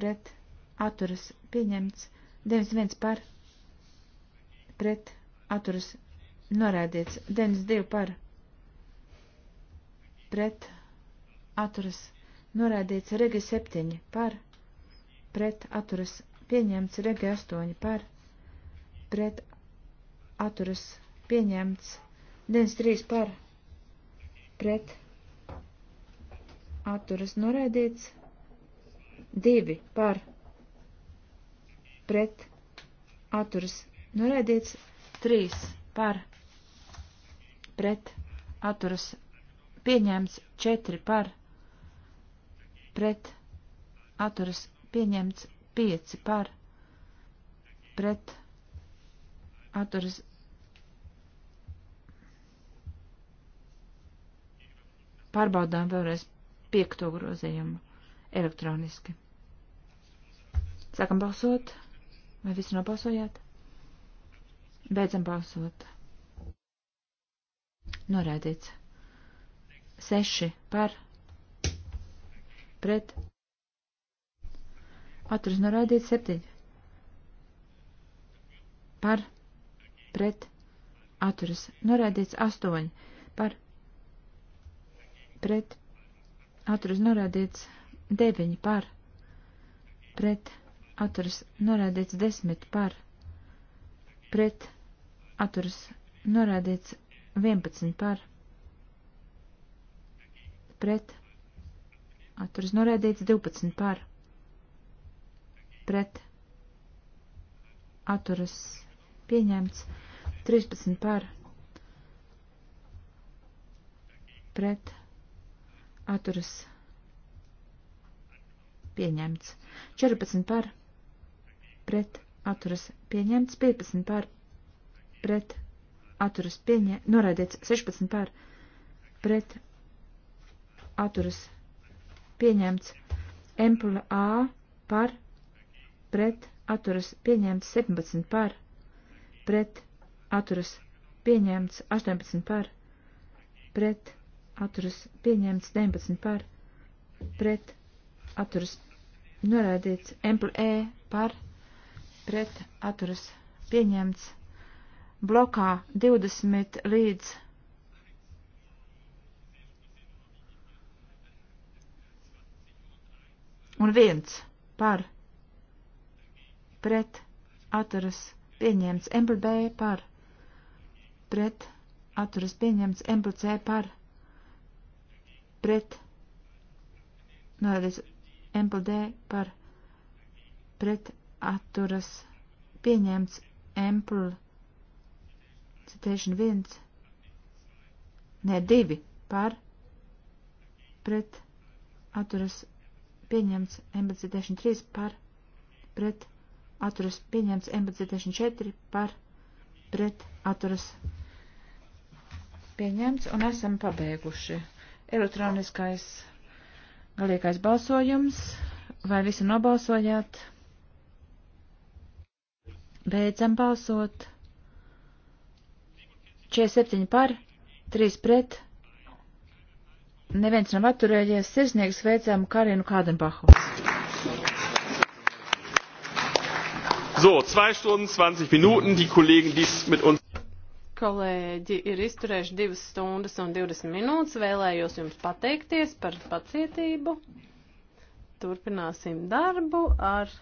Pret. Atturas. Pieņemts. 91 par. Pret. Atturas. Norādīts. 92 par. Pret. Atturas. Pieņemts norādīts regi 7 par, pret atturas pieņemts regi 8 par, pret atturas pieņemts 93 par, pret atturas norādīts 2 par, pret atturas norādīts 3 par, pret atturas pieņemts 4 par, pret pret atturas pieņemts 5 par pret atturas pārbaudām vēlreiz piekto grozījumu elektroniski. Sākam balsot. Vai visi nobalsojāt? Beidzam balsot. Norēdīts. Seši par pret atturas noraidīts 7 par pret atturas noraidīts 8 par pret atturas noraidīts 9 par pret atturas noraidīts 10 par pret atturas noraidīts 11 par pret Atturas norēdīts 12 par. Pret. Atturas pieņemts 13 par. Pret. Atturas pieņemts 14 par. Pret. Atturas pieņemts 15 par. Pret. Atturas pieņemts. Norēdīts 16 par. Pret. Atturas pieņemts pieņemts. Empula A par pret atturas pieņemts 17 par pret atturas pieņemts 18 par pret atturas pieņemts 19 par pret atturas norādīts Empula E par pret atturas pieņemts blokā 20 līdz un viens par pret atturas pieņemts MBB par pret atturas pieņemts MBC par pret norādīts MBD par pret atturas pieņemts MBD citēšana viens, ne divi par pret atturas pieņemts MBC-3 par pret atturas pieņemts MBC-4 par pret atturas pieņemts un esam pabeiguši. Elektroniskais galīgais balsojums. Vai visi nobalsojāt? Beidzam balsot. 47 par, 3 pret, Neviens nav atturējies. Sirsnīgi sveicam Karinu Kādenbachu. So, 2 stunden 20 minūten, die kolēģi dies mit uns. Kolēģi ir izturējuši 2 stundas un 20 minūtes. Vēlējos jums pateikties par pacietību. Turpināsim darbu ar.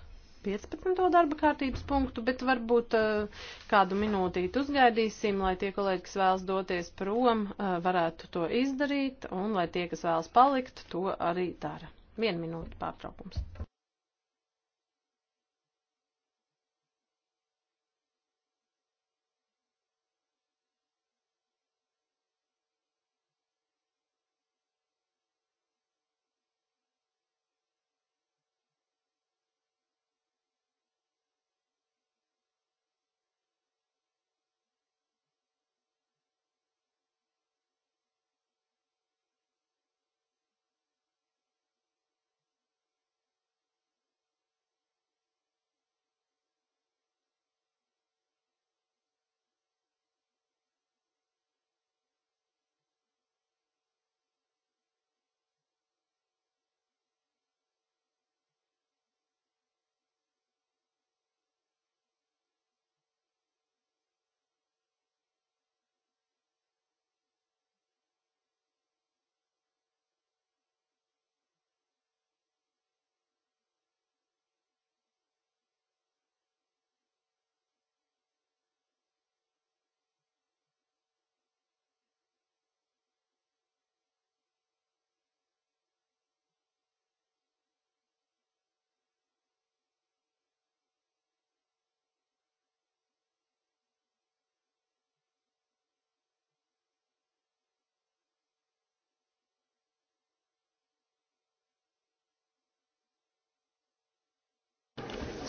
15. darba kārtības punktu, bet varbūt uh, kādu minūtīti uzgaidīsim, lai tie kolēģi, kas vēlas doties prom, uh, varētu to izdarīt, un lai tie, kas vēlas palikt, to arī dara. Vienu minūti pārtraukums.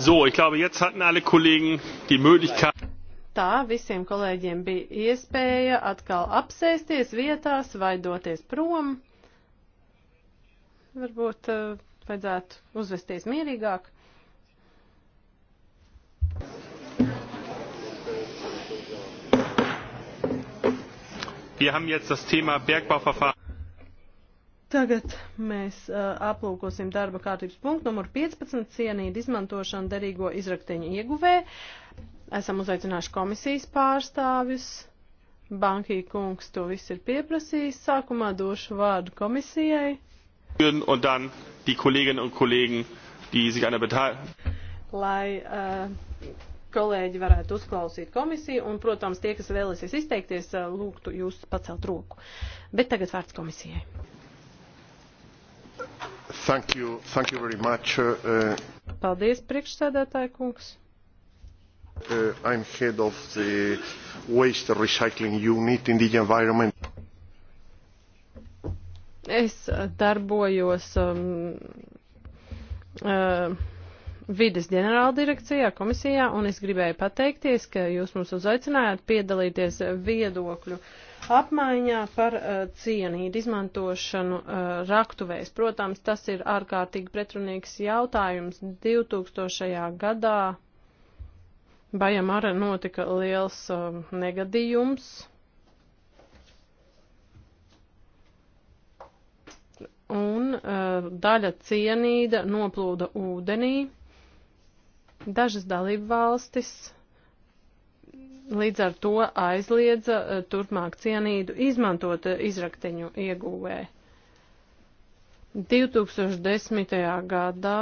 So, ich glaube, jetzt hatten alle Kollegen die Möglichkeit. Tā visiem kolēģiem bija iespēja atkal apsēsties vietās vai doties prom. Varbūt uh, vajadzētu uzvesties mierīgāk. Wir haben jetzt das Thema Bergbauverfahren. Tagad mēs uh, aplūkosim darba kārtības punktu numur 15 cienīt izmantošanu derīgo izrakteņu ieguvē. Esam uzaicinājuši komisijas pārstāvis. Bankī kungs to viss ir pieprasījis. Sākumā došu vārdu komisijai. Un dan die kolēģin un kolēģin, die sich einer beteiligen. Lai uh, kolēģi varētu uzklausīt komisiju un, protams, tie, kas vēlēsies izteikties, uh, lūgtu jūs pacelt roku. Bet tagad vārds komisijai. Thank you, thank you very much. Uh, uh, Paldies, priekšsēdētāji kungs. Uh, I'm head of the waste recycling unit in the environment. Es darbojos um, uh, vides ģenerāldirekcijā, komisijā, un es gribēju pateikties, ka jūs mums uzaicinājāt piedalīties viedokļu uh, apmaiņā par uh, eh, cienīdu izmantošanu uh, raktuvēs. Protams, tas ir ārkārtīgi pretrunīgs jautājums. 2000. gadā Bajamara notika liels uh, negadījums. Un uh, daļa cienīda noplūda ūdenī. Dažas dalību valstis līdz ar to aizliedza eh, turpmāk cienīdu izmantot eh, izrakteņu iegūvē. 2010. gadā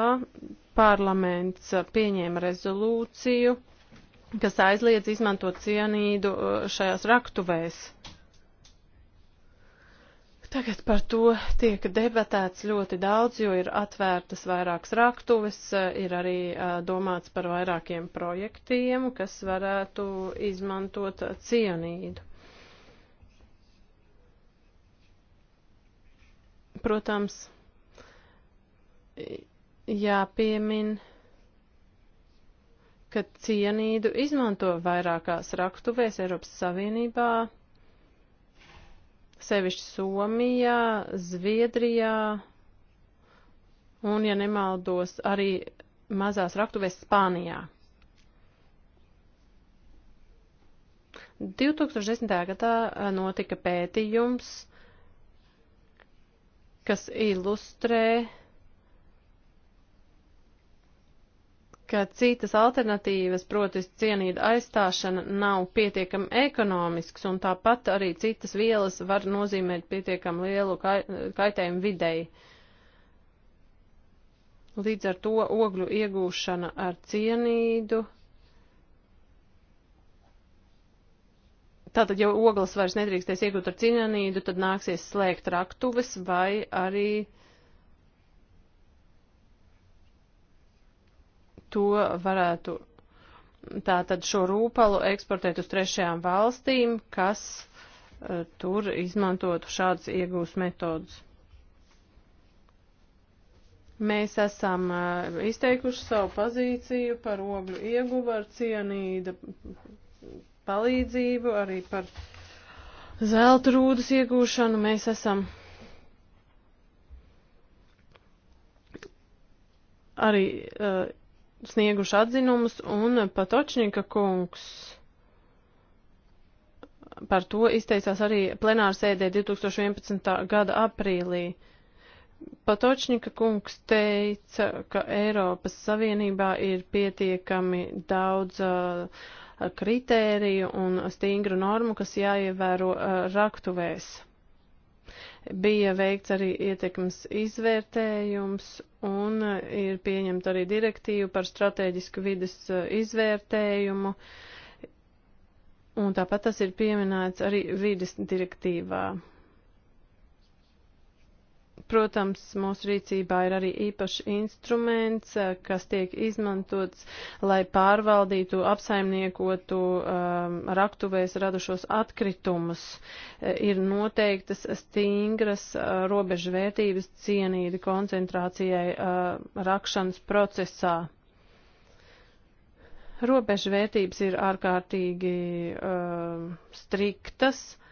parlaments eh, pieņēma rezolūciju, kas aizliedz izmantot cienīdu šajās raktuvēs. Tagad par to tiek debatēts ļoti daudz, jo ir atvērtas vairākas raktuves, ir arī domāts par vairākiem projektiem, kas varētu izmantot cienīdu. Protams, jāpiemin, ka cienīdu izmanto vairākās raktuvēs Eiropas Savienībā sevišķi Somijā, Zviedrijā un, ja nemaldos, arī mazās raktuvēs Spānijā. 2010. gadā eh, notika pētījums, kas ilustrē ka citas alternatīvas, proti cienīta aizstāšana, nav pietiekami ekonomisks, un tāpat arī citas vielas var nozīmēt pietiekami lielu kaitējumu videi. Līdz ar to ogļu iegūšana ar cienīdu. Tātad, ja ogles vairs nedrīkstēs iegūt ar cienīdu, tad nāksies slēgt raktuves vai arī uh, to varētu tātad šo rūpalu eksportēt uz trešajām valstīm, kas uh, tur izmantotu šādas iegūs metodas. Mēs esam uh, izteikuši savu pozīciju par ogļu ieguvu ar cienīda palīdzību, arī par zelta rūdas iegūšanu. Mēs esam arī uh, snieguši atzinumus, un Patočņika kungs par to izteicās arī plenāra sēdē 2011. gada aprīlī. Patočņika kungs teica, ka Eiropas Savienībā ir pietiekami daudz uh, kritēriju un stingru normu, kas jāievēro uh, raktuvēs. Bija veikts arī ietekmes izvērtējums un eh, ir pieņemta arī direktīva par strateģisku vides eh, izvērtējumu. Un tāpat tas ir pieminēts arī vides direktīvā. Protams, mūsu rīcībā ir arī īpašs instruments, eh, kas tiek izmantots, lai pārvaldītu, apsaimniekotu um, raktuvēs radušos atkritumus. Eh, ir noteiktas stingras uh, eh, robežu vērtības cienīti koncentrācijai uh, rakšanas procesā. Robežu vērtības ir ārkārtīgi uh, striktas. Uh,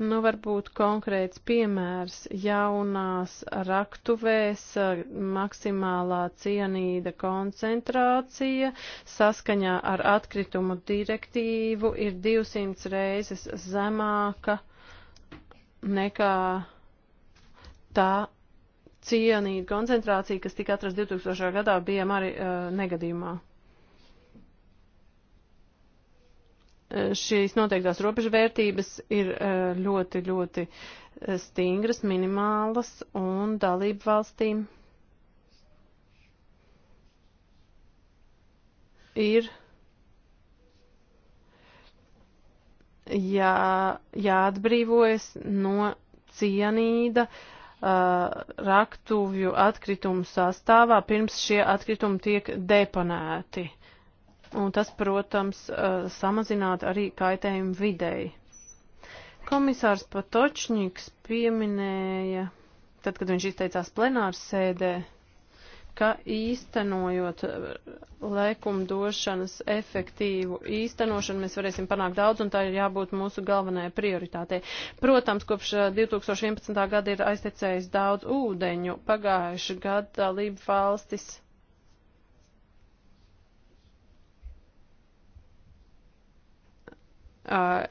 Nu, varbūt konkrēts piemērs jaunās raktuvēs maksimālā cianīda koncentrācija saskaņā ar atkritumu direktīvu ir 200 reizes zemāka nekā tā cianīda koncentrācija, kas tika atrasta 2000. gadā bijām arī uh, negadījumā. Eh, šīs noteiktās robežvērtības ir eh, ļoti, ļoti eh, stingras, minimālas un dalību valstīm ir jā, jāatbrīvojas no cienīda uh, raktuvju atkritumu sastāvā, pirms šie atkritumi tiek deponēti un tas, protams, eh, samazinātu arī kaitējumu videi. Komisārs Patočņiks pieminēja, tad, kad viņš izteicās plenārs sēdē, ka īstenojot eh, likumdošanas efektīvu īstenošanu, mēs varēsim panākt daudz, un tā ir jābūt mūsu galvenajai prioritātei. Protams, kopš 2011. Eh, gada ir aiztecējis daudz ūdeņu, pagājuši gada dalību valstis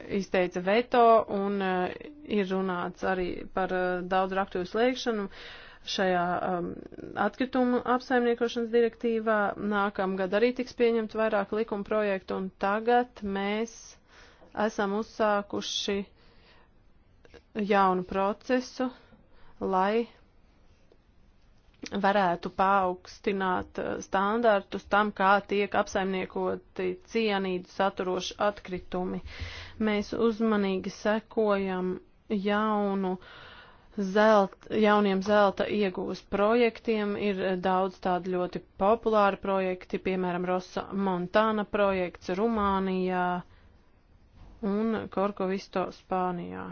izteica veto un ir runāts arī par daudz raktuvu slēgšanu šajā um, atkritumu apsaimniekošanas direktīvā. Nākamgad arī tiks pieņemt vairāk likuma projektu, un tagad mēs esam uzsākuši jaunu procesu, lai varētu paaugstināt eh, standartus tam, kā tiek apsaimniekoti cianīdu saturoši atkritumi. Mēs uzmanīgi sekojam jaunu zelta, jauniem zelta iegūs projektiem. Ir eh, daudz tādu ļoti populāru projekti, piemēram, Rosa Montana projekts Rumānijā un Korkovisto Spānijā.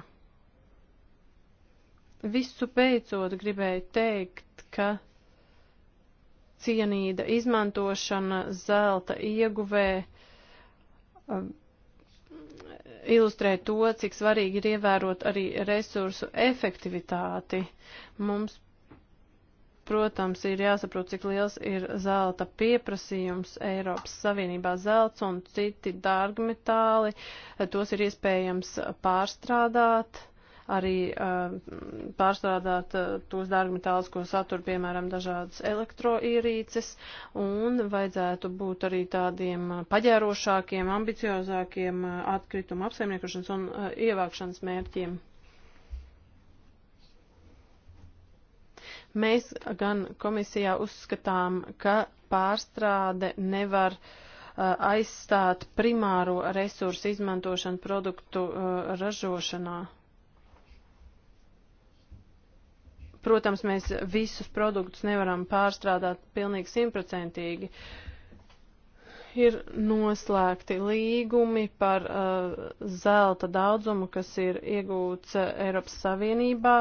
Visu beidzot gribēju teikt, ka cienīda izmantošana zelta ieguvē um, ilustrē to, cik svarīgi ir ievērot arī resursu efektivitāti. Mums protams, ir jāsaprot, cik liels ir zelta pieprasījums Eiropas Savienībā. Zelts un citi dārgmetāli, tos ir iespējams pārstrādāt arī uh, pārstrādāt uh, tos dārgmetālus, ko satur, piemēram, dažādas elektroierīces, un vajadzētu būt arī tādiem uh, paģērošākiem, ambiciozākiem uh, atkritumu apsaimniekošanas un uh, ievākšanas mērķiem. Mēs gan komisijā uzskatām, ka pārstrāde nevar uh, aizstāt primāro resursu izmantošanu produktu uh, ražošanā. Protams, mēs visus produktus nevaram pārstrādāt pilnīgi simtprocentīgi. Ir noslēgti līgumi par uh, zelta daudzumu, kas ir iegūts uh, Eiropas Savienībā.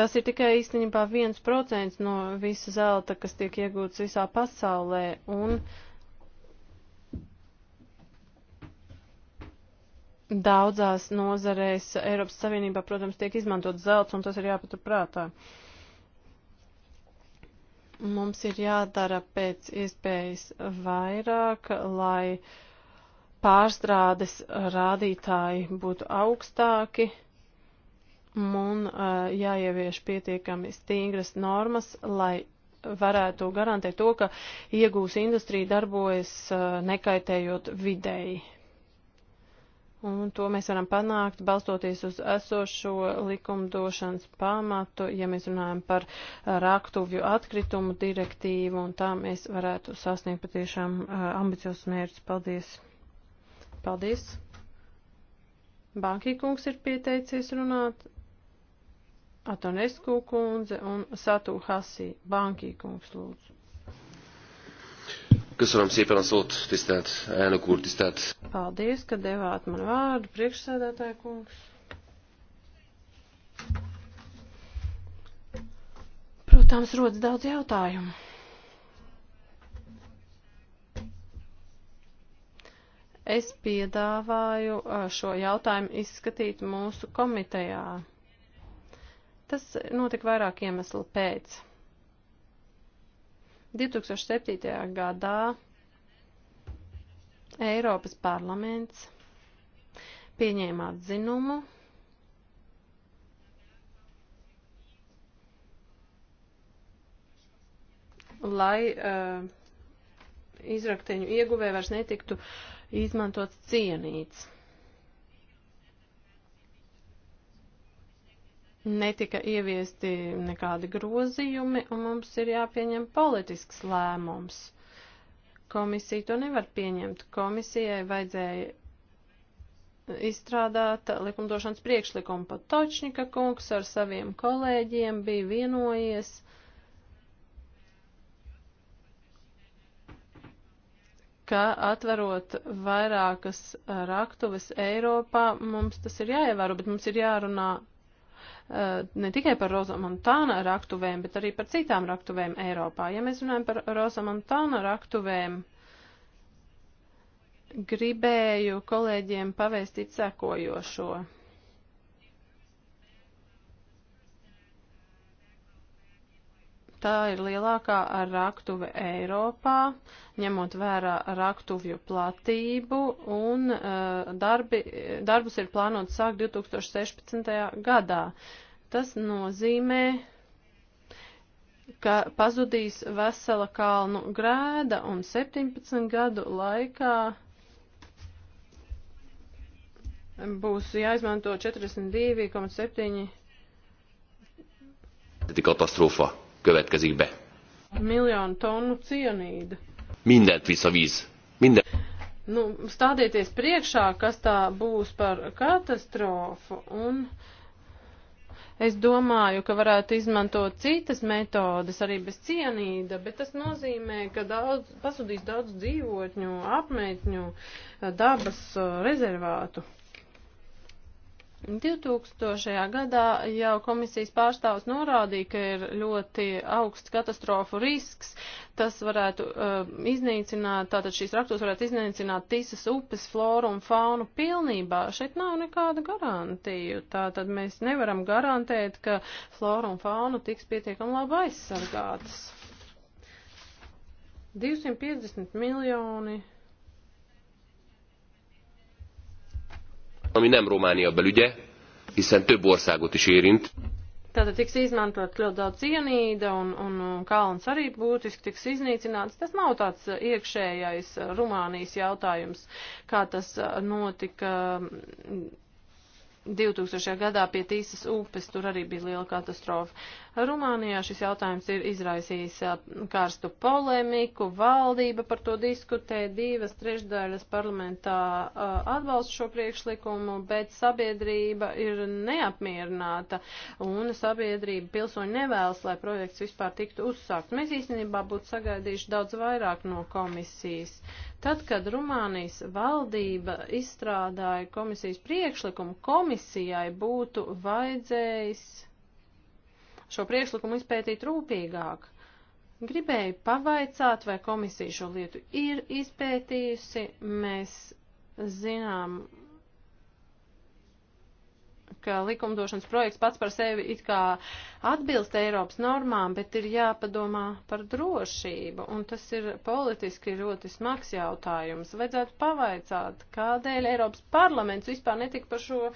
Tas ir tikai īstenībā 1% no visa zelta, kas tiek iegūts visā pasaulē. Un, uh, Daudzās nozarēs Eiropas Savienībā, protams, tiek izmantot zelts, un tas ir jāpaturprātā. Mums ir jādara pēc iespējas vairāk, lai pārstrādes rādītāji būtu augstāki un uh, jāievieš pietiekami stingras normas, lai varētu garantēt to, ka iegūs industrija darbojas uh, nekaitējot videi. Un to mēs varam panākt, balstoties uz esošo likumdošanas pamatu, ja mēs runājam par rāktuvju atkritumu direktīvu, un tā mēs varētu sasniegt patiešām ambiciozus mērķus. Paldies! Paldies! Bankī kungs ir pieteicies runāt, Atonesku kundze un Satu Hasi. Bankī kungs lūdzu. Köszönöm szépen a szót, tisztelt elnök úr, tisztelt. Paldies, ka devāt man vārdu, priekšsēdētāja kungs. Protams, rodas daudz jautājumu. Es piedāvāju šo jautājumu izskatīt mūsu komitejā. Tas notika vairāk iemeslu pēc. 2007. gadā Eiropas parlaments pieņēma atzinumu, lai uh, izrakteņu ieguvē vairs netiktu izmantots cienīts. netika ieviesti nekādi grozījumi, un mums ir jāpieņem politisks lēmums. Komisija to nevar pieņemt. Komisijai vajadzēja izstrādāt likumdošanas priekšlikumu pat Točņika kungs ar saviem kolēģiem bija vienojies. ka atverot vairākas raktuves Eiropā, mums tas ir jāievēro, bet mums ir jārunā Eh, ne tikai par Rozamontāna raktuvēm, bet arī par citām raktuvēm Eiropā. Ja mēs runājam par Rozamontāna raktuvēm, gribēju kolēģiem pavēstīt sekojošo. Tā ir lielākā raktuve Eiropā, ņemot vērā raktuvju platību, un uh, darbi, darbus ir plānots sākt 2016. gadā. Tas nozīmē, ka pazudīs vesela kalnu grēda un 17 gadu laikā būs jāizmanto 42,7. Katastrofā következik be. Miljonu tonu cianīda. Mindent visz a víz. Minden. Nu, stādieties priekšā, kas tā būs par katastrofu un es domāju, ka varētu izmantot citas metodes arī bez cienīda, bet tas nozīmē, ka daudz, pasudīs daudz dzīvotņu, apmetņu, dabas eh, rezervātu. 2000. gadā jau komisijas pārstāvs norādīja, ka ir ļoti augsts katastrofu risks. Tas varētu uh, iznīcināt, tātad šīs raktos varētu iznīcināt tīsas upes floru un faunu pilnībā. Šeit nav nekādu garantiju. Tātad mēs nevaram garantēt, ka flora un fauna tiks pietiekami labi aizsargātas. 250 miljoni Ami nem Románia belügye, hiszen több országot is érint. Tātad tiks izmantot ļoti daudz cienīda un, un kalns arī būtiski tiks iznīcināts. Tas nav tāds iekšējais uh, Rumānijas jautājums, kā tas uh, notika 2000. Um, gadā pie Tīsas upes, tur arī bija liela katastrofa. Rumānijā šis jautājums ir izraisījis karstu polemiku, valdība par to diskutē, divas trešdaļas parlamentā atbalsta šo priekšlikumu, bet sabiedrība ir neapmierināta un sabiedrība pilsoņi nevēlas, lai projekts vispār tiktu uzsākts. Mēs īstenībā būtu sagaidījuši daudz vairāk no komisijas. Tad, kad Rumānijas valdība izstrādāja komisijas priekšlikumu, komisijai būtu vajadzējis šo priekšlikumu izpētīt rūpīgāk. Gribēju pavaicāt, vai komisija šo lietu ir izpētījusi. Mēs zinām, ka likumdošanas projekts pats par sevi it kā atbilst Eiropas normām, bet ir jāpadomā par drošību, un tas ir politiski ļoti smags jautājums. Vajadzētu pavaicāt, kādēļ Eiropas parlaments vispār netika par šo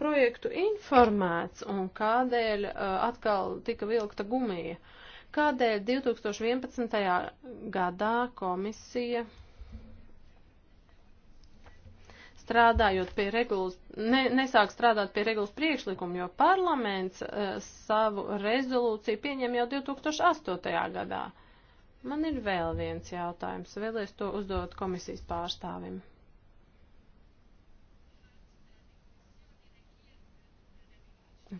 projektu informēts un kādēļ uh, atkal tika vilkta gumija. Kādēļ 2011. gadā komisija strādājot pie regulas, ne, nesāk strādāt pie regulas priekšlikuma, jo parlaments uh, savu rezolūciju pieņem jau 2008. gadā. Man ir vēl viens jautājums, vēlēs to uzdot komisijas pārstāvim.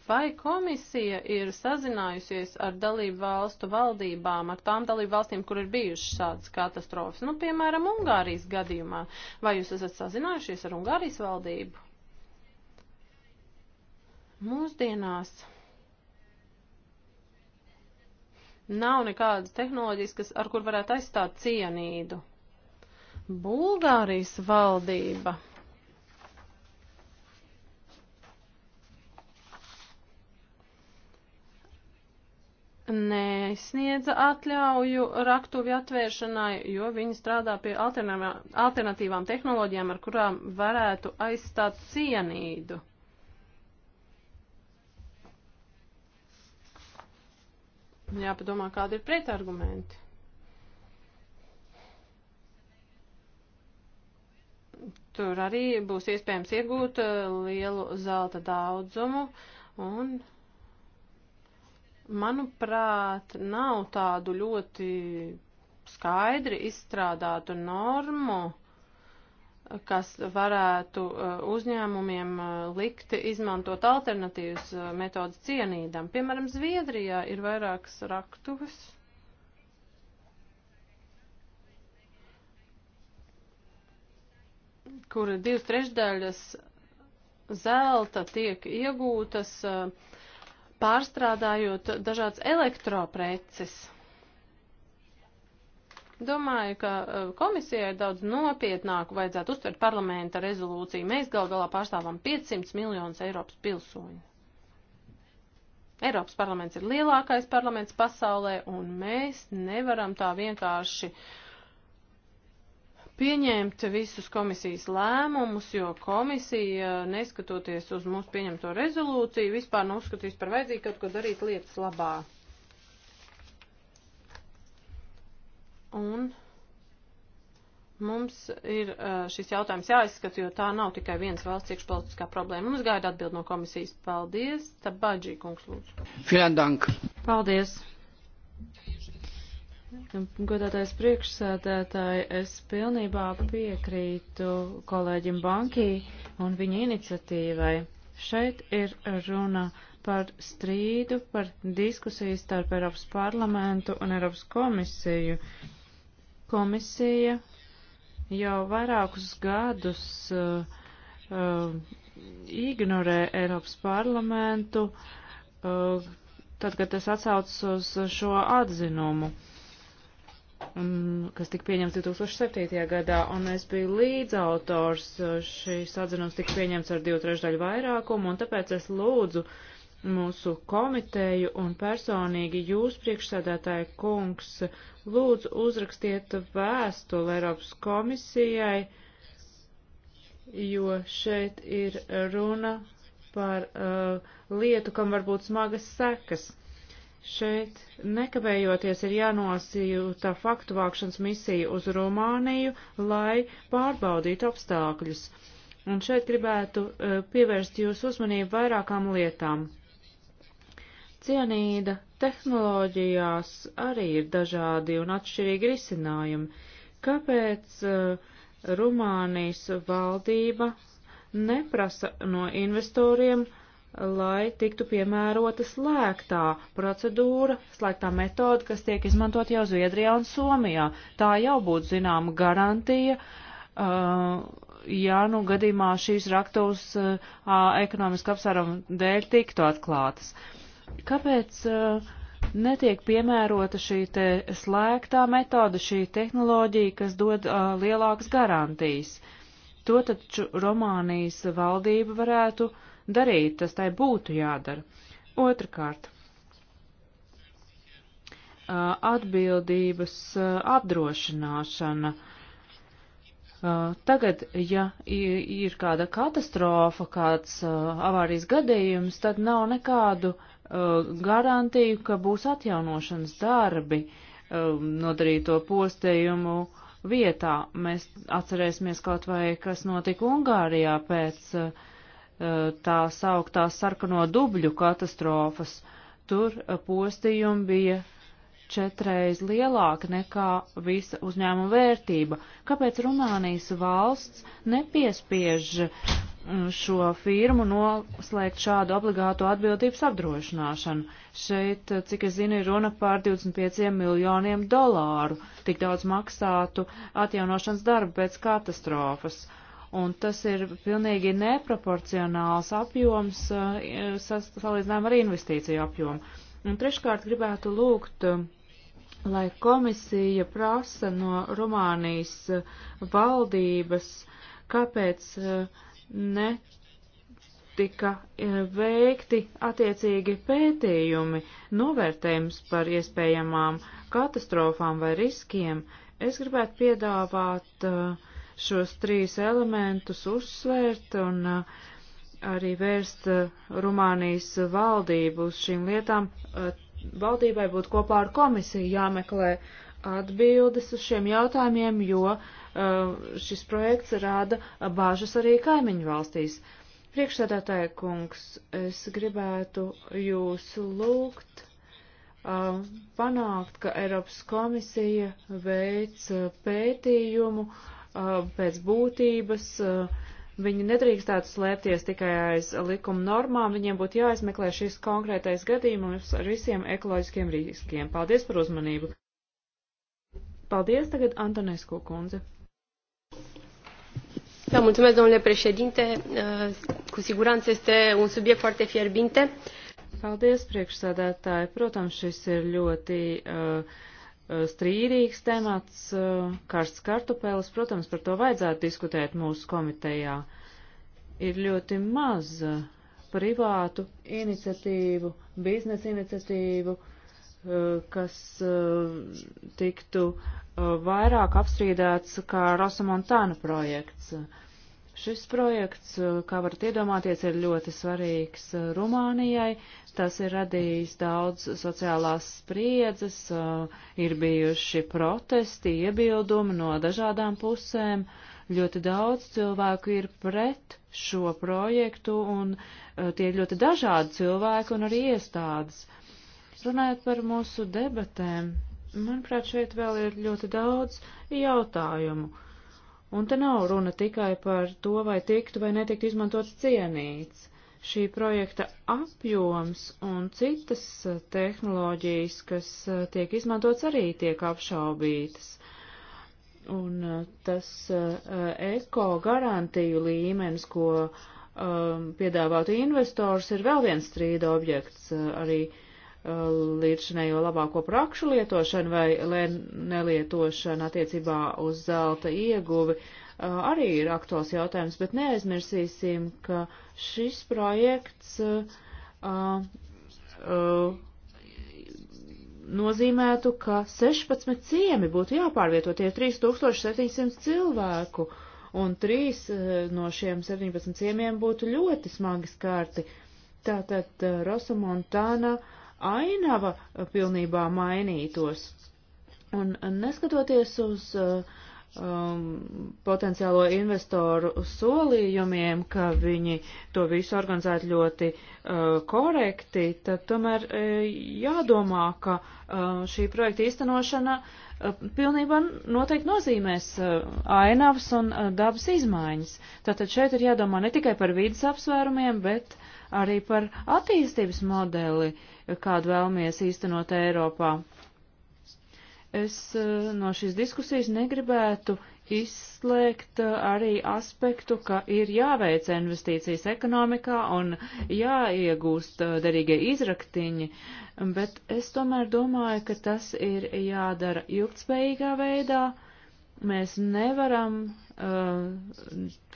Vai komisija ir sazinājusies ar dalību valstu valdībām, ar tām dalību valstīm, kur ir bijušas šādas katastrofas? Nu, piemēram, Ungārijas gadījumā. Vai jūs esat sazinājušies ar Ungārijas valdību? Mūsdienās nav nekādas tehnoloģijas, kas, ar kur varētu aizstāt cienīdu. Bulgārijas valdība nesniedza atļauju raktuvi atvēršanai, jo viņi strādā pie alternatīvām tehnoloģijām, ar kurām varētu aizstāt cienīdu. Jāpadomā, kādi ir pretargumenti. Tur arī būs iespējams iegūt uh, lielu zelta daudzumu un manuprāt, nav tādu ļoti skaidri izstrādātu normu, kas varētu uh, uzņēmumiem uh, likt izmantot alternatīvas uh, metodas cienīdam. Piemēram, Zviedrijā ir vairākas raktuves. kur divas trešdaļas zelta tiek iegūtas uh, pārstrādājot dažādas elektropreces. Domāju, ka eh, komisijai daudz nopietnāk vajadzētu uztvert parlamenta rezolūciju. Mēs gal galā pārstāvam 500 miljonus Eiropas pilsoņu. Eiropas parlaments ir lielākais parlaments pasaulē, un mēs nevaram tā vienkārši uh, pieņemt visus komisijas lēmumus, jo komisija, neskatoties uz mūsu pieņemto rezolūciju, vispār nav uzskatījis par vajadzīgu kaut ko darīt lietas labā. Un mums ir šis jautājums jāizskata, jo tā nav tikai viens valsts iekšpolitiskā problēma. Mums gaida atbild no komisijas. Paldies. Tabadžī, kungs, lūdzu. Fīlēn dank. Paldies. Godātais priekšsēdētāji, es pilnībā piekrītu kolēģim Bankī un viņa iniciatīvai. Šeit ir runa par strīdu, par diskusiju starp Eiropas parlamentu un Eiropas komisiju. Komisija jau vairākus gadus uh, uh, ignorē Eiropas parlamentu, uh, tad, kad tas atsaucas uz šo atzinumu. Uh, un, kas tika pieņemts 2007. gadā, un es biju līdzautors, šīs atzinums tika pieņemts ar divu trešdaļu vairākumu, un tāpēc es lūdzu mūsu komiteju un personīgi jūs, priekšsēdētāji kungs, lūdzu uzrakstiet vēstuli Eiropas komisijai, jo šeit ir runa par uh, lietu, kam var būt smagas sekas Šeit nekavējoties ir jānosīta faktu vākšanas misija uz Rumāniju, lai pārbaudītu apstākļus. Un šeit gribētu uh, pievērst jūsu uzmanību vairākām lietām. Cienīda tehnoloģijās arī ir dažādi un atšķirīgi risinājumi. Kāpēc uh, Rumānijas valdība neprasa no investoriem uh, lai tiktu piemērota slēgtā procedūra, slēgtā metoda, kas tiek izmantot jau Zviedrijā un Somijā. Tā jau būtu zināma garantija, uh, ja nu gadījumā šīs raktūs uh, ekonomiski apsvērumu dēļ tiktu atklātas. Kāpēc uh, netiek piemērota šī te slēgtā metoda, šī tehnoloģija, kas dod uh, lielākas garantijas? To taču Romānijas valdība varētu uh, darīt, tas tai būtu jādara. Otrakārt, atbildības apdrošināšana. Tagad, ja ir kāda katastrofa, kāds avārijas gadījums, tad nav nekādu garantiju, ka būs atjaunošanas darbi nodarīto postējumu vietā. Mēs atcerēsimies kaut vai, kas notika Ungārijā pēc uh, Eh, tā sauktās sarkano dubļu katastrofas. Tur eh, postījumi bija četreiz lielāka nekā visa uzņēmuma vērtība. Kāpēc Rumānijas valsts nepiespiež mm, šo firmu noslēgt šādu obligāto atbildības apdrošināšanu. Šeit, eh, cik es zinu, ir runa par 25 miljoniem dolāru, tik daudz maksātu atjaunošanas darbu pēc katastrofas. Uh, un tas ir pilnīgi neproporcionāls apjoms eh, salīdzinājumā ar investīciju apjomu. Un treškārt gribētu lūgt, eh, lai komisija prasa no Rumānijas eh, valdības, kāpēc ne tika veikti attiecīgi pētījumi, novērtējums par iespējamām katastrofām vai riskiem. Es gribētu piedāvāt uh, šos trīs elementus uzsvērt un uh, arī vērst uh, Rumānijas valdību uz šīm lietām. Uh, valdībai būtu kopā ar komisiju jāmeklē atbildes uz šiem jautājumiem, jo šis projekts rāda bāžas arī kaimiņu valstīs. Priekšsēdētāja kungs, es gribētu jūs lūgt uh, panākt, ka Eiropas komisija veic pētījumu uh, Uh, pēc būtības. Uh, viņi nedrīkstētu slēpties tikai aiz likuma normām, viņiem būtu jāizmeklē šis konkrētais gadījums ar visiem ekoloģiskiem riskiem. Paldies par uzmanību! Paldies tagad Antonescu kundze. Da, mulțumesc, domnule președinte. Uh, cu siguranță este un subiect foarte fierbinte. Paldies, priekšsādātāji. Protams, šis ir ļoti uh, Eh, strīdīgs temats, eh, karsts kartupēlis, protams, par to vajadzētu diskutēt mūsu komitejā. Ir ļoti maz eh, privātu iniciatīvu, biznesa iniciatīvu, kas tiktu vairāk apstrīdēts kā Rosa Montana projekts. Šis projekts, uh, kā varat iedomāties, ir ļoti svarīgs uh, Rumānijai. Tas ir radījis daudz sociālās spriedzes, uh, ir bijuši protesti, iebildumi no dažādām pusēm. Ļoti daudz cilvēku ir pret šo projektu, un tie ir ļoti dažādi cilvēki un arī iestādes. Runājot par mūsu debatēm, manuprāt, šeit vēl ir ļoti daudz jautājumu Un te nav runa tikai par to, vai tiktu vai netiktu izmantots cienīts. Šī projekta apjoms un citas eh, tehnoloģijas, kas eh, tiek izmantots, arī tiek apšaubītas. Un eh, tas eko garantiju līmenis, ko um, piedāvātu investors, ir vēl viens strīda objekts arī uh, līdzinējo labāko prakšu lietošanu vai nelietošanu attiecībā uz zelta ieguvi arī ir aktuāls jautājums, bet neaizmirsīsim, ka šis projekts uh, uh, nozīmētu, ka 16 ciemi būtu jāpārvieto tie 3700 cilvēku, un 3 no šiem 17 ciemiem būtu ļoti smagi skārti. Tātad Rosa Montana uh, ainava eh, pilnībā mainītos. Un eh, neskatoties uz uh, um, potenciālo investoru solījumiem, ka viņi to visu organizētu ļoti uh, korekti, tad tomēr uh, jādomā, ka uh, šī projekta īstenošana uh, pilnībā noteikti nozīmēs uh, ainavas un uh, dabas izmaiņas. Tātad šeit ir jādomā ne tikai par vīdes apsvērumiem, bet arī par attīstības modeli. Uh, kādu vēlamies īstenot Eiropā. Es eh, no šīs diskusijas negribētu izslēgt eh, arī aspektu, ka ir jāveic investīcijas ekonomikā un jāiegūst eh, derīgie izraktiņi, bet es tomēr domāju, ka tas ir jādara ilgtspējīgā veidā. Mēs nevaram,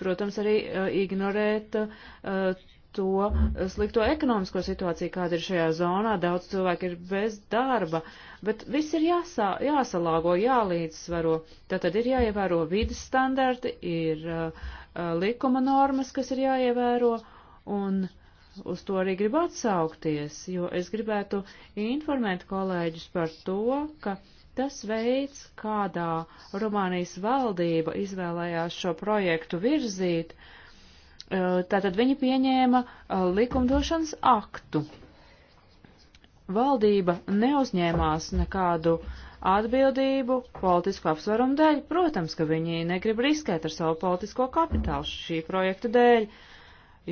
protams, arī ignorēt to slikto ekonomisko situāciju, kāda ir šajā zonā. Daudz cilvēku ir bez darba, bet viss ir jāsā, jāsalāgo, jālīdzsvaro. Tātad ir jāievēro vidas standarti, ir uh, uh likuma normas, kas ir jāievēro, un uz to arī gribu atsaukties, jo es gribētu informēt kolēģus par to, ka tas veids, kādā Rumānijas valdība izvēlējās šo projektu virzīt, uh, Uh, tātad viņi pieņēma uh, likumdošanas aktu. Valdība neuzņēmās nekādu atbildību politisku apsvarumu dēļ. Protams, ka viņi negrib riskēt ar savu politisko kapitālu šī projekta dēļ. Uh,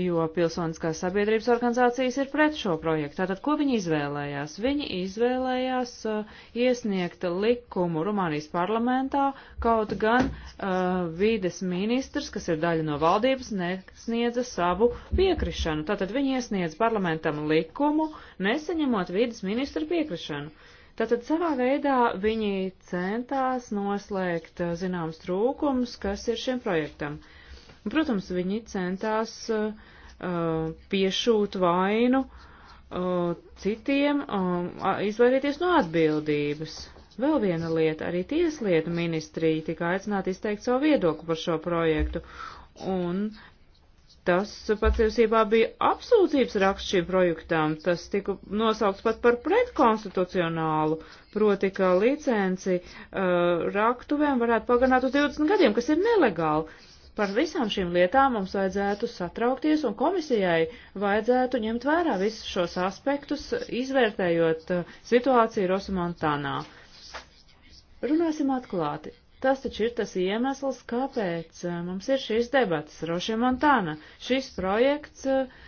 jo pilsoniskās sabiedrības organizācijas ir pret šo projektu. Tātad, ko viņi izvēlējās? Viņi izvēlējās uh, iesniegt likumu Rumānijas parlamentā, kaut gan uh, vīdes ministrs, kas ir daļa no valdības, nesniedza savu piekrišanu. Tātad viņi iesniedz parlamentam likumu, nesaņemot vīdes ministra piekrišanu. Tātad savā veidā viņi centās noslēgt uh, zināms trūkums, kas ir šim projektam. Uh, Un, protams, viņi centās uh, uh, piešūt vainu uh, citiem, um, izvairīties no atbildības. Vēl viena lieta, arī tieslietu ministrija tika aicināta izteikt savu viedokli par šo projektu, un tas patiesībā bija apsūdzības raksts šīm projektām, tas tika nosaukts pat par pretkonstitucionālu, proti, ka licenci uh, raktuvēm varētu pagarināt uz 20 gadiem, kas ir nelegāli Par visām šīm lietām mums vajadzētu satraukties, un komisijai vajadzētu ņemt vērā visus šos aspektus, izvērtējot uh, situāciju Rosamontānā. Runāsim atklāti. Tas taču ir tas iemesls, kāpēc uh, mums ir šīs debatas. Rošamontāna, šis projekts, uh,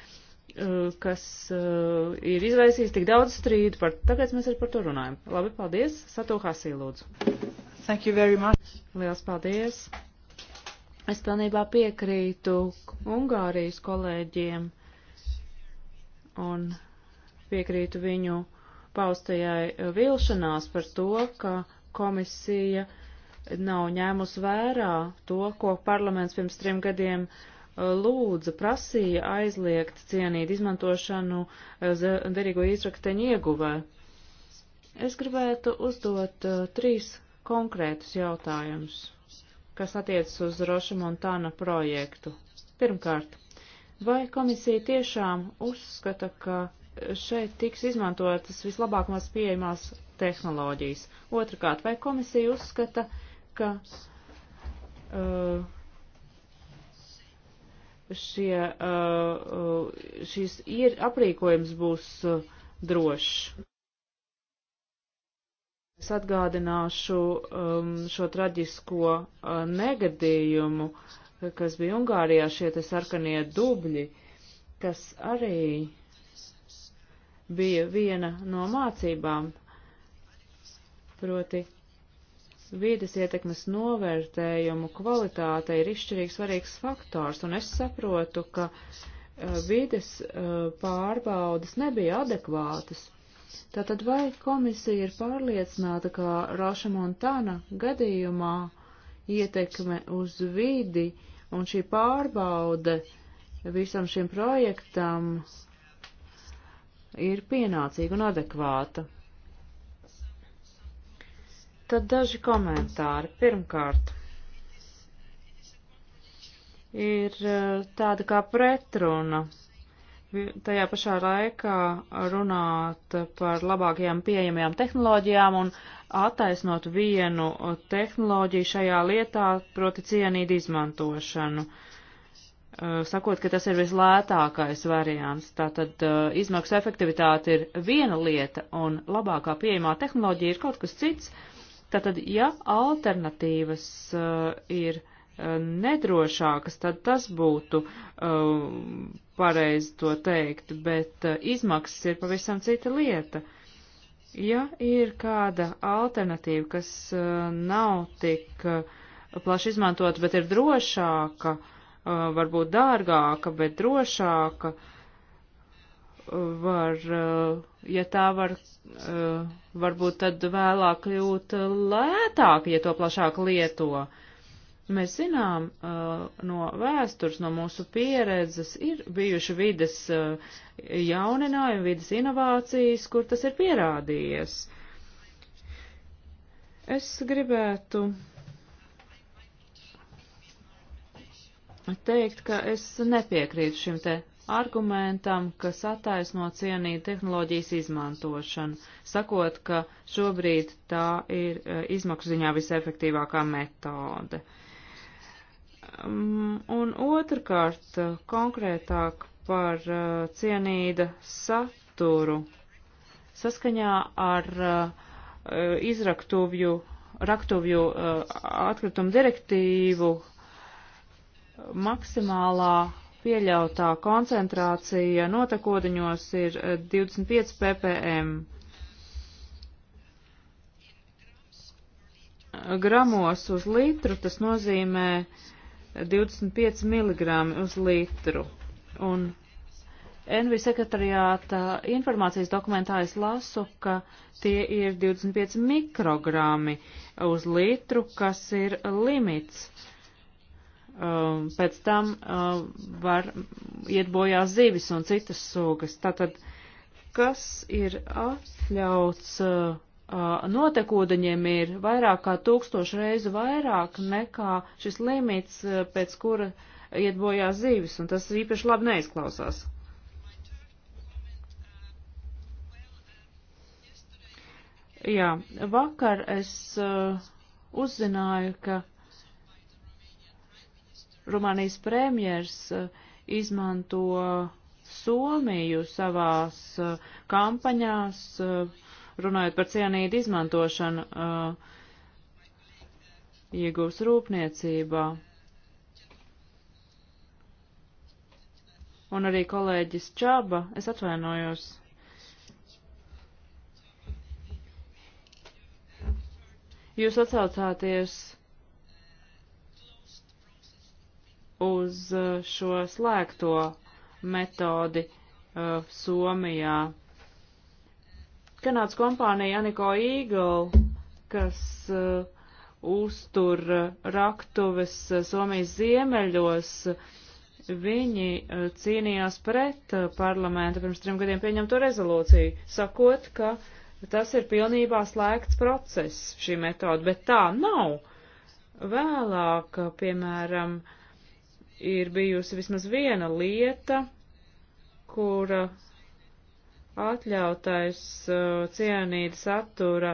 kas ir izraisījis tik daudz strīdu, par, tāpēc mēs arī par to runājam. Labi, paldies. Satū Hasī, lūdzu. Thank you very much. Liels paldies. Es pilnībā piekrītu Ungārijas kolēģiem un piekrītu viņu paustajai eh, vilšanās par to, ka komisija nav ņēmus vērā to, ko parlaments pirms trim gadiem eh, lūdza, prasīja aizliegt cienīt izmantošanu eh, derīgo izrakteņu ieguvē. Es gribētu uzdot trīs konkrētus jautājumus kas attiecas uz Roša Montāna projektu. Pirmkārt, vai komisija tiešām uzskata, ka šeit tiks izmantotas vislabākās pieejamās tehnoloģijas? Otrakārt, vai komisija uzskata, ka uh, šie, uh, uh šīs ir aprīkojums būs uh, drošs? Es atgādināšu um, šo traģisko uh, negadījumu, kas bija Ungārijā, šie te sarkanie dubļi, kas arī bija viena no mācībām, proti vīdes ietekmes novērtējumu kvalitāte ir izšķirīgs svarīgs faktors, un es saprotu, ka uh, vīdes uh, pārbaudas nebija adekvātas Tātad vai komisija ir pārliecināta, ka Roša Montana gadījumā ietekme uz vidi un šī pārbaude visam šim projektam ir pienācīga un adekvāta? Tad daži komentāri. Pirmkārt, ir eh, tāda kā pretruna tajā pašā laikā runāt par labākajām pieejamajām tehnoloģijām un attaisnot vienu tehnoloģiju šajā lietā, proti cienīt izmantošanu. Uh, sakot, ka tas ir vislētākais variants, tātad uh, izmaksu efektivitāte ir viena lieta un labākā pieejamā tehnoloģija ir kaut kas cits, tātad ja alternatīvas uh, ir nedrošākas, tad tas būtu uh, pareizi to teikt, bet eh, izmaksas ir pavisam cita lieta. Ja ir kāda alternatīva, kas eh, nav tik eh, plaši izmantot, bet ir drošāka, varbūt dārgāka, bet drošāka, var, ja tā var, varbūt tad vēlāk kļūt lētāka, ja to plašāk lieto. Mēs zinām uh, no vēstures, no mūsu pieredzes, ir bijuši vides uh, jauninājumi, vides inovācijas, kur tas ir pierādījies. Es gribētu teikt, ka es nepiekrītu šim te argumentam, kas attaisno cienīt tehnoloģijas izmantošanu, sakot, ka šobrīd tā ir uh, izmaksu ziņā visefektīvākā metode. Uh, Mm, un otrkārt, konkrētāk par eh, cienīda saturu. Saskaņā ar eh, izraktuvju, raktuvju eh, atkritumu direktīvu maksimālā pieļautā koncentrācija notekodiņos ir 25 ppm. Gramos uz litru tas nozīmē uh, 25 mg uz litru. Un NV sekretariāta informācijas dokumentā es lasu, ka tie ir 25 mikrogrami uz litru, kas ir limits. Um, pēc tam um, var iet bojā zivis un citas sugas. Tātad, kas ir atļauts uh, notekūdeņiem ir vairāk kā tūkstošu reizu vairāk nekā šis limits, pēc kura iet bojā zīves, un tas īpaši labi neizklausās. Jā, vakar es uh, uzzināju, ka Rumānijas premjers uh, izmanto Somiju savās uh, kampaņās uh, runājot par cianīdu izmantošanu uh, iegūs rūpniecībā. Un arī kolēģis Čaba, es atvainojos. Jūs atsaucāties uz uh, šo slēgto metodi uh, Somijā. Kanādas kompānija Aniko Eagle, kas uh, uztur uh, raktuves uh, Somijas ziemeļos, viņi uh, cīnījās pret uh, parlamenta pirms trim gadiem pieņemto rezolūciju, sakot, ka tas ir pilnībā slēgts process, šī metoda, bet tā nav. Vēlāk, uh, piemēram, ir bijusi vismaz viena lieta, kura atļautais uh, cianīda satura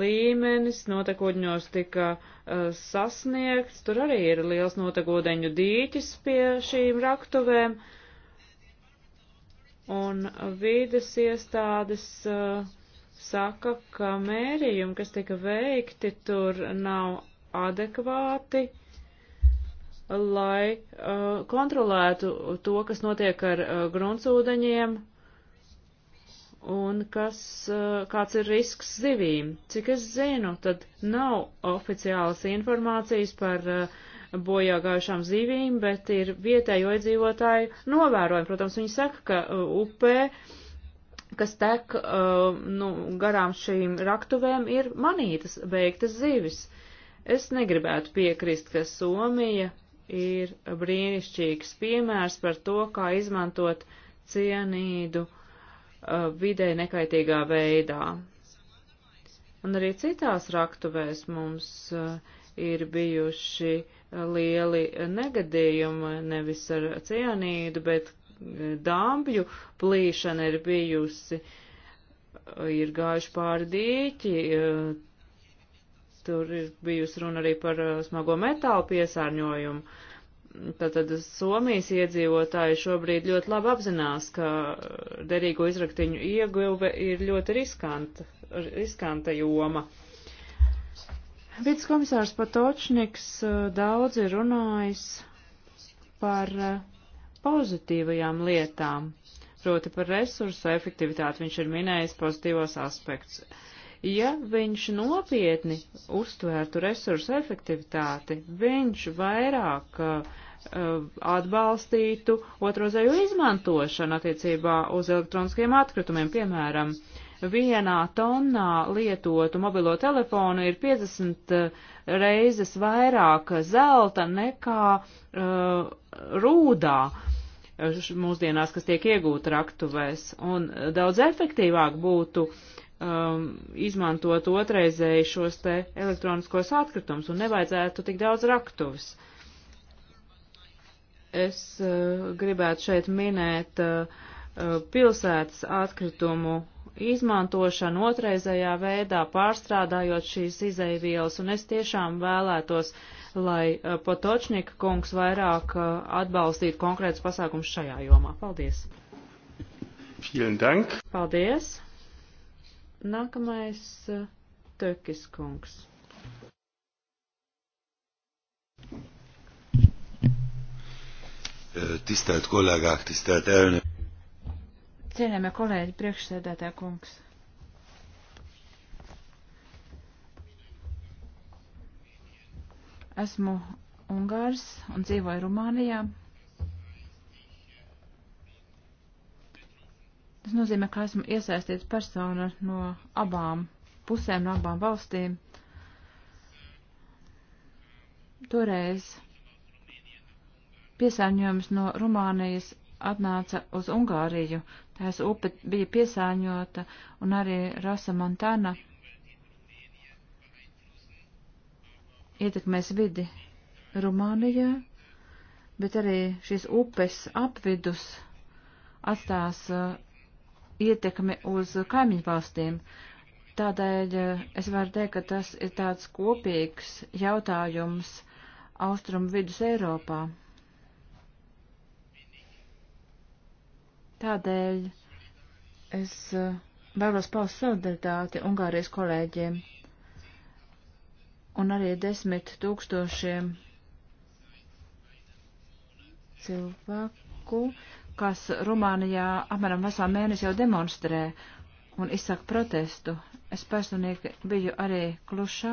līmenis notekūdeņos tika uh, sasniegts. Tur arī ir liels notekūdeņu dīķis pie šīm raktuvēm. Un vīdes iestādes uh, saka, ka mērījumi, kas tika veikti, tur nav adekvāti, lai uh, kontrolētu to, kas notiek ar uh, gruntsūdeņiem, un kas, eh, kāds ir risks zivīm. Cik es zinu, tad nav oficiālas informācijas par eh, bojāgājušām zivīm, bet ir vietējo iedzīvotāju novērojumi. Protams, viņi saka, ka eh, upē, kas tek nu, garām šīm raktuvēm, ir manītas beigtas zivis. Es negribētu piekrist, ka Somija ir brīnišķīgs piemērs par to, kā izmantot cienīdu uh, Uh, vidē nekaitīgā veidā. Un arī citās raktuvēs mums uh, ir bijuši uh, lieli negadījumi, nevis ar cianīdu, bet dāmbju plīšana ir bijusi, ir gājuši pāri dīķi, tur ir bijusi runa arī par smago metālu piesārņojumu. Tātad Somijas iedzīvotāji šobrīd ļoti labi apzinās, ka derīgo izraktiņu ieguve ir ļoti riskanta, riskanta joma. Vicekomisārs Patočniks eh, daudz ir runājis par eh, pozitīvajām lietām, proti par resursu efektivitāti. Viņš ir minējis pozitīvos aspektus. Ja viņš nopietni uztvērtu resursu efektivitāti, viņš vairāk uh, atbalstītu otrozēju izmantošanu attiecībā uz elektroniskiem atkritumiem, piemēram, vienā tonnā lietotu mobilo telefonu ir 50 uh, reizes vairāk zelta nekā uh, rūdā uh, mūsdienās, kas tiek iegūta raktuvēs, un uh, daudz efektīvāk būtu um, izmantot otraizēji šos te elektroniskos atkritumus un nevajadzētu tik daudz raktuvis. Es uh, gribētu šeit minēt uh, uh, pilsētas atkritumu izmantošanu otraizējā veidā, pārstrādājot šīs izaivielas, un es tiešām vēlētos, lai uh, Potočnika kungs vairāk uh, atbalstītu konkrētus pasākumus šajā jomā. Paldies! Vielen Dank! Paldies! Nākamais eh, Tökis kungs. Eh, tisztelt kollégák, tisztelt elnök! Cienējamie kolēģi, priekšsēdētāja kungs! Esmu Ungārs un dzīvoju Rumānijā. Tas nozīmē, ka esmu iesaistīts persona no abām pusēm, no abām valstīm. Toreiz piesāņojums no Rumānijas atnāca uz Ungāriju. Tās upe bija piesāņota un arī Rasa Montana ietekmēs vidi Rumānijā, bet arī šīs upes apvidus atstās uh, ietekmi uz kaimiņu valstīm. Tādēļ eh, es varu teikt, ka tas ir tāds kopīgs jautājums Austrumu vidus Eiropā. Tādēļ es eh, vēlos paust solidaritāti Ungārijas kolēģiem un arī desmit tūkstošiem cilvēku, kas Rumānijā apmēram vesā mēnesi jau demonstrē un izsaka protestu. Es personīgi biju arī Klušā,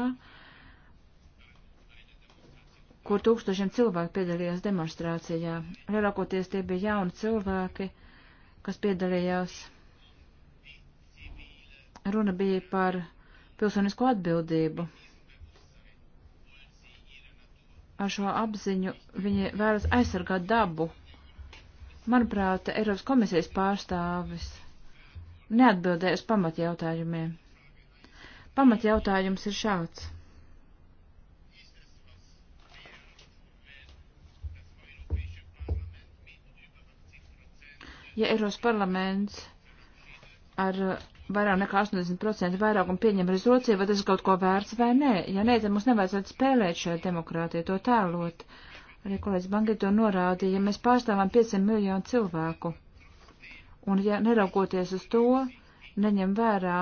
kur tūkstošiem cilvēku piedalījās demonstrācijā. Lielākoties tie bija jauni cilvēki, kas piedalījās. Runa bija par pilsonisko atbildību. Ar šo apziņu viņi vēlas aizsargāt dabu Manuprāt, Eiropas komisijas pārstāvis neatbildēja uz pamatjautājumiem. Pamatjautājums ir šāds. ja Eiropas parlaments ar vairāk nekā 80% vairākumu pieņem rezolūciju, vai tas kaut ko vērts vai nē. Ja nē, tad mums nevajadzētu spēlēt šajā demokrātijā, to tēlot. Uh, Arī kolēģis Bangi to norādīja, ja mēs pārstāvam 500 miljonu cilvēku, un ja neraugoties uz to, neņem vērā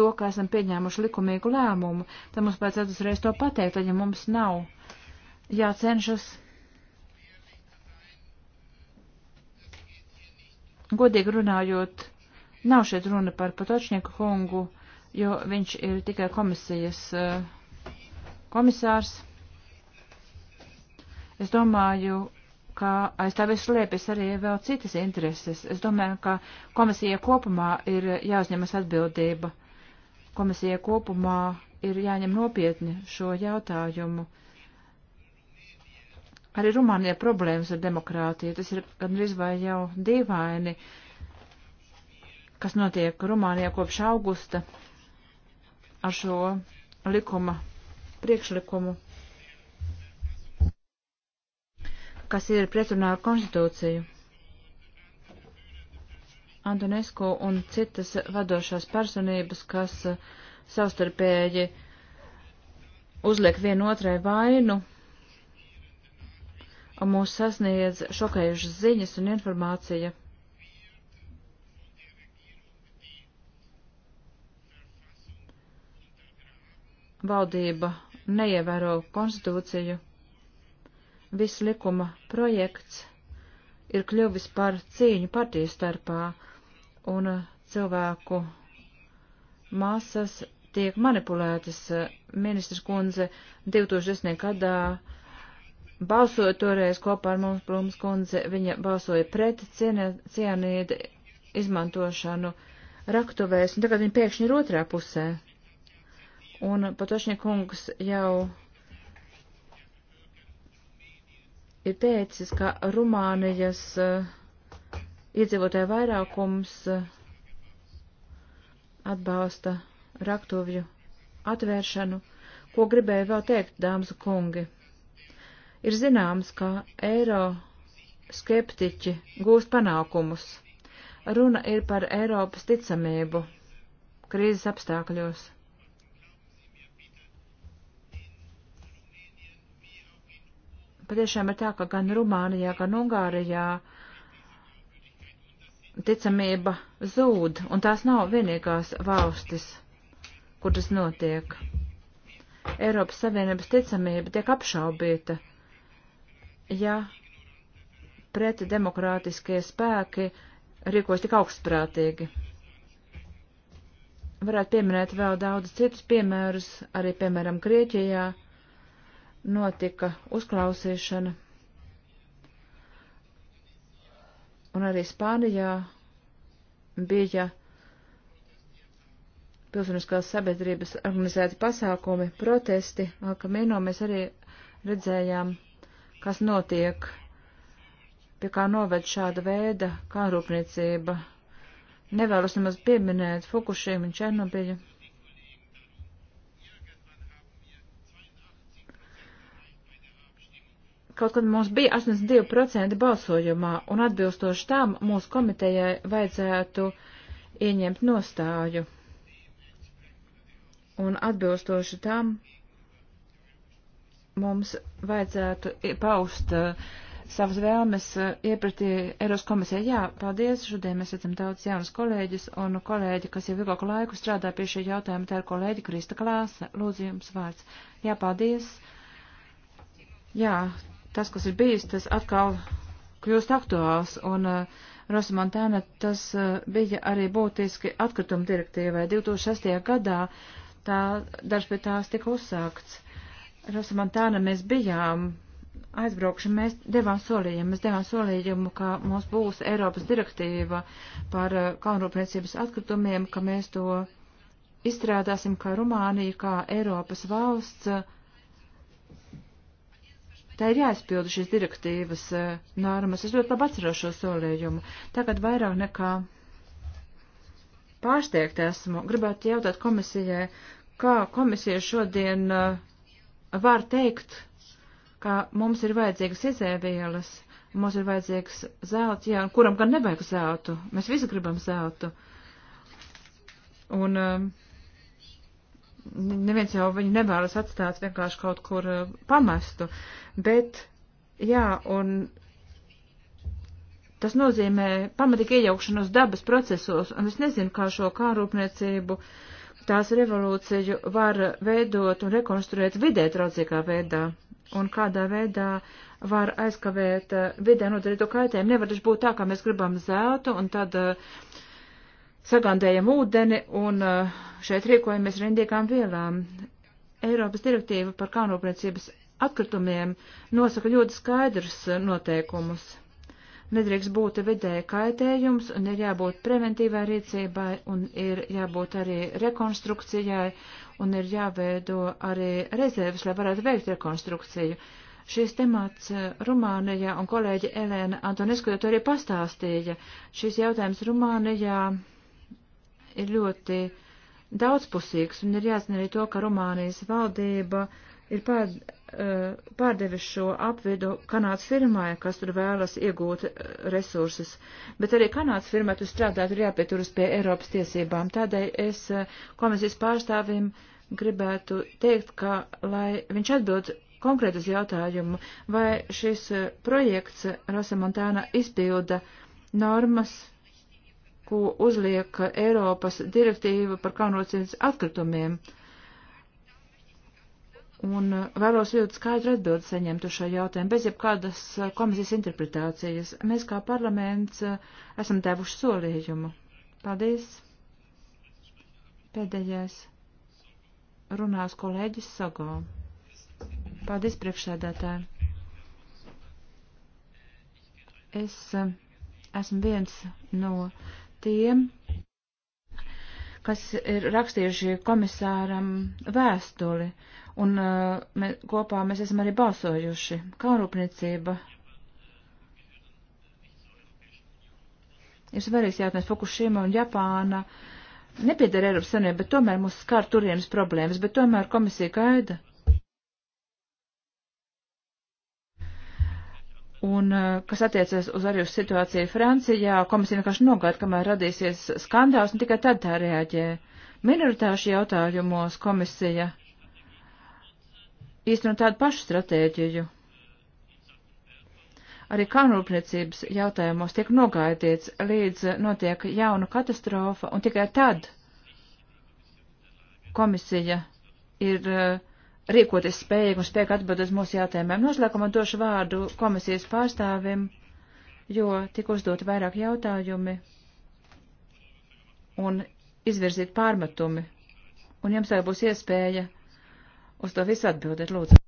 to, ka esam pieņēmuši likumīgu lēmumu, tad mums vajadzētu uzreiz to pateikt, ja mums nav jācenšas godīgi runājot, nav šeit runa par Patočnieku kungu, jo viņš ir tikai komisijas uh, komisārs. Es domāju, ka aiz tā viss liepjas arī vēl citas intereses. Es domāju, ka komisija kopumā ir jāuzņemas atbildība. Komisija kopumā ir jāņem nopietni šo jautājumu. Arī Rumānijā problēmas ar demokrātiju. Tas ir gandrīz vai jau dīvaini, kas notiek Rumānijā kopš augusta ar šo likuma priekšlikumu, kas ir pretrunā ar konstitūciju. Antonesku un citas vadošās personības, kas savstarpēji uzliek vienotrai vainu un mūs sasniedz šokējušas ziņas un informācija. Valdība neievēro konstitūciju, viss likuma projekts ir kļuvis par cīņu partiju starpā, un uh, cilvēku masas tiek manipulētas. Uh, ministrs kundze 2010. gadā balsoja toreiz kopā ar mums Blūmas kundze, viņa balsoja pret cienīdu izmantošanu raktuvēs, un tagad viņa pēkšņi ir otrā pusē. Un Patošņikungs jau ir teicis, ka Rumānijas uh, eh, iedzīvotāju vairākums uh, atbalsta raktuvju atvēršanu. Ko gribēju vēl teikt, dāmas un kungi? Ir zināms, ka eiro skeptiķi gūst panākumus. Runa ir par Eiropas ticamību krīzes apstākļos. patiešām ir tā, ka gan Rumānijā, gan Ungārijā ticamība zūd, un tās nav vienīgās valstis, kur tas notiek. Eiropas Savienības ticamība tiek apšaubīta, ja preti demokrātiskie spēki rīkos tik augstprātīgi. Varētu pieminēt vēl daudz citus piemērus, arī piemēram Grieķijā notika uzklausīšana. Un arī Spānijā bija pilsoniskās sabiedrības organizēti pasākumi, protesti, Alkamino mēs arī redzējām, kas notiek, pie kā noved šāda veida kārūpniecība. Nevēlas nemaz pieminēt Fukušiem un Černobiļu. Kaut kad mums bija 82% balsojumā, un atbilstoši tam mūsu komitejai vajadzētu ieņemt nostāju. Un atbilstoši tam mums vajadzētu paust uh, savas vēlmes uh, iepratī Eiros komisijai. Jā, paldies, šodien mēs esam daudz jaunas kolēģis un kolēģi, kas jau ilgāku laiku strādā pie šī jautājuma, tā ir kolēģi Krista Klāsa. Lūdzu jums vārds. Jā, paldies. Jā, tas, kas ir bijis, tas atkal kļūst aktuāls. Un, uh, eh, Rosamontēna tas uh, bija arī būtiski atkrituma direktīvai. 2006. gadā tā darbs pie tās tika uzsākts. Rosamontēna mēs bijām aizbraukšu, mēs devām solījumu, mēs devām solījumu, ka mums būs Eiropas direktīva par uh, kalnrūpniecības atkritumiem, ka mēs to izstrādāsim kā Rumānija, kā Eiropas valsts. Uh, Tā ir jāizpilda šīs direktīvas eh, normas. Es ļoti labi atceros šo solījumu. Tagad vairāk nekā pārsteigt esmu. Gribētu jautāt komisijai, kā komisija šodien eh, var teikt, ka mums ir vajadzīgas izēvielas, mums ir vajadzīgs zelts, jā, kuram gan nevajag zeltu. Mēs visi gribam zeltu. Un uh, neviens jau viņu nevēlas atstāt vienkārši kaut kur eh, pamestu, bet jā, un tas nozīmē pamatīgi iejaukšanos dabas procesos, un es nezinu, kā šo kārūpniecību, tās revolūciju var veidot un rekonstruēt vidē traudzīgā veidā, un kādā veidā var aizkavēt eh, vidē nodarīto kaitējumu. Nevar taču būt tā, kā mēs gribam zeltu, un tad uh, sagandējam ūdeni un eh, šeit rīkojamies rendīgām vielām. Eiropas direktīva par kānopriecības atkritumiem nosaka ļoti skaidrus eh, noteikumus. Nedrīkst būt vidēji kaitējums un ir jābūt preventīvai rīcībai un ir jābūt arī rekonstrukcijai un ir jāveido arī rezerves, lai varētu veikt rekonstrukciju. Šīs temats eh, Rumānijā un kolēģi Elēna Antonisko to arī pastāstīja. Šis jautājums Rumānijā ir ļoti daudzpusīgs un ir jāzina arī to, ka Rumānijas valdība ir pār, eh, pārdevis šo apvidu Kanādas firmai, kas tur vēlas iegūt eh, resursus. Bet arī Kanādas firmai tur strādāt ir jāpieturas pie Eiropas tiesībām. Tādēļ es eh, komisijas pārstāvim gribētu teikt, ka, lai viņš atbild konkrēt uz jautājumu, vai šis projekts Rosa Montāna izpilda normas ko uzliek Eiropas direktīva par kalnrocības atkritumiem. Un vēlos ļoti skaidru atbildi saņemt uz šo jautājumu, bez jebkādas uh, komisijas interpretācijas. Mēs kā parlaments uh, esam devuši solījumu. Paldies. Pēdējais runās kolēģis Sago. Paldies, priekšsēdētāji. Es uh, esmu viens no tiem, kas ir rakstījuši komisāram vēstuli, un uh, me, kopā mēs esam arī balsojuši. Kārūpniecība ir svarīgs jautājums Fukushima un Japāna. Nepiedara Eiropas Savienība, bet tomēr mūs skar turienes problēmas, bet tomēr komisija gaida, Un, eh, kas attiecas uz arī uz situāciju Francijā, komisija vienkārši nogāda, kamēr radīsies skandāls, un tikai tad tā reaģē. Minoritāšu jautājumos komisija īstenot tādu pašu stratēģiju. Arī kanrūpniecības jautājumos tiek nogaitīts, līdz notiek jauna katastrofa, un tikai tad komisija ir uh, rīkoties spējīgi un spēju atbild uz mūsu jautājumiem. Noslēgumā došu vārdu komisijas pārstāvim, jo tika uzdoti vairāk jautājumi un izvirzīt pārmetumi. Un jums vēl būs iespēja uz to visu atbildēt, lūdzu.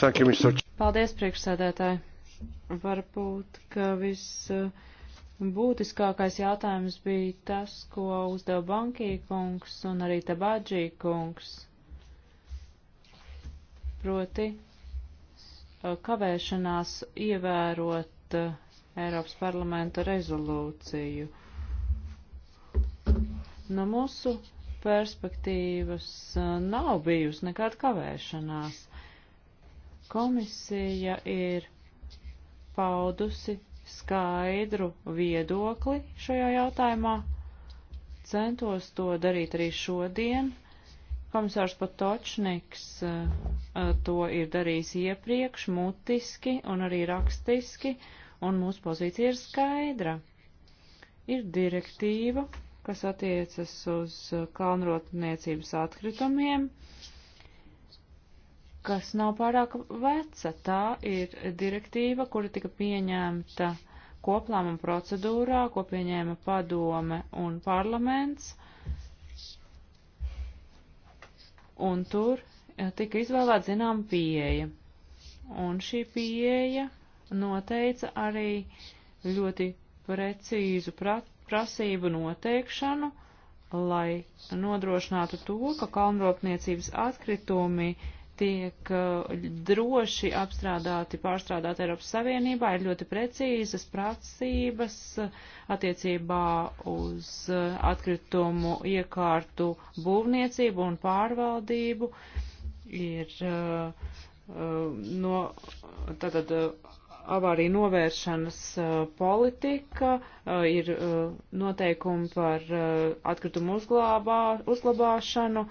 Thank you, Mr. Paldies, priekšsēdētāji. Varbūt, ka viss. Uh, Būtiskākais jautājums bija tas, ko uzdeva Bankī kungs un arī Tabadžī kungs. Proti eh, kavēšanās ievērot eh, Eiropas parlamenta rezolūciju. No mūsu perspektīvas eh, nav bijusi nekāda kavēšanās. Komisija ir paudusi skaidru viedokli šajā jautājumā. Centos to darīt arī šodien. Komisārs Patočniks eh, to ir darījis iepriekš, mutiski un arī rakstiski, un mūsu pozīcija ir skaidra. Ir direktīva, kas attiecas uz eh, kalnrotniecības atkritumiem. Uh, kas nav pārāk veca. Tā ir direktīva, kura tika pieņemta koplāma procedūrā, ko pieņēma padome un parlaments. Un tur tika izvēlēta zinām pieeja. Un šī pieeja noteica arī ļoti precīzu pra prasību noteikšanu, lai nodrošinātu to, ka kalnrūpniecības atkritumi uh, tiek eh, droši apstrādāti, pārstrādāti Eiropas Savienībā, ir ļoti precīzas prasības eh, attiecībā uz eh, atkritumu iekārtu būvniecību un pārvaldību. Ir no, tātad avārija novēršanas politika, ir noteikumi par atkritumu uzglābā, uzglabāšanu. Uzglabā,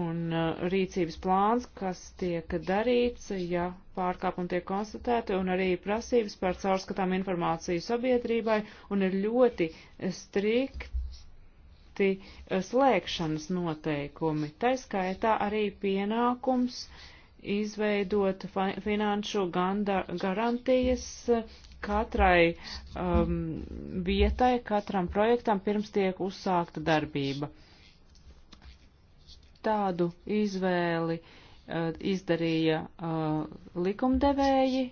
un uh, rīcības plāns, kas tiek darīts, ja pārkāpumi tiek konstatēti, un arī prasības par caurskatām informāciju sabiedrībai, un ir ļoti strikti uh, slēgšanas noteikumi. Tā skaitā arī pienākums izveidot finanšu garantijas uh, katrai um, vietai, katram projektam pirms tiek uzsākta darbība tādu izvēli uh, izdarīja uh, likumdevēji.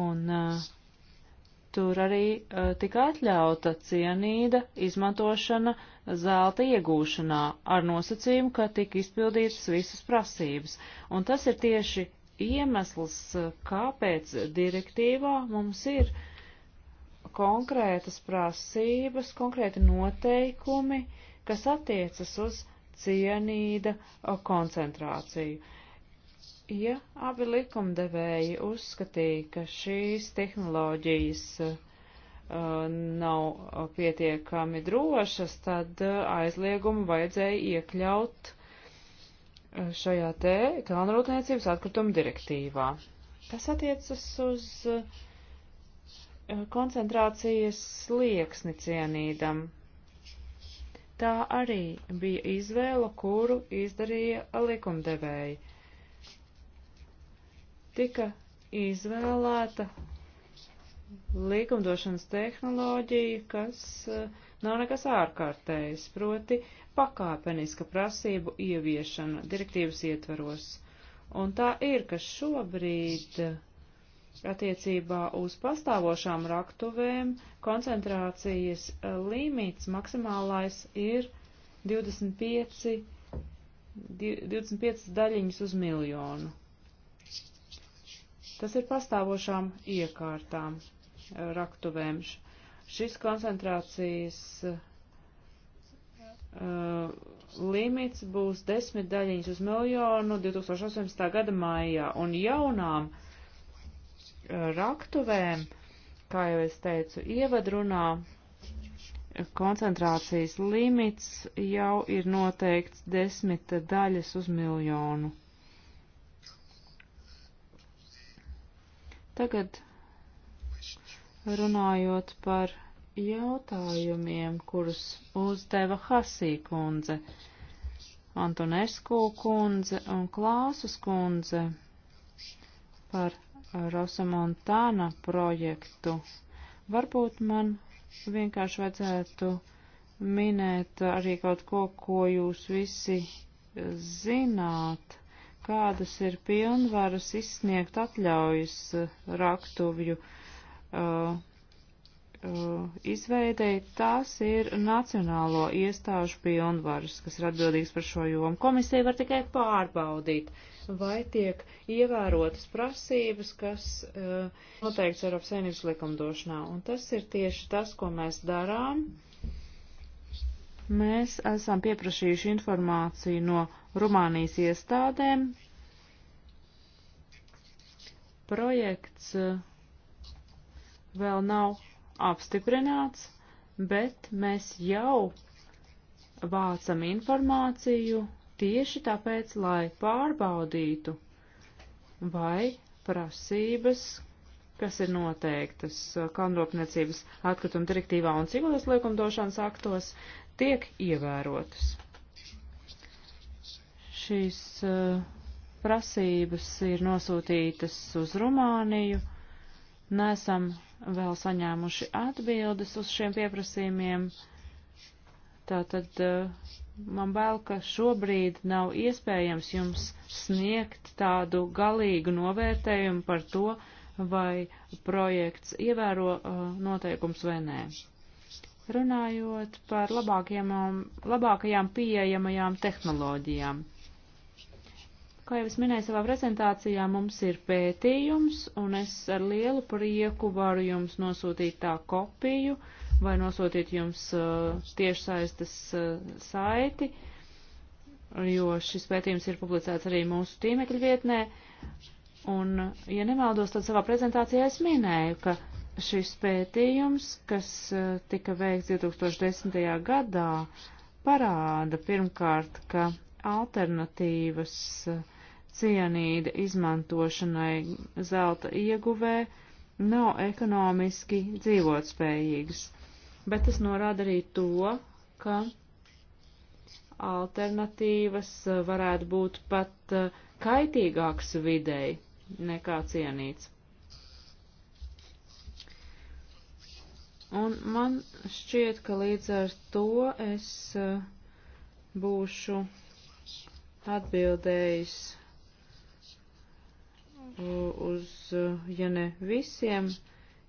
Un uh, tur arī uh, tika atļauta cienīda izmantošana zelta iegūšanā ar nosacījumu, ka tika izpildītas visas prasības. Un tas ir tieši iemesls, kāpēc direktīvā mums ir uh, konkrētas prasības, konkrēti noteikumi, kas attiecas uz cienīda koncentrāciju. Ja abi likumdevēji uzskatīja, ka šīs tehnoloģijas uh, nav pietiekami drošas, tad aizliegumu vajadzēja iekļaut šajā te kalnrūpniecības atkrituma direktīvā. Tas attiecas uz uh, Eh, koncentrācijas slieksni cienīdam. Tā arī bija izvēle, kuru izdarīja likumdevēji. Tika izvēlēta likumdošanas tehnoloģija, kas eh, nav nekas ārkārtējs, proti pakāpeniska prasību ieviešana direktīvas ietvaros. Un tā ir, ka šobrīd attiecībā uz pastāvošām raktuvēm koncentrācijas eh, limits maksimālais ir 25, 25 daļiņas uz miljonu. Tas ir pastāvošām iekārtām eh, raktuvēm. Šis koncentrācijas uh, limits būs 10 daļiņas uz miljonu 2018. gada maijā, un jaunām uh, raktuvēm, kā jau es teicu, ievadrunā koncentrācijas limits jau ir noteikts desmit daļas uz miljonu. Tagad runājot par jautājumiem, kurus uzdeva Hasī kundze, Antonesku kundze un Klāsas kundze par Rosa Montāna projektu, varbūt man vienkārši vajadzētu minēt arī kaut ko, ko jūs visi zināt, kādas ir pilnvaras izsniegt atļaujas raktuvju uh, Uh, izveidei, tās ir nacionālo iestāžu pilnvaras, kas ir atbildīgs par šo jomu. Komisija var tikai pārbaudīt, vai tiek ievērotas prasības, kas uh, noteikts Eiropas Savienības likumdošanā. Un tas ir tieši tas, ko mēs darām. Mēs esam pieprasījuši informāciju no Rumānijas iestādēm. Projekts uh, vēl nav apstiprināts, bet mēs jau vācam informāciju tieši tāpēc, lai pārbaudītu, vai prasības, kas ir noteiktas kalnrūpniecības atkrituma direktīvā un civilas likumdošanas aktos, tiek ievērotas. Šīs uh, prasības ir nosūtītas uz Rumāniju. Nesam vēl saņēmuši atbildes uz šiem pieprasījumiem. Tātad eh, man bail, ka šobrīd nav iespējams jums sniegt tādu galīgu novērtējumu par to, vai projekts ievēro eh, noteikums vai nē. Runājot par labākajām pieejamajām tehnoloģijām. Kā jau es minēju savā prezentācijā, mums ir pētījums, un es ar lielu prieku varu jums nosūtīt tā kopiju vai nosūtīt jums uh, tiešsaistes uh, saiti, jo šis pētījums ir publicēts arī mūsu tīmekļa vietnē. Un, ja nemaldos, tad savā prezentācijā es minēju, ka šis pētījums, kas uh, tika veikts 2010. gadā, parāda pirmkārt, ka alternatīvas uh, cianīda izmantošanai zelta ieguvē nav ekonomiski dzīvotspējīgas, bet tas norāda arī to, ka alternatīvas eh, varētu būt pat eh, kaitīgākas videi nekā cianīts. Un man šķiet, ka līdz ar to es eh, būšu atbildējis uz, ja ne visiem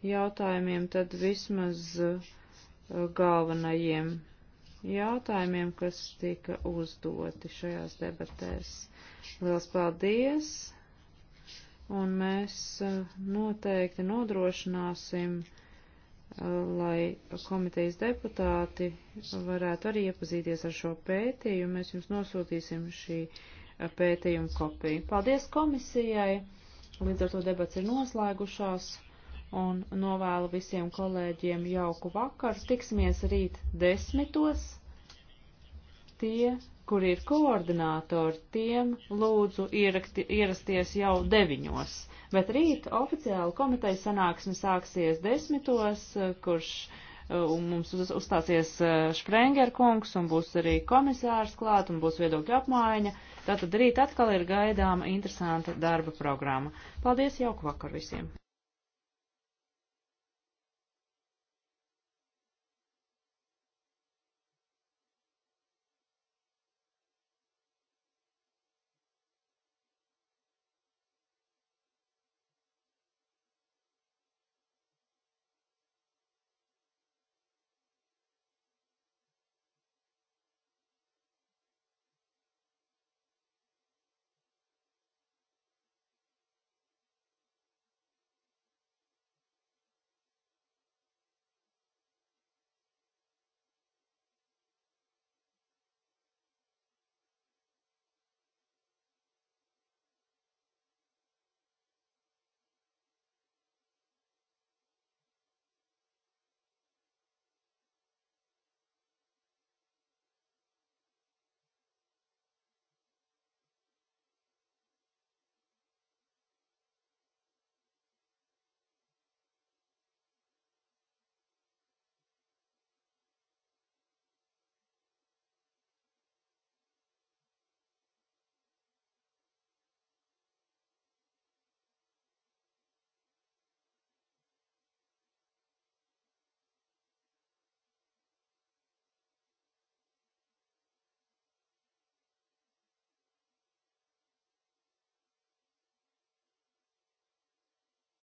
jautājumiem, tad vismaz eh, galvenajiem jautājumiem, kas tika uzdoti šajās debatēs. Liels paldies! Un mēs eh, noteikti nodrošināsim, eh, lai komitejas deputāti varētu arī iepazīties ar šo pētījumu. Mēs jums nosūtīsim šī pētījuma kopiju. Paldies komisijai! Līdz ar to debats ir noslēgušās un novēlu visiem kolēģiem jauku vakaru. Tiksimies rīt desmitos. Tie, kur ir koordinātori, tiem lūdzu ierakti, ierasties jau deviņos. Bet rīt oficiāli komiteja sanāksme sāksies desmitos, kurš uh, un mums uz, uzstāsies Šprenger uh, kungs un būs arī komisārs klāt un būs viedokļa apmaiņa. Tātad rīt atkal ir gaidāma interesanta darba programma. Paldies, jauku vakaru visiem!